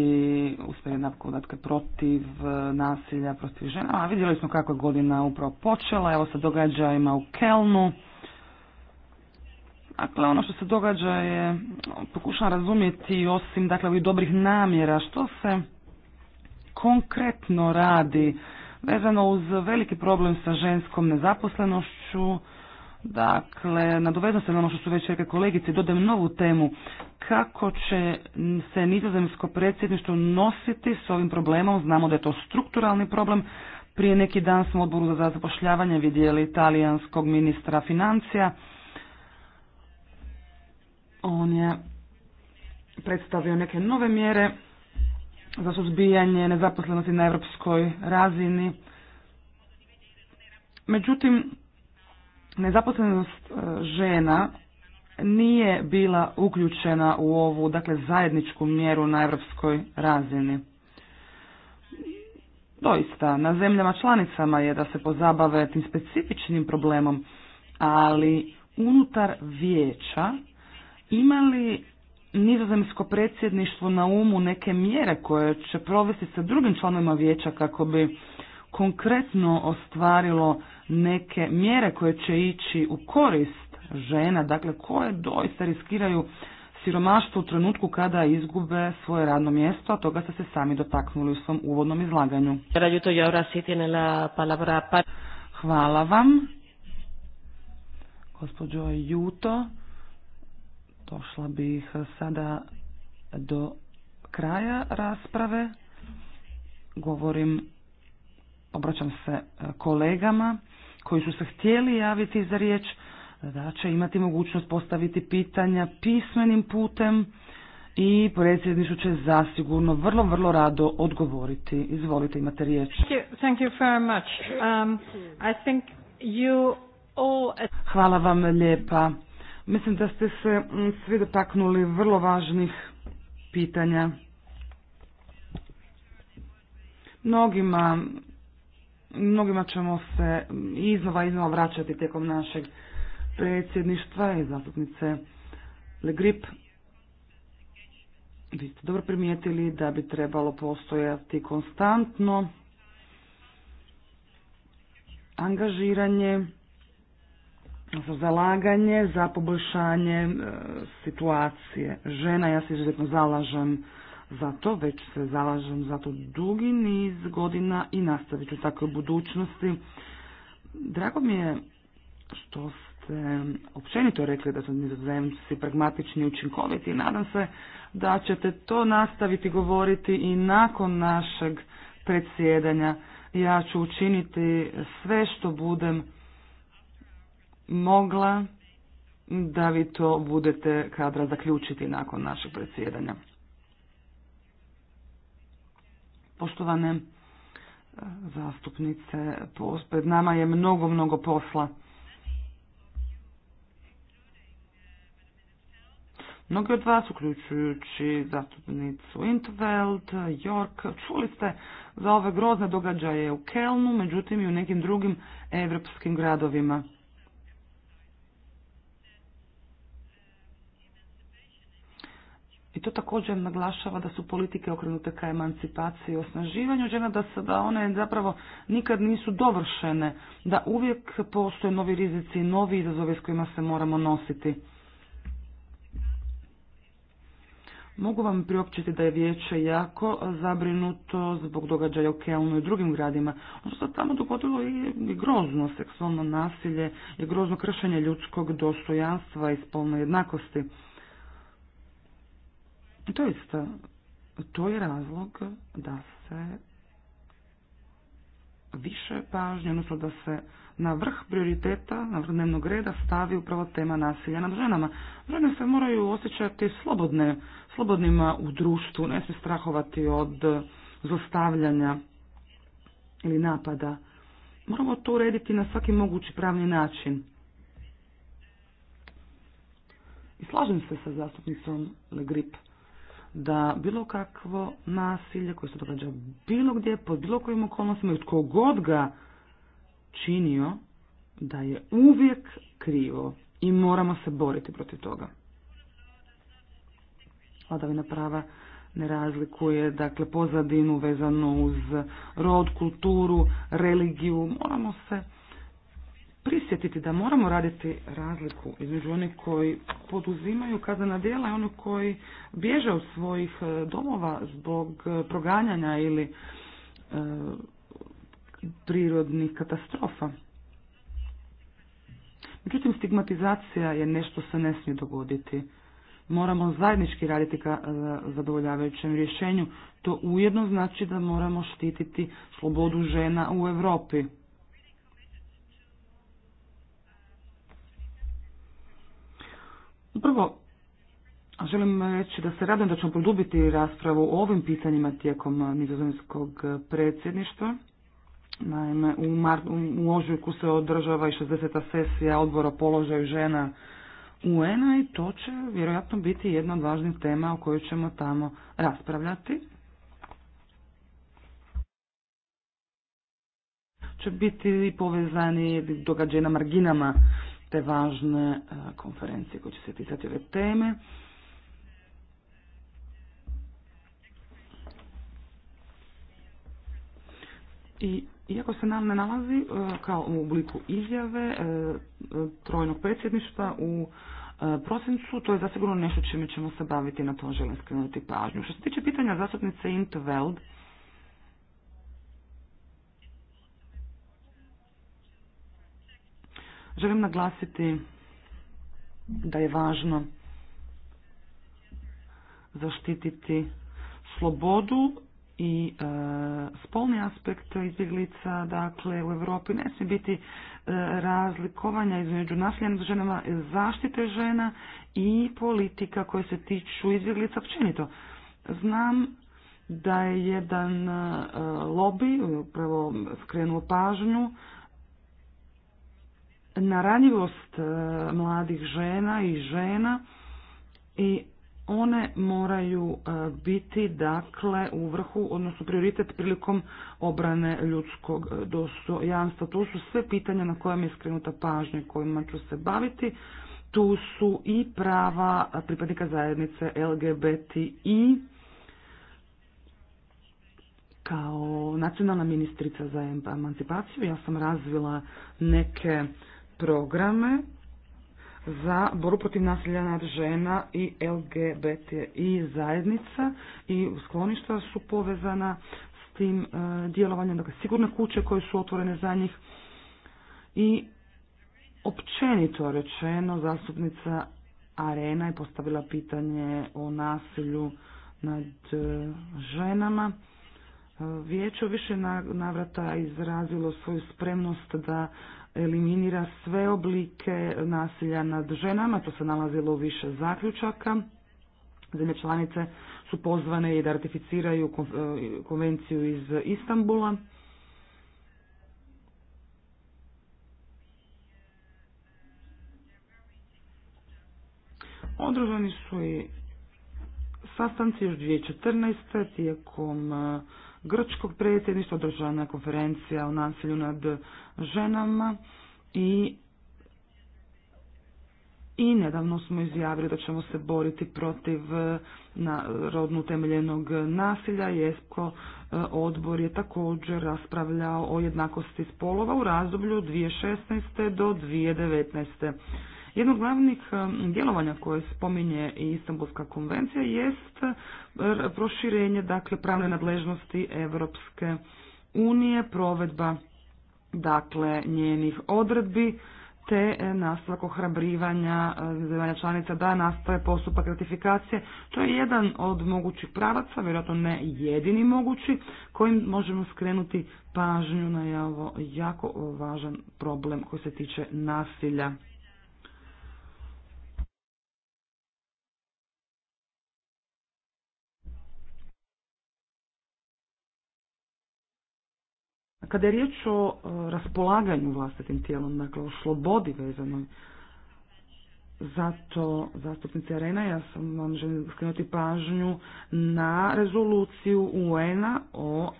usmjerena podatke protiv nasilja, protiv žena, a vidjeli smo kako je godina upravo počela, evo sa događajima u Kelnu. Dakle, ono što se događa je, pokušam razumjeti osim dakle, ovih dobrih namjera, što se konkretno radi vezano uz veliki problem sa ženskom nezaposlenošću, Dakle, nadovedno se na ono što su već rekli kolegice, dodajem novu temu. Kako će se nizozemsko predsjedništvo nositi s ovim problemom? Znamo da je to strukturalni problem. Prije neki dan smo u odboru za zapošljavanje vidjeli italijanskog ministra financija on je predstavio neke nove mjere za suzbijanje nezaposlenosti na europskoj razini. Međutim, nezaposlenost e, žena nije bila uključena u ovu dakle zajedničku mjeru na europskoj razini. Doista, na zemljama članicama je da se pozabave tim specifičnim problemom, ali unutar vijeća ima li nizozemsko predsjedništvo na umu neke mjere koje će provesti sa drugim članovima vijeća kako bi konkretno ostvarilo neke mjere koje će ići u korist žena, dakle koje doista riskiraju siromaštvo u trenutku kada izgube svoje radno mjesto, a toga ste se sami dotaknuli u svom uvodnom izlaganju. Hvala vam. Gospođo Juto, Došla bih sada do kraja rasprave. Govorim, obraćam se e, kolegama koji su se htjeli javiti za riječ, da će imati mogućnost postaviti pitanja pismenim putem i predsjedništvo će zasigurno vrlo, vrlo rado odgovoriti. Izvolite, imate riječ. Hvala vam lijepa. Mislim da ste se mm, svi dotaknuli vrlo važnih pitanja. Mnogima, mnogima ćemo se iznova iznova vraćati tijekom našeg predsjedništva i zastupnice Le Grip. Vi ste dobro primijetili da bi trebalo postojati konstantno angažiranje za zalaganje za poboljšanje e, situacije žena. Ja se izuzetno zalažem za to, već se zalažem za to dugi niz godina i nastavit ću tako u budućnosti. Drago mi je što ste općenito rekli da su nizozemci pragmatični i učinkoviti i nadam se da ćete to nastaviti govoriti i nakon našeg predsjedanja. Ja ću učiniti sve što budem mogla da vi to budete kadra zaključiti nakon našeg predsjedanja. Poštovane e, zastupnice, pred nama je mnogo, mnogo posla. Mnogi od vas, uključujući zastupnicu Interveld, York, čuli ste za ove grozne događaje u Kelnu, međutim i u nekim drugim evropskim gradovima. I to također naglašava da su politike okrenute ka emancipaciji i osnaživanju žena, da, se, da one zapravo nikad nisu dovršene, da uvijek postoje novi rizici, i novi izazovi s kojima se moramo nositi. Mogu vam priopćiti da je vijeće jako zabrinuto zbog događaja u Kelnu i drugim gradima. Ono što se tamo dogodilo je grozno seksualno nasilje, i grozno kršenje ljudskog dostojanstva i spolne jednakosti. Doista, to je razlog da se više pažnje, odnosno da se na vrh prioriteta, na vrh dnevnog reda stavi upravo tema nasilja nad ženama. Žene se moraju osjećati slobodne, slobodnima u društvu, ne se strahovati od zlostavljanja ili napada. Moramo to urediti na svaki mogući pravni način. I slažem se sa zastupnicom Le Grip da bilo kakvo nasilje koje se događa bilo gdje, pod bilo kojim okolnostima i tko god ga činio, da je uvijek krivo i moramo se boriti protiv toga. Vladavina prava ne razlikuje, dakle, pozadinu vezano uz rod, kulturu, religiju. Moramo se prisjetiti da moramo raditi razliku između onih koji poduzimaju kaznena djela i onih koji bježe od svojih e, domova zbog e, proganjanja ili e, prirodnih katastrofa. Međutim, stigmatizacija je nešto se ne smije dogoditi. Moramo zajednički raditi ka zadovoljavajućem rješenju. To ujedno znači da moramo štititi slobodu žena u Europi. Prvo, želim reći da se radim da ćemo produbiti raspravu o ovim pitanjima tijekom nizozemskog predsjedništva. Naime, u, mar, u ožujku se održava i 60. sesija odbora položaju žena un i to će vjerojatno biti jedna od važnih tema o kojoj ćemo tamo raspravljati. Će biti povezani događaj na marginama te važne e, konferencije koje će se ticati ove teme. I iako se nam ne nalazi e, kao u obliku izjave e, trojnog predsjedništva u prosincu, to je zasigurno nešto čime ćemo se baviti, na to želim skrenuti pažnju. Što se tiče pitanja zastupnice Intveld, Želim naglasiti da je važno zaštititi slobodu i e, spolni aspekt izbjeglica dakle u Europi ne smije biti e, razlikovanja između nasilja nad ženama, zaštite žena i politika koje se tiču izbjeglica općenito. Znam da je jedan e, lobby upravo skrenuo pažnju na ranjivost e, mladih žena i žena i one moraju e, biti dakle u vrhu, odnosno prioritet prilikom obrane ljudskog dostojanstva. To su sve pitanja na kojima je skrenuta pažnja kojima ću se baviti. Tu su i prava pripadnika zajednice LGBTI kao nacionalna ministrica za emancipaciju. Ja sam razvila neke programe za boru protiv nasilja nad žena i i zajednica i skloništa su povezana s tim e, djelovanjem, dakle sigurne kuće koje su otvorene za njih i općenito rečeno zastupnica Arena je postavila pitanje o nasilju nad e, ženama. E, vijeće više navrata izrazilo svoju spremnost da eliminira sve oblike nasilja nad ženama, to se nalazilo u više zaključaka. Zemlje članice su pozvane i da ratificiraju e, konvenciju iz Istambula. Održani su i sastanci još 2014. tijekom e, grčkog predsjedništva održana je konferencija o nasilju nad ženama i i nedavno smo izjavili da ćemo se boriti protiv e, na, rodno utemeljenog nasilja. Jesko e, odbor je također raspravljao o jednakosti spolova u razdoblju 2016. do 2019. Jedno od glavnih um, djelovanja koje spominje i Istanbulska konvencija jest uh, proširenje dakle pravne nadležnosti Europske unije, provedba dakle njenih odredbi te e, nastavak ohrabrivanja uh, zemalja članica da nastave postupak ratifikacije. To je jedan od mogućih pravaca, vjerojatno ne jedini mogući, kojim možemo skrenuti pažnju na ovaj jako važan problem koji se tiče nasilja Kada je riječ o e, raspolaganju vlastitim tijelom, dakle o slobodi vezanoj zato, zastupnice Arena, ja sam vam želim skrenuti pažnju na rezoluciju UN-a o e,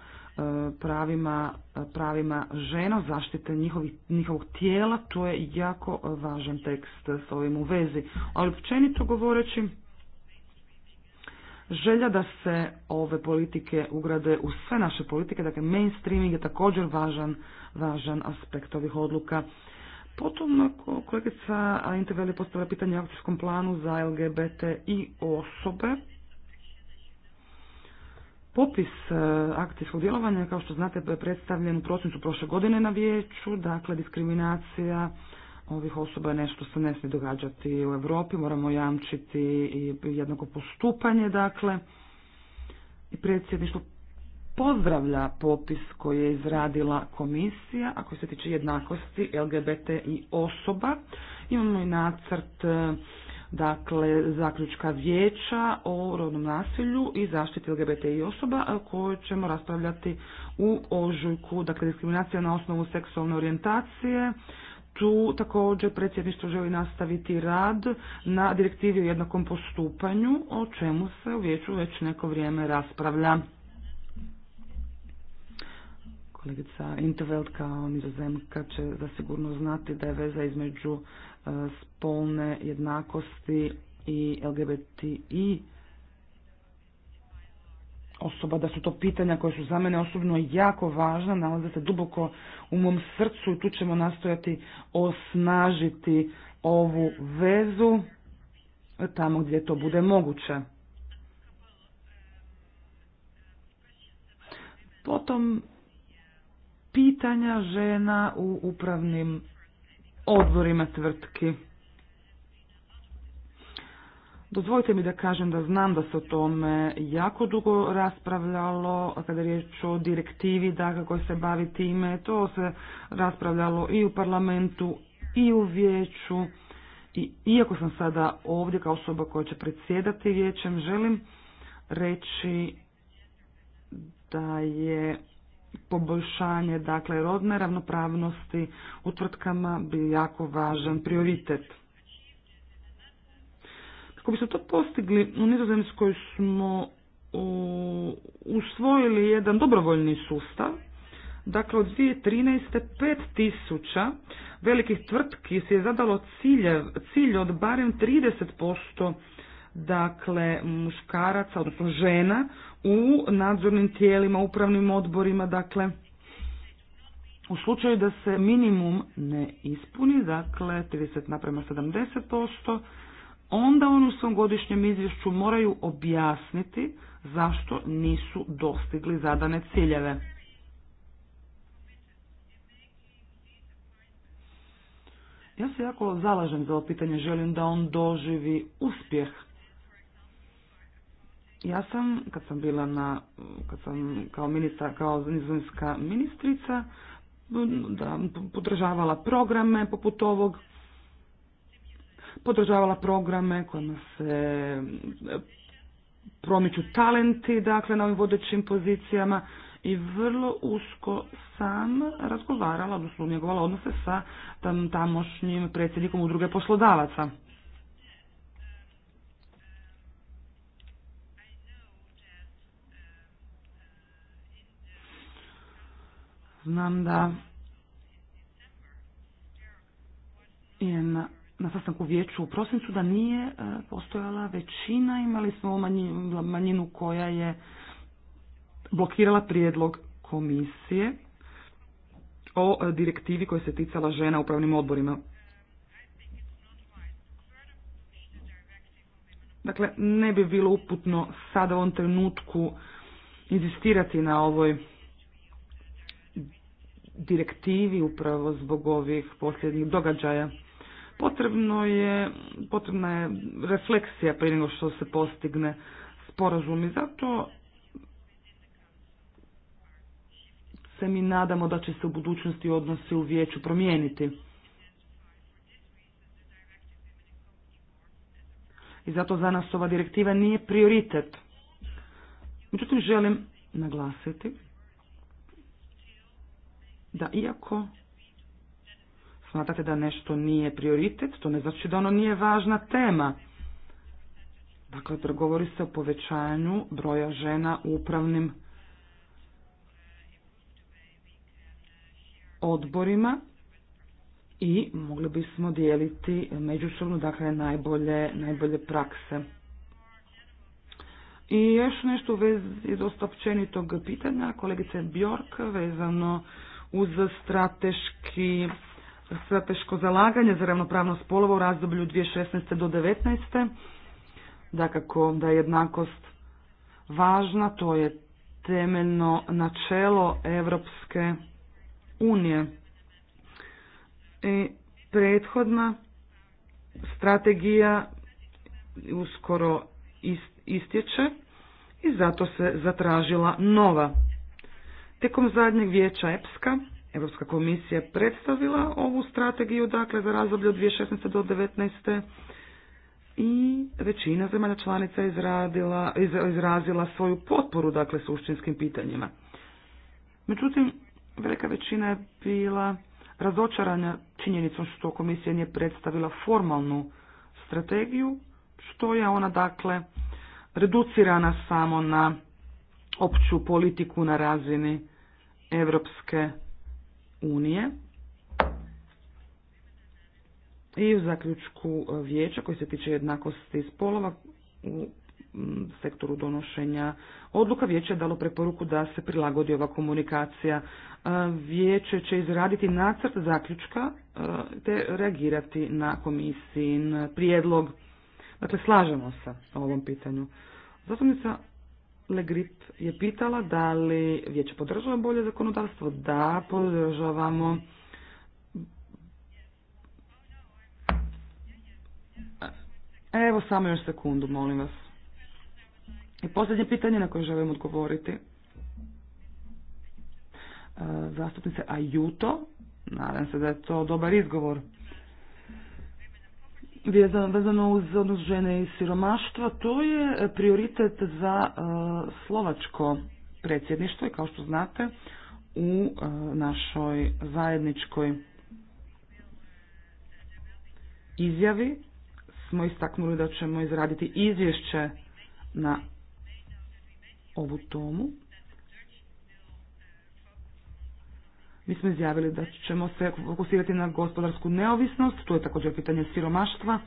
pravima, pravima žena, zaštite njihovih, njihovog tijela, to je jako važan tekst s ovim u vezi. Ali općenito govoreći, želja da se ove politike ugrade u sve naše politike, dakle mainstreaming je također važan, važan aspekt ovih odluka. Potom kolegica Intervel je postavila pitanje o akcijskom planu za LGBT i osobe. Popis e, akcijskog djelovanja, kao što znate, predstavljen u prosincu prošle godine na vijeću, dakle diskriminacija, ovih osoba je nešto se ne smije događati u Europi, moramo jamčiti i jednako postupanje, dakle. I predsjedništvo pozdravlja popis koji je izradila komisija, ako se tiče jednakosti LGBT i osoba. Imamo i nacrt e, dakle, zaključka vijeća o rodnom nasilju i zaštiti LGBT i osoba e, koju ćemo raspravljati u ožujku, dakle diskriminacija na osnovu seksualne orijentacije, tu također predsjedništvo želi nastaviti rad na direktivi o jednakom postupanju, o čemu se u vijeću već neko vrijeme raspravlja. Kolegica Interveld kao nizozemka će zasigurno znati da je veza između e, spolne jednakosti i LGBTI osoba, da su to pitanja koje su za mene osobno jako važna, nalaze se duboko u mom srcu i tu ćemo nastojati osnažiti ovu vezu tamo gdje to bude moguće. Potom pitanja žena u upravnim odborima tvrtki. Dozvolite mi da kažem da znam da se o tome jako dugo raspravljalo, a kada je riječ o direktivi da kako se bavi time, to se raspravljalo i u parlamentu i u vijeću. I iako sam sada ovdje kao osoba koja će predsjedati vijećem, želim reći da je poboljšanje dakle rodne ravnopravnosti u tvrtkama bi jako važan prioritet. Kako bismo to postigli, u Nizozemskoj smo usvojili jedan dobrovoljni sustav. Dakle, od 2013. 5000 velikih tvrtki se je zadalo cilje, cilj od barem 30% dakle muškaraca, odnosno žena u nadzornim tijelima, upravnim odborima, dakle u slučaju da se minimum ne ispuni, dakle 30 naprema onda on u svom godišnjem izvješću moraju objasniti zašto nisu dostigli zadane ciljeve. Ja se jako zalažem za ovo pitanje, želim da on doživi uspjeh. Ja sam, kad sam bila na, kad sam kao ministra, kao nizozemska ministrica, da, podržavala programe poput ovog, podržavala programe kojima se e, promiču talenti dakle na ovim vodećim pozicijama i vrlo usko sam razgovarala, odnosno njegovala odnose sa tam, tamošnjim predsjednikom udruge poslodavaca. Znam da je na na sastanku vijeću u prosincu da nije e, postojala većina, imali smo manjinu koja je blokirala prijedlog komisije o e, direktivi koja se ticala žena u upravnim odborima. Dakle, ne bi bilo uputno sada u ovom trenutku inzistirati na ovoj direktivi upravo zbog ovih posljednjih događaja. Potrebno je, potrebna je refleksija prije nego što se postigne sporazum i zato se mi nadamo da će se u budućnosti odnosi u vijeću promijeniti. I zato za nas ova direktiva nije prioritet. Međutim, želim naglasiti da iako smatrate da nešto nije prioritet, to ne znači da ono nije važna tema. Dakle, pregovori se o povećanju broja žena u upravnim odborima i mogli bismo dijeliti međusobno dakle, najbolje, najbolje prakse. I još nešto u vezi dosta općenitog pitanja kolegice Bjork vezano uz strateški strateško zalaganje za ravnopravnost spolova u razdoblju 2016. do 2019. Dakako da je jednakost važna, to je temeljno načelo Evropske unije. I prethodna strategija uskoro istječe i zato se zatražila nova. Tijekom zadnjeg vijeća EPSKA Europska komisija predstavila ovu strategiju dakle za razdoblje od 2016. do 2019. i većina zemalja članica izradila, izrazila svoju potporu dakle suštinskim pitanjima. Međutim, velika većina je bila razočaranja činjenicom što komisija nije predstavila formalnu strategiju, što je ona dakle reducirana samo na opću politiku na razini Europske unije i u zaključku vijeća koji se tiče jednakosti spolova u sektoru donošenja odluka vijeće je dalo preporuku da se prilagodi ova komunikacija. E, vijeće će izraditi nacrt zaključka e, te reagirati na komisijin prijedlog. Dakle, slažemo se o ovom pitanju. Zastupnica Legrip je pitala da li vijeće podržava bolje zakonodavstvo. Da, podržavamo. Evo samo još sekundu, molim vas. I posljednje pitanje na koje želim odgovoriti. E, zastupnice Ajuto, nadam se da je to dobar izgovor vezano uz odnos žene i siromaštva, to je prioritet za e, slovačko predsjedništvo i kao što znate u e, našoj zajedničkoj izjavi smo istaknuli da ćemo izraditi izvješće na ovu tomu. Mi smo izjavili da ćemo se fokusirati na gospodarsku neovisnost, tu je također pitanje siromaštva,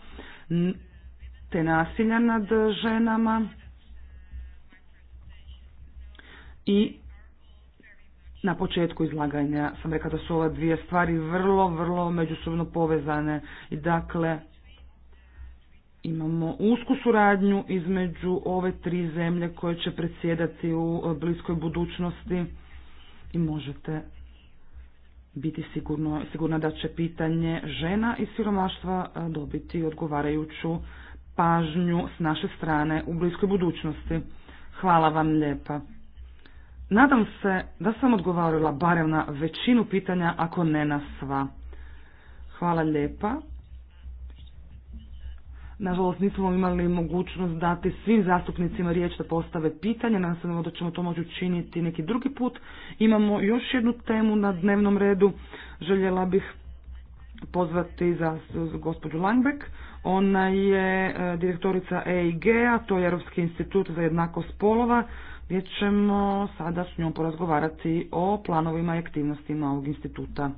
te nasilja nad ženama i na početku izlaganja sam rekao da su ova dvije stvari vrlo, vrlo međusobno povezane i dakle imamo usku suradnju između ove tri zemlje koje će predsjedati u bliskoj budućnosti i možete biti sigurno, sigurno da će pitanje žena i siromaštva e, dobiti odgovarajuću pažnju s naše strane u bliskoj budućnosti. Hvala vam lijepa. Nadam se da sam odgovorila barem na većinu pitanja, ako ne na sva. Hvala lijepa. Nažalost, nismo imali mogućnost dati svim zastupnicima riječ da postave pitanje. Nastavljamo da ćemo to moći učiniti neki drugi put. Imamo još jednu temu na dnevnom redu. Željela bih pozvati za gospođu Langbeck. Ona je e, direktorica EIG-a, to je Europski institut za jednakost spolova, gdje ćemo sada s njom porazgovarati o planovima i aktivnostima ovog instituta.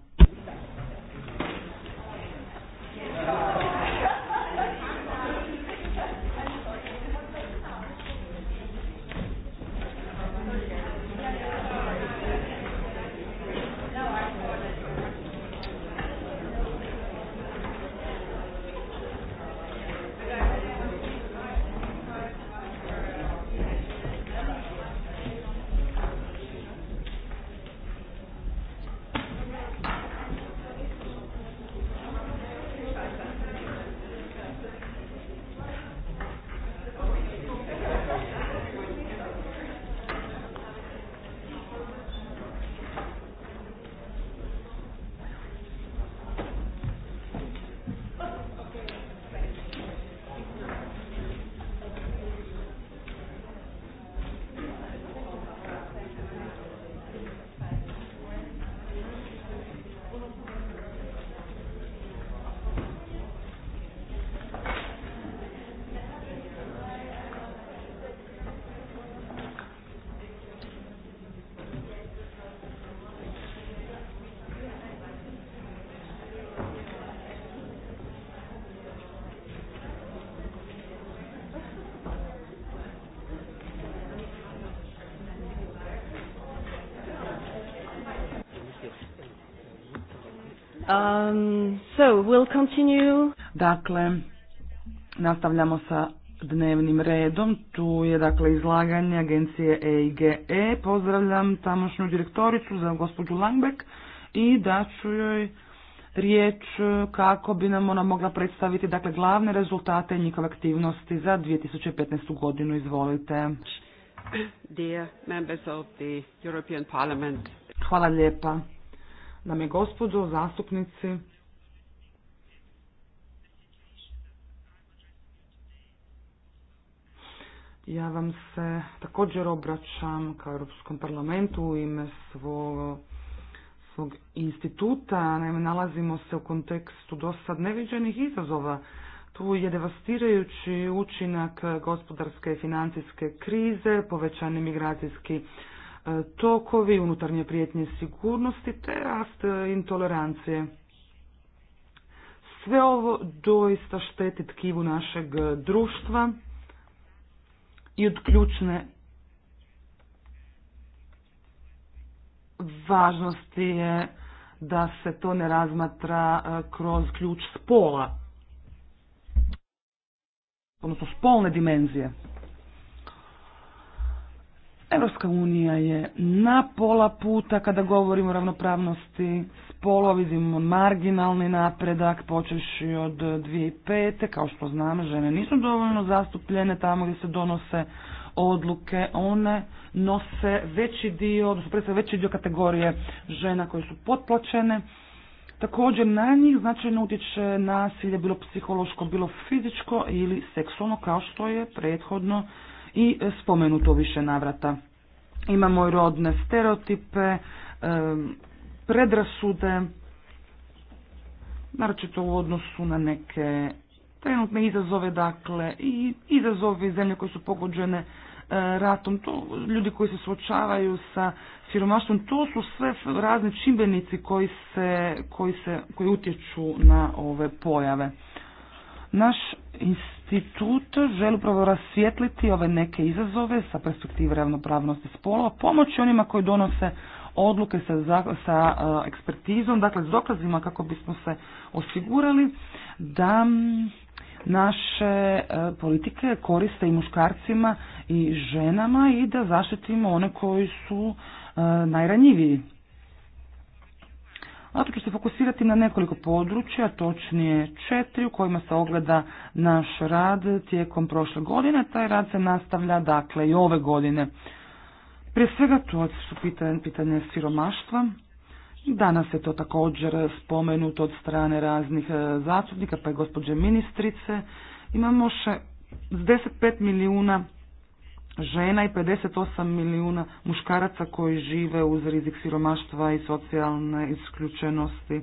Um, so, we'll continue. Dakle, nastavljamo sa dnevnim redom. Tu je dakle izlaganje agencije EIGE. E. Pozdravljam tamošnju direktoricu za gospođu Langbeck i ću joj riječ kako bi nam ona mogla predstaviti dakle glavne rezultate njihove aktivnosti za 2015. godinu. Izvolite. of Hvala lijepa nam je gospodo zastupnici Ja vam se također obraćam kao Europskom parlamentu u ime svog, svog instituta. Naime, nalazimo se u kontekstu dosad neviđenih izazova. Tu je devastirajući učinak gospodarske i financijske krize, povećani migracijski E, tokovi, unutarnje prijetnje sigurnosti te rast e, intolerancije. Sve ovo doista šteti tkivu našeg e, društva i od ključne važnosti je da se to ne razmatra kroz ključ spola, odnosno spolne dimenzije. Europska unija je na pola puta kada govorimo o ravnopravnosti spolova, vidimo marginalni napredak, počeši od 2005. Kao što znamo, žene nisu dovoljno zastupljene tamo gdje se donose odluke, one nose veći dio, odnosno predstavljaju veći dio kategorije žena koje su potplaćene. Također na njih značajno utječe nasilje, bilo psihološko, bilo fizičko ili seksualno, kao što je prethodno i spomenuto više navrata. Imamo i rodne stereotipe, e, predrasude, naročito u odnosu na neke trenutne izazove, dakle, i izazovi zemlje koje su pogođene e, ratom, to ljudi koji se suočavaju sa siromaštvom, to su sve razni čimbenici koji se, koji se, koji utječu na ove pojave. Naš institut želi upravo rasvijetliti ove neke izazove sa perspektive ravnopravnosti spolova, pomoći onima koji donose odluke sa, sa e, ekspertizom, dakle s dokazima kako bismo se osigurali da naše e, politike koriste i muškarcima i ženama i da zaštitimo one koji su e, najranjiviji. Zato ću se fokusirati na nekoliko područja, točnije četiri u kojima se ogleda naš rad tijekom prošle godine. Taj rad se nastavlja dakle i ove godine. Prije svega to su pitanje, pitanje siromaštva. Danas je to također spomenuto od strane raznih e, zastupnika pa i gospođe ministrice. Imamo še 15 milijuna žena i 58 milijuna muškaraca koji žive uz rizik siromaštva i socijalne isključenosti. E,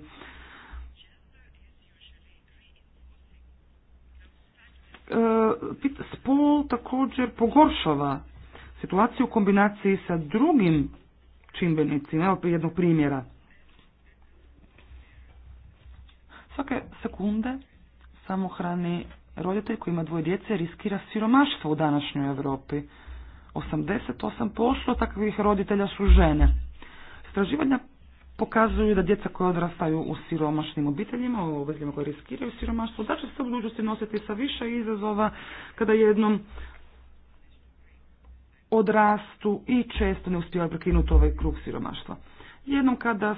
spol također pogoršava situaciju u kombinaciji sa drugim čimbenicima. Evo jednog primjera. Svake sekunde samohrani roditelj koji ima dvoje djece riskira siromaštvo u današnjoj Europi. 88% takvih roditelja su žene. Istraživanja pokazuju da djeca koja odrastaju u siromašnim obiteljima, u obiteljima koje riskiraju siromaštvo, da će se u budućnosti nositi sa više izazova kada jednom odrastu i često ne uspiju prekinuti ovaj krug siromaštva. Jednom kada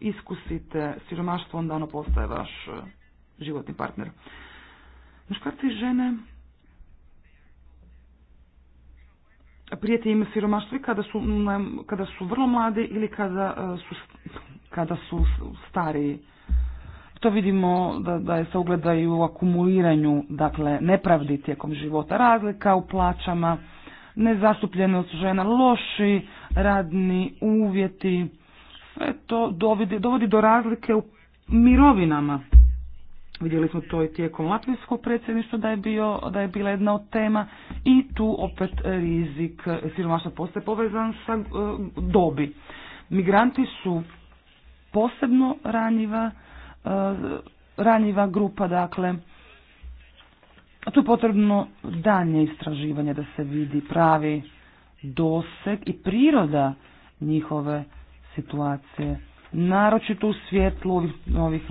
iskusite siromaštvo, onda ono postaje vaš eh, životni partner. Muškarci i žene prijeti im siromaštvi kada su, kada su vrlo mladi ili kada e, su, kada su stariji. To vidimo da, da je se ogledaju u akumuliranju dakle, nepravdi tijekom života, razlika u plaćama, nezastupljenost žena, loši radni uvjeti, sve to dovodi, dovodi do razlike u mirovinama. Vidjeli smo to i tijekom latvijskog predsjedništva da je, bio, da je bila jedna od tema i tu opet rizik siromaštva postaje povezan sa e, dobi. Migranti su posebno ranjiva, e, ranjiva grupa, dakle, a tu je potrebno danje istraživanje da se vidi pravi doseg i priroda njihove situacije naročito u svjetlu ovih, ovih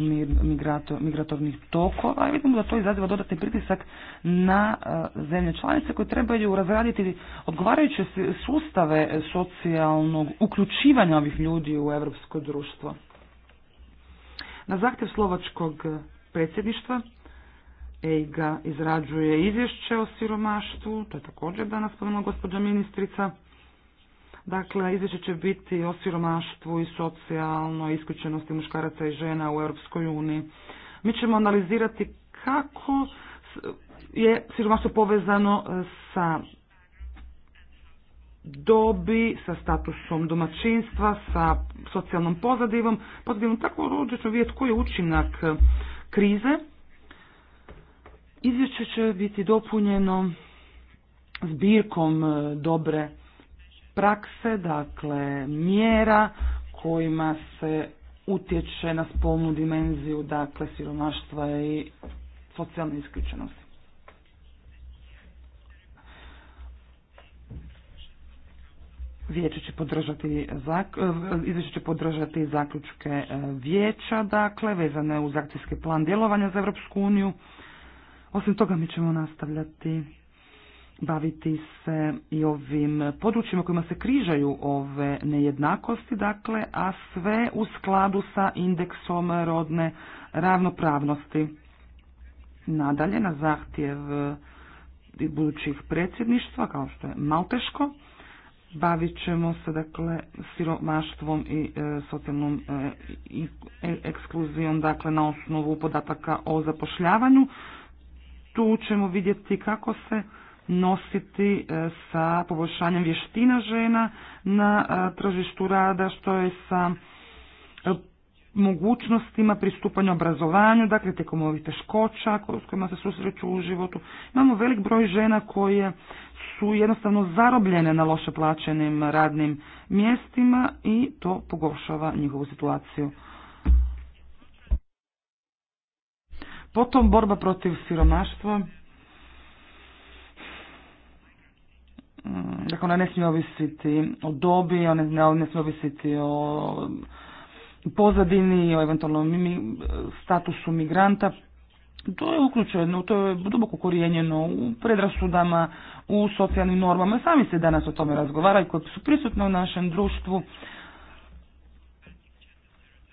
migratornih tokova. I vidimo da to izaziva dodatni pritisak na e, zemlje članice koje trebaju razraditi odgovarajuće sustave socijalnog uključivanja ovih ljudi u europsko društvo. Na zahtjev slovačkog predsjedništva EIGA izrađuje izvješće o siromaštvu, to je također danas spomenula gospođa ministrica. Dakle, izvješće će biti o siromaštvu i socijalnoj isključenosti muškaraca i žena u Europskoj uniji. Mi ćemo analizirati kako je siromaštvo povezano e, sa dobi, sa statusom domaćinstva, sa socijalnom pozadivom, pozadivom tako rođe ćemo vidjeti koji je učinak e, krize. Izvješće će biti dopunjeno zbirkom e, dobre prakse, dakle mjera kojima se utječe na spolnu dimenziju, dakle siromaštva i socijalne isključenosti. Vijeće će podržati, eh, će podržati zaključke eh, vijeća, dakle, vezane uz akcijski plan djelovanja za Europsku uniju. Osim toga mi ćemo nastavljati baviti se i ovim područjima kojima se križaju ove nejednakosti, dakle, a sve u skladu sa indeksom rodne ravnopravnosti. Nadalje, na zahtjev budućih predsjedništva, kao što je Malteško, bavit ćemo se, dakle, siromaštvom i e, socijalnom e, i ekskluzijom, dakle, na osnovu podataka o zapošljavanju. Tu ćemo vidjeti kako se nositi e, sa poboljšanjem vještina žena na e, tržištu rada, što je sa e, mogućnostima pristupanja obrazovanju, dakle tijekom ovih teškoća s kojima se susreću u životu. Imamo velik broj žena koje su jednostavno zarobljene na loše plaćenim radnim mjestima i to pogoršava njihovu situaciju. Potom borba protiv siromaštva. Mm, dakle ona ne smije ovisiti o dobi, ne, ne smije ovisiti o pozadini, o eventualnom statusu migranta. To je uključeno, to je duboko korijenjeno u predrasudama, u socijalnim normama. Sami se danas o tome razgovaraju koje su prisutne u našem društvu.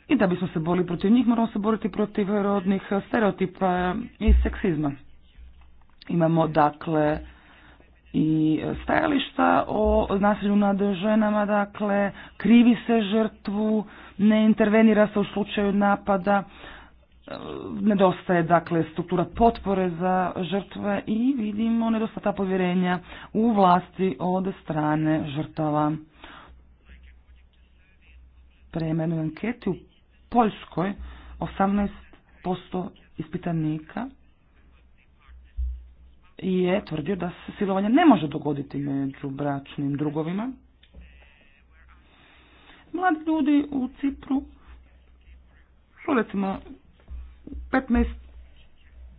I da bismo se borili protiv njih, moramo se boriti protiv rodnih stereotipa i seksizma. Imamo dakle i stajališta o nasilju nad ženama, dakle, krivi se žrtvu, ne intervenira se u slučaju napada, e, nedostaje dakle struktura potpore za žrtve i vidimo nedostata povjerenja u vlasti od strane žrtava. Prema jednoj anketi u Poljskoj 18% ispitanika je tvrdio da se silovanje ne može dogoditi među bračnim drugovima. Mladi ljudi u Cipru su recimo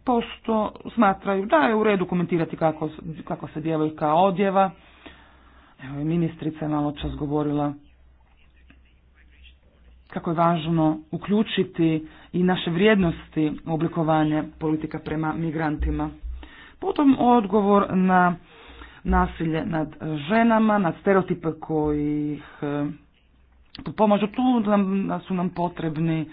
15% smatraju da je u redu komentirati kako, kako se djevojka odjeva. Evo i ministrica malo čas govorila kako je važno uključiti i naše vrijednosti u oblikovanje politika prema migrantima. Potom odgovor na nasilje nad ženama, nad stereotipe kojih e, pomažu tu su nam potrebni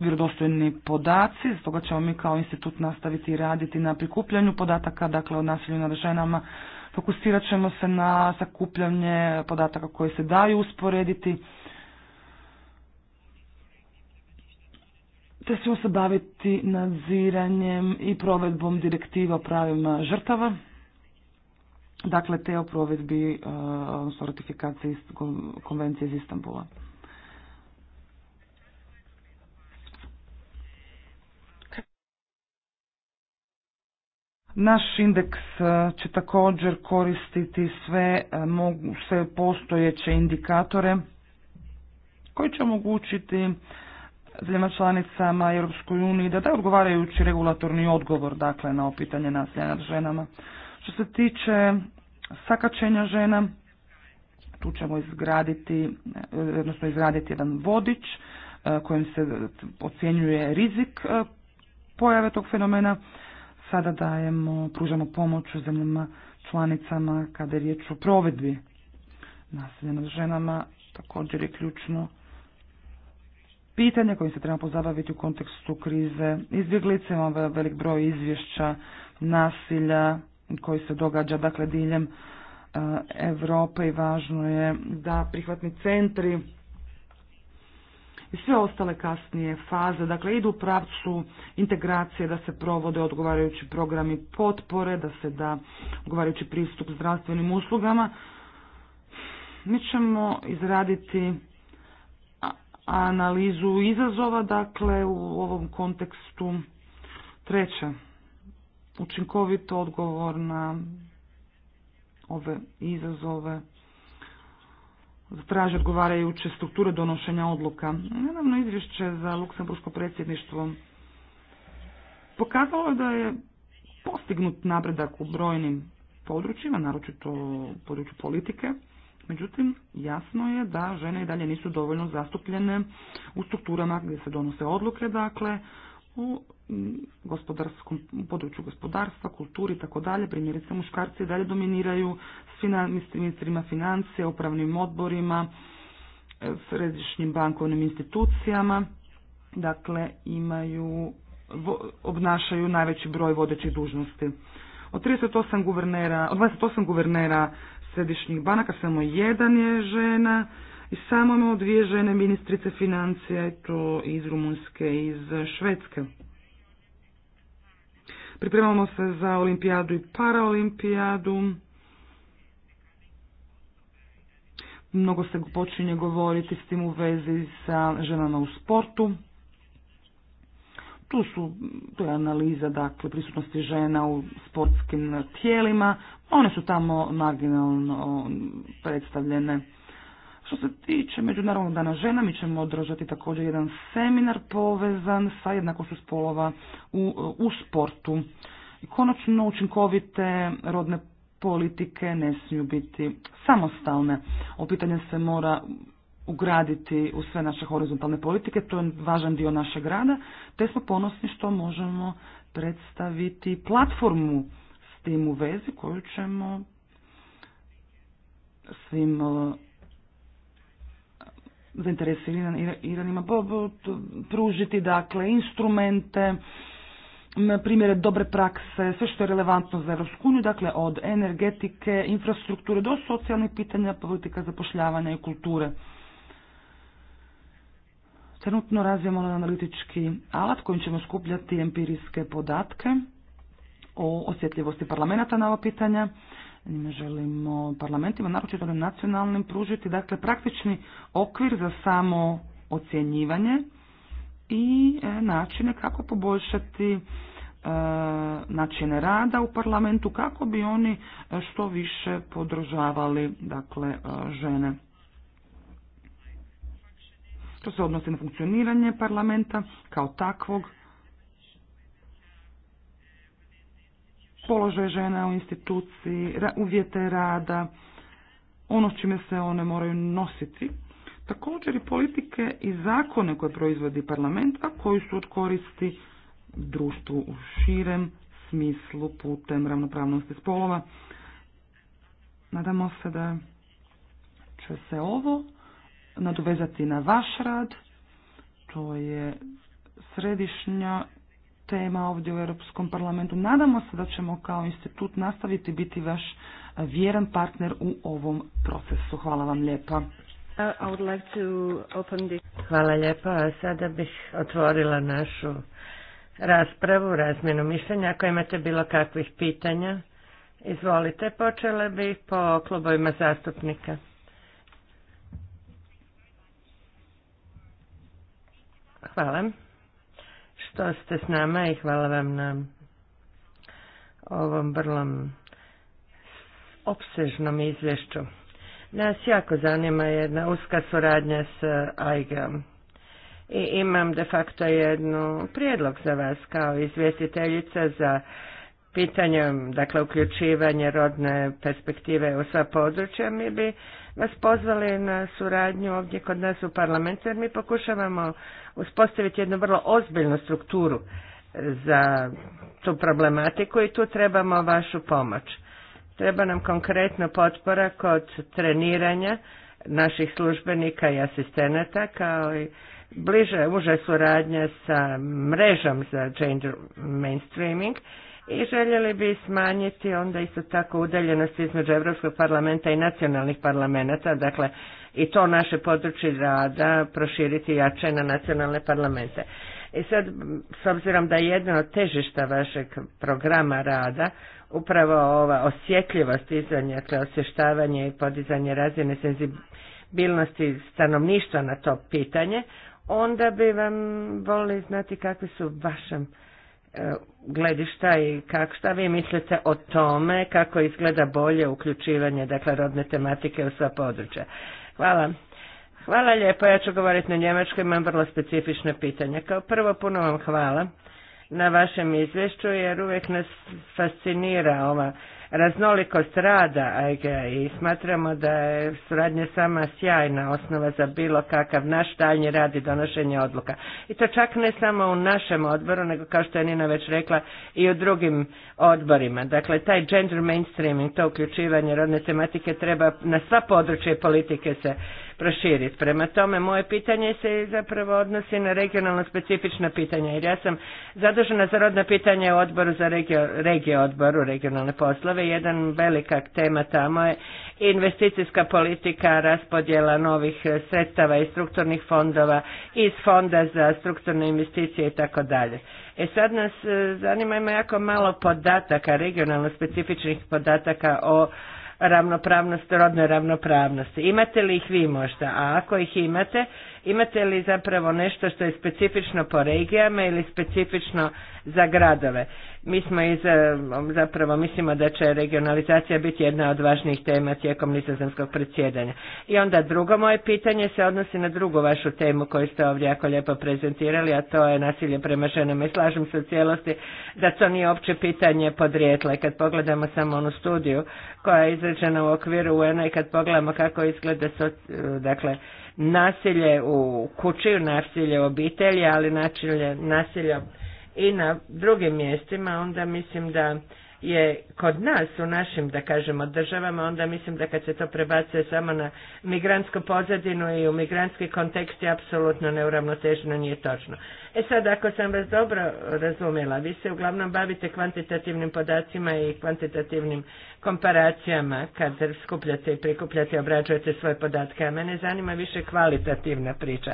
vjerodostojni podaci, stoga ćemo mi kao institut nastaviti raditi na prikupljanju podataka, dakle o nasilju nad ženama. Fokusirat ćemo se na sakupljanje podataka koje se daju usporediti te ćemo se baviti nadziranjem i provedbom direktiva o pravima žrtava. Dakle, te o provedbi, e, odnosno ratifikaciji konvencije iz Istambula. Naš indeks e, će također koristiti sve, e, sve postojeće indikatore koji će omogućiti zemljama članicama Europskoj uniji da odgovarajući regulatorni odgovor dakle na opitanje nasilja nad ženama. Što se tiče sakačenja žena, tu ćemo izgraditi, odnosno izgraditi jedan vodič e, kojim se ocjenjuje rizik e, pojave tog fenomena. Sada dajemo, pružamo pomoć u zemljama članicama kada je riječ o provedbi nasilja nad ženama. Također je ključno pitanja kojim se treba pozabaviti u kontekstu krize. Izbjeglice imamo velik broj izvješća, nasilja koji se događa dakle diljem e, Europe i važno je da prihvatni centri i sve ostale kasnije faze, dakle idu u pravcu integracije, da se provode odgovarajući programi potpore, da se da odgovarajući pristup zdravstvenim uslugama. Mi ćemo izraditi analizu izazova, dakle u ovom kontekstu treća učinkovito odgovor na ove izazove traži odgovarajuće strukture donošenja odluka. Nedavno izvješće za Luksembursko predsjedništvo pokazalo je da je postignut napredak u brojnim područjima, naročito u području politike, Međutim, jasno je da žene i dalje nisu dovoljno zastupljene u strukturama gdje se donose odluke, dakle, u gospodarskom području gospodarstva, kulturi i tako dalje. Primjerice, muškarci i dalje dominiraju s ministrima financija, upravnim odborima, e, središnjim bankovnim institucijama. Dakle, imaju, obnašaju najveći broj vodećih dužnosti. Od 38 guvernera, od 28 guvernera središnjih banaka, samo jedan je žena i samo imamo dvije žene ministrice financija i to iz Rumunjske i iz Švedske. Pripremamo se za olimpijadu i paraolimpijadu. Mnogo se počinje govoriti s tim u vezi sa ženama u sportu. Tu su, to je analiza dakle, prisutnosti žena u sportskim tijelima, one su tamo marginalno predstavljene. Što se tiče Međunarodnog dana žena, mi ćemo održati također jedan seminar povezan sa jednakošću spolova u, u sportu. I konačno učinkovite rodne politike ne smiju biti samostalne. O pitanje se mora ugraditi u sve naše horizontalne politike, to je važan dio našeg rada, te smo ponosni što možemo predstaviti platformu s tim u vezi koju ćemo svim e, zainteresiranima pružiti dakle instrumente, primjere dobre prakse, sve što je relevantno za Evropsku uniju, dakle od energetike, infrastrukture do socijalnih pitanja, politika zapošljavanja i kulture. Trenutno razvijamo analitički alat kojim ćemo skupljati empirijske podatke o osjetljivosti parlamenta na ova pitanja. Njime želimo parlamentima, naročito nacionalnim, pružiti dakle, praktični okvir za samo ocjenjivanje i e, načine kako poboljšati e, načine rada u parlamentu kako bi oni što više podržavali dakle e, žene što se odnosi na funkcioniranje parlamenta kao takvog, položaj žena u instituciji, uvjete rada, ono s čime se one moraju nositi, također i politike i zakone koje proizvodi parlament, a koji su od koristi društvu u širem smislu putem ravnopravnosti spolova. Nadamo se da će se ovo nadovezati na vaš rad. To je središnja tema ovdje u Europskom parlamentu. Nadamo se da ćemo kao institut nastaviti biti vaš e, vjeran partner u ovom procesu. Hvala vam lijepa. Uh, Hvala lijepa. sada bih otvorila našu raspravu, razmjenu mišljenja. Ako imate bilo kakvih pitanja, izvolite. Počela bih po klubovima zastupnika. Hvala što ste s nama i hvala vam na ovom vrlo opsežnom izvješću. Nas jako zanima jedna uska suradnja s aig I imam de facto jednu prijedlog za vas kao izvjestiteljica za pitanje, dakle uključivanje rodne perspektive u sva područja, mi bi vas pozvali na suradnju ovdje kod nas u parlamentu jer mi pokušavamo uspostaviti jednu vrlo ozbiljnu strukturu za tu problematiku i tu trebamo vašu pomoć. Treba nam konkretno potpora kod treniranja naših službenika i asistenata kao i bliže uže suradnje sa mrežom za gender mainstreaming i željeli bi smanjiti onda isto tako udaljenost između Europskog parlamenta i nacionalnih parlamenta, dakle i to naše područje rada proširiti jače na nacionalne parlamente. I sad, s obzirom da je jedno od težišta vašeg programa rada upravo ova osjetljivost izvanja, dakle, osještavanje i podizanje razine senzibilnosti stanovništva na to pitanje, onda bi vam volili znati kakvi su vašem e, gledišta i kako šta vi mislite o tome kako izgleda bolje uključivanje dakle rodne tematike u sva područja. Hvala. Hvala lijepo, ja ću govoriti na njemačkoj, imam vrlo specifične pitanje. Kao prvo, puno vam hvala na vašem izvješću, jer uvijek nas fascinira ova raznolikost rada i smatramo da je suradnja sama sjajna osnova za bilo kakav naš daljnji rad i donošenje odluka. I to čak ne samo u našem odboru, nego kao što je Nina već rekla i u drugim odborima. Dakle, taj gender mainstreaming, to uključivanje rodne tematike treba na sva područje politike se proširiti. Prema tome, moje pitanje se zapravo odnosi na regionalno specifična pitanja, jer ja sam zadužena za rodna pitanja u odboru za regio, regio odboru, regionalne poslove. Jedan velika tema tamo je investicijska politika, raspodjela novih sredstava i strukturnih fondova, iz fonda za strukturne investicije i tako dalje. E sad nas e, zanima ima jako malo podataka, regionalno specifičnih podataka o ravnopravnosti, rodne ravnopravnosti. Imate li ih vi možda? A ako ih imate, imate li zapravo nešto što je specifično po regijama ili specifično za gradove? Mi smo iz, e, zapravo mislimo da će regionalizacija biti jedna od važnijih tema tijekom nizozemskog predsjedanja. I onda drugo moje pitanje se odnosi na drugu vašu temu koju ste ovdje jako lijepo prezentirali, a to je nasilje prema ženama. I slažem se u cijelosti da to nije opće pitanje podrijetla. I kad pogledamo samo onu studiju koja je izrađena u okviru UN-a i kad pogledamo kako izgleda e, dakle, nasilje u kući, nasilje u obitelji, ali nasilje, nasilje i na drugim mjestima, onda mislim da je kod nas u našim, da kažemo, državama, onda mislim da kad se to prebacuje samo na migrantsku pozadinu i u migrantski kontekst je apsolutno neuravnotežno, nije točno. E sad, ako sam vas dobro razumjela, vi se uglavnom bavite kvantitativnim podacima i kvantitativnim komparacijama kad skupljate i prikupljate i obrađujete svoje podatke, a mene zanima više kvalitativna priča.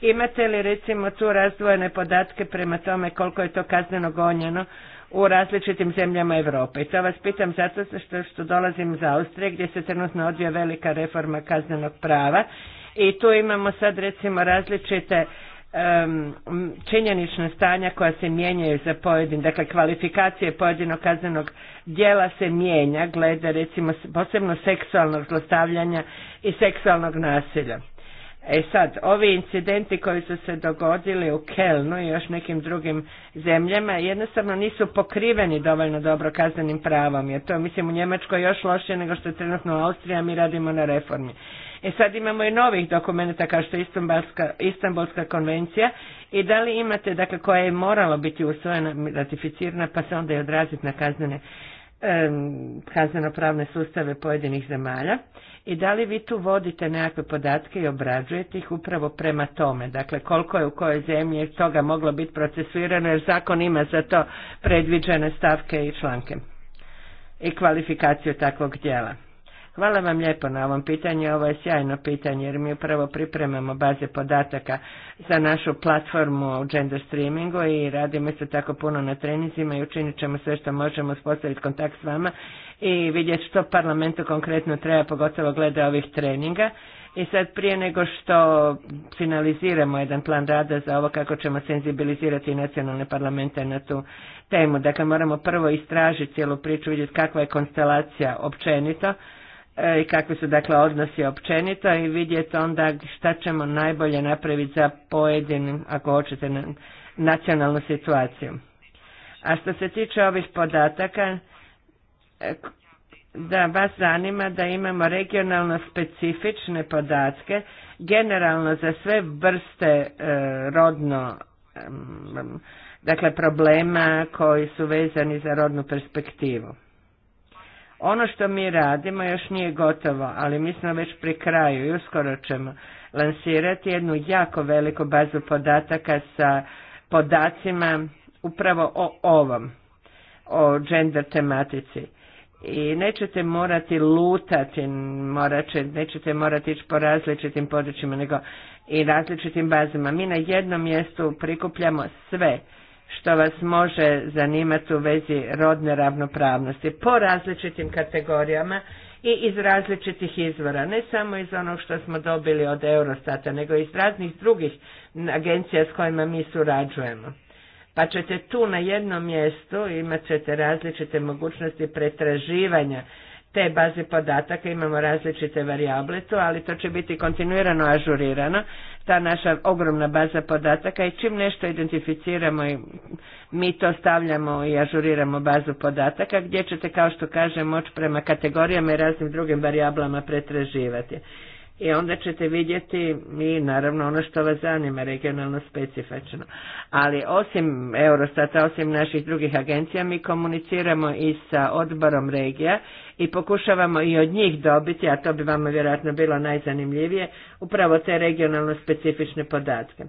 Imate li recimo tu razdvojene podatke prema tome koliko je to kazneno gonjeno u različitim zemljama Europe. I to vas pitam zato što, što dolazim iz Austrije gdje se trenutno odvija velika reforma kaznenog prava i tu imamo sad recimo različite um, činjenična stanja koja se mijenjaju za pojedin, dakle kvalifikacije pojedinog kaznenog djela se mijenja glede recimo posebno seksualnog zlostavljanja i seksualnog nasilja. E sad, ovi incidenti koji su se dogodili u Kelnu i još nekim drugim zemljama jednostavno nisu pokriveni dovoljno dobro kaznenim pravom, jer to mislim u Njemačkoj još lošije nego što je trenutno u Austriji, a mi radimo na reformi. E sad imamo i novih dokumenta kao što je Istanbulska, konvencija i da li imate, dakle, koja je morala biti usvojena, ratificirana, pa se onda i odraziti na kaznene, um, pravne sustave pojedinih zemalja i da li vi tu vodite nekakve podatke i obrađujete ih upravo prema tome, dakle koliko je u kojoj zemlji toga moglo biti procesuirano jer zakon ima za to predviđene stavke i članke i kvalifikaciju takvog dijela. Hvala vam lijepo na ovom pitanju, ovo je sjajno pitanje jer mi upravo pripremamo baze podataka za našu platformu u gender streamingu i radimo se tako puno na trenizima i učinit ćemo sve što možemo uspostaviti kontakt s vama i vidjeti što parlamentu konkretno treba, pogotovo glede ovih treninga. I sad prije nego što finaliziramo jedan plan rada za ovo kako ćemo senzibilizirati nacionalne parlamente na tu temu, dakle moramo prvo istražiti cijelu priču, vidjeti kakva je konstelacija općenito e, i kakvi su dakle odnosi općenito i vidjeti onda šta ćemo najbolje napraviti za pojedinu, ako hoćete, nacionalnu situaciju. A što se tiče ovih podataka, E, da vas zanima da imamo regionalno specifične podatke generalno za sve vrste e, rodno dakle problema koji su vezani za rodnu perspektivu. Ono što mi radimo još nije gotovo, ali mi smo već pri kraju i uskoro ćemo lansirati jednu jako veliku bazu podataka sa podacima upravo o ovom, o gender tematici i nećete morati lutati, morat će, nećete morati ići po različitim područjima nego i različitim bazama. Mi na jednom mjestu prikupljamo sve što vas može zanimati u vezi rodne ravnopravnosti po različitim kategorijama i iz različitih izvora, ne samo iz onog što smo dobili od Eurostata, nego iz raznih drugih agencija s kojima mi surađujemo pa ćete tu na jednom mjestu imat ćete različite mogućnosti pretraživanja te baze podataka, imamo različite varijable tu, ali to će biti kontinuirano ažurirano, ta naša ogromna baza podataka i čim nešto identificiramo i mi to stavljamo i ažuriramo bazu podataka gdje ćete kao što kažem moći prema kategorijama i raznim drugim varijablama pretraživati i onda ćete vidjeti i naravno ono što vas zanima regionalno specifično. Ali osim Eurostata, osim naših drugih agencija, mi komuniciramo i sa odborom regija i pokušavamo i od njih dobiti, a to bi vama vjerojatno bilo najzanimljivije, upravo te regionalno specifične podatke.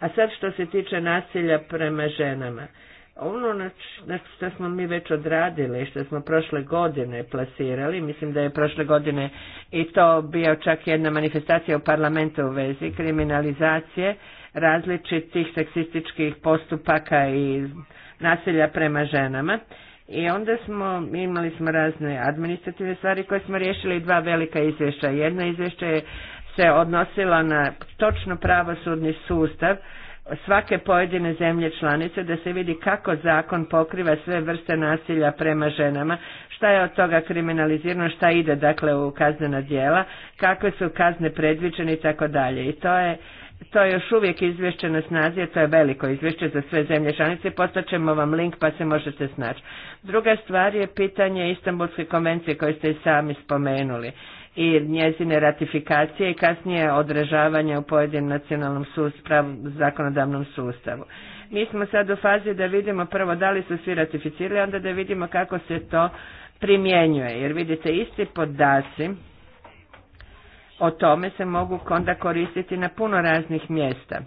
A sad što se tiče nasilja prema ženama. Ono na što smo mi već odradili, što smo prošle godine plasirali, mislim da je prošle godine i to bio čak jedna manifestacija u parlamentu u vezi kriminalizacije različitih seksističkih postupaka i nasilja prema ženama. I onda smo, imali smo razne administrativne stvari koje smo riješili dva velika izvješća. Jedno izvješće je se odnosila na točno pravosudni sustav svake pojedine zemlje članice da se vidi kako zakon pokriva sve vrste nasilja prema ženama, šta je od toga kriminalizirano, šta ide dakle u kaznena djela, kakve su kazne predviđene i tako dalje. I to je to je još uvijek izvješće na snazi, to je veliko izvješće za sve zemlje članice, postaćemo vam link pa se možete snaći. Druga stvar je pitanje Istanbulske konvencije koje ste i sami spomenuli i njezine ratifikacije i kasnije održavanje u pojedinom nacionalnom zakonodavnom sustavu. Mi smo sad u fazi da vidimo prvo da li su svi ratificirali, onda da vidimo kako se to primjenjuje. Jer vidite, isti podaci o tome se mogu onda koristiti na puno raznih mjesta.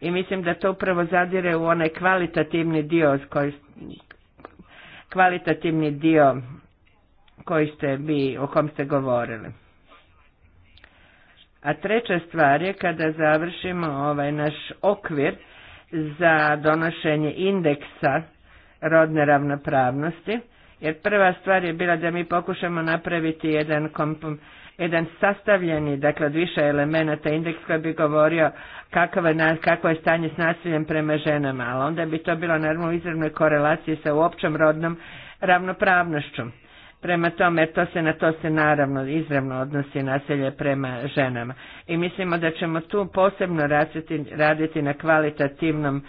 I mislim da to upravo zadire u onaj kvalitativni dio koji, kvalitativni dio koji ste vi, o kom ste govorili. A treća stvar je kada završimo ovaj naš okvir za donošenje indeksa rodne ravnopravnosti, jer prva stvar je bila da mi pokušamo napraviti jedan kompom, jedan sastavljeni, dakle od više elemenata indeks koji bi govorio kakvo je, kako je stanje s nasiljem prema ženama, ali onda bi to bilo naravno u izravnoj korelaciji sa uopćom rodnom ravnopravnošću. Prema tome, to se na to se naravno izravno odnosi nasilje prema ženama. I mislimo da ćemo tu posebno raditi, raditi na kvalitativnom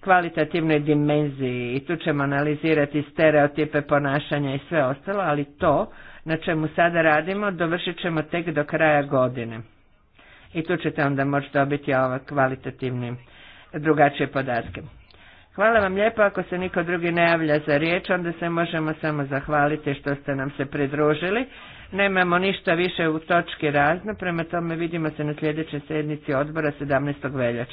kvalitativnoj dimenziji i tu ćemo analizirati stereotipe ponašanja i sve ostalo, ali to na čemu sada radimo dovršit ćemo tek do kraja godine. I tu ćete onda moći dobiti ova kvalitativne, drugačije podatke. Hvala vam lijepo, ako se niko drugi ne javlja za riječ, onda se možemo samo zahvaliti što ste nam se pridružili. Nemamo ništa više u točki razno, prema tome vidimo se na sljedećoj sjednici odbora 17. veljače.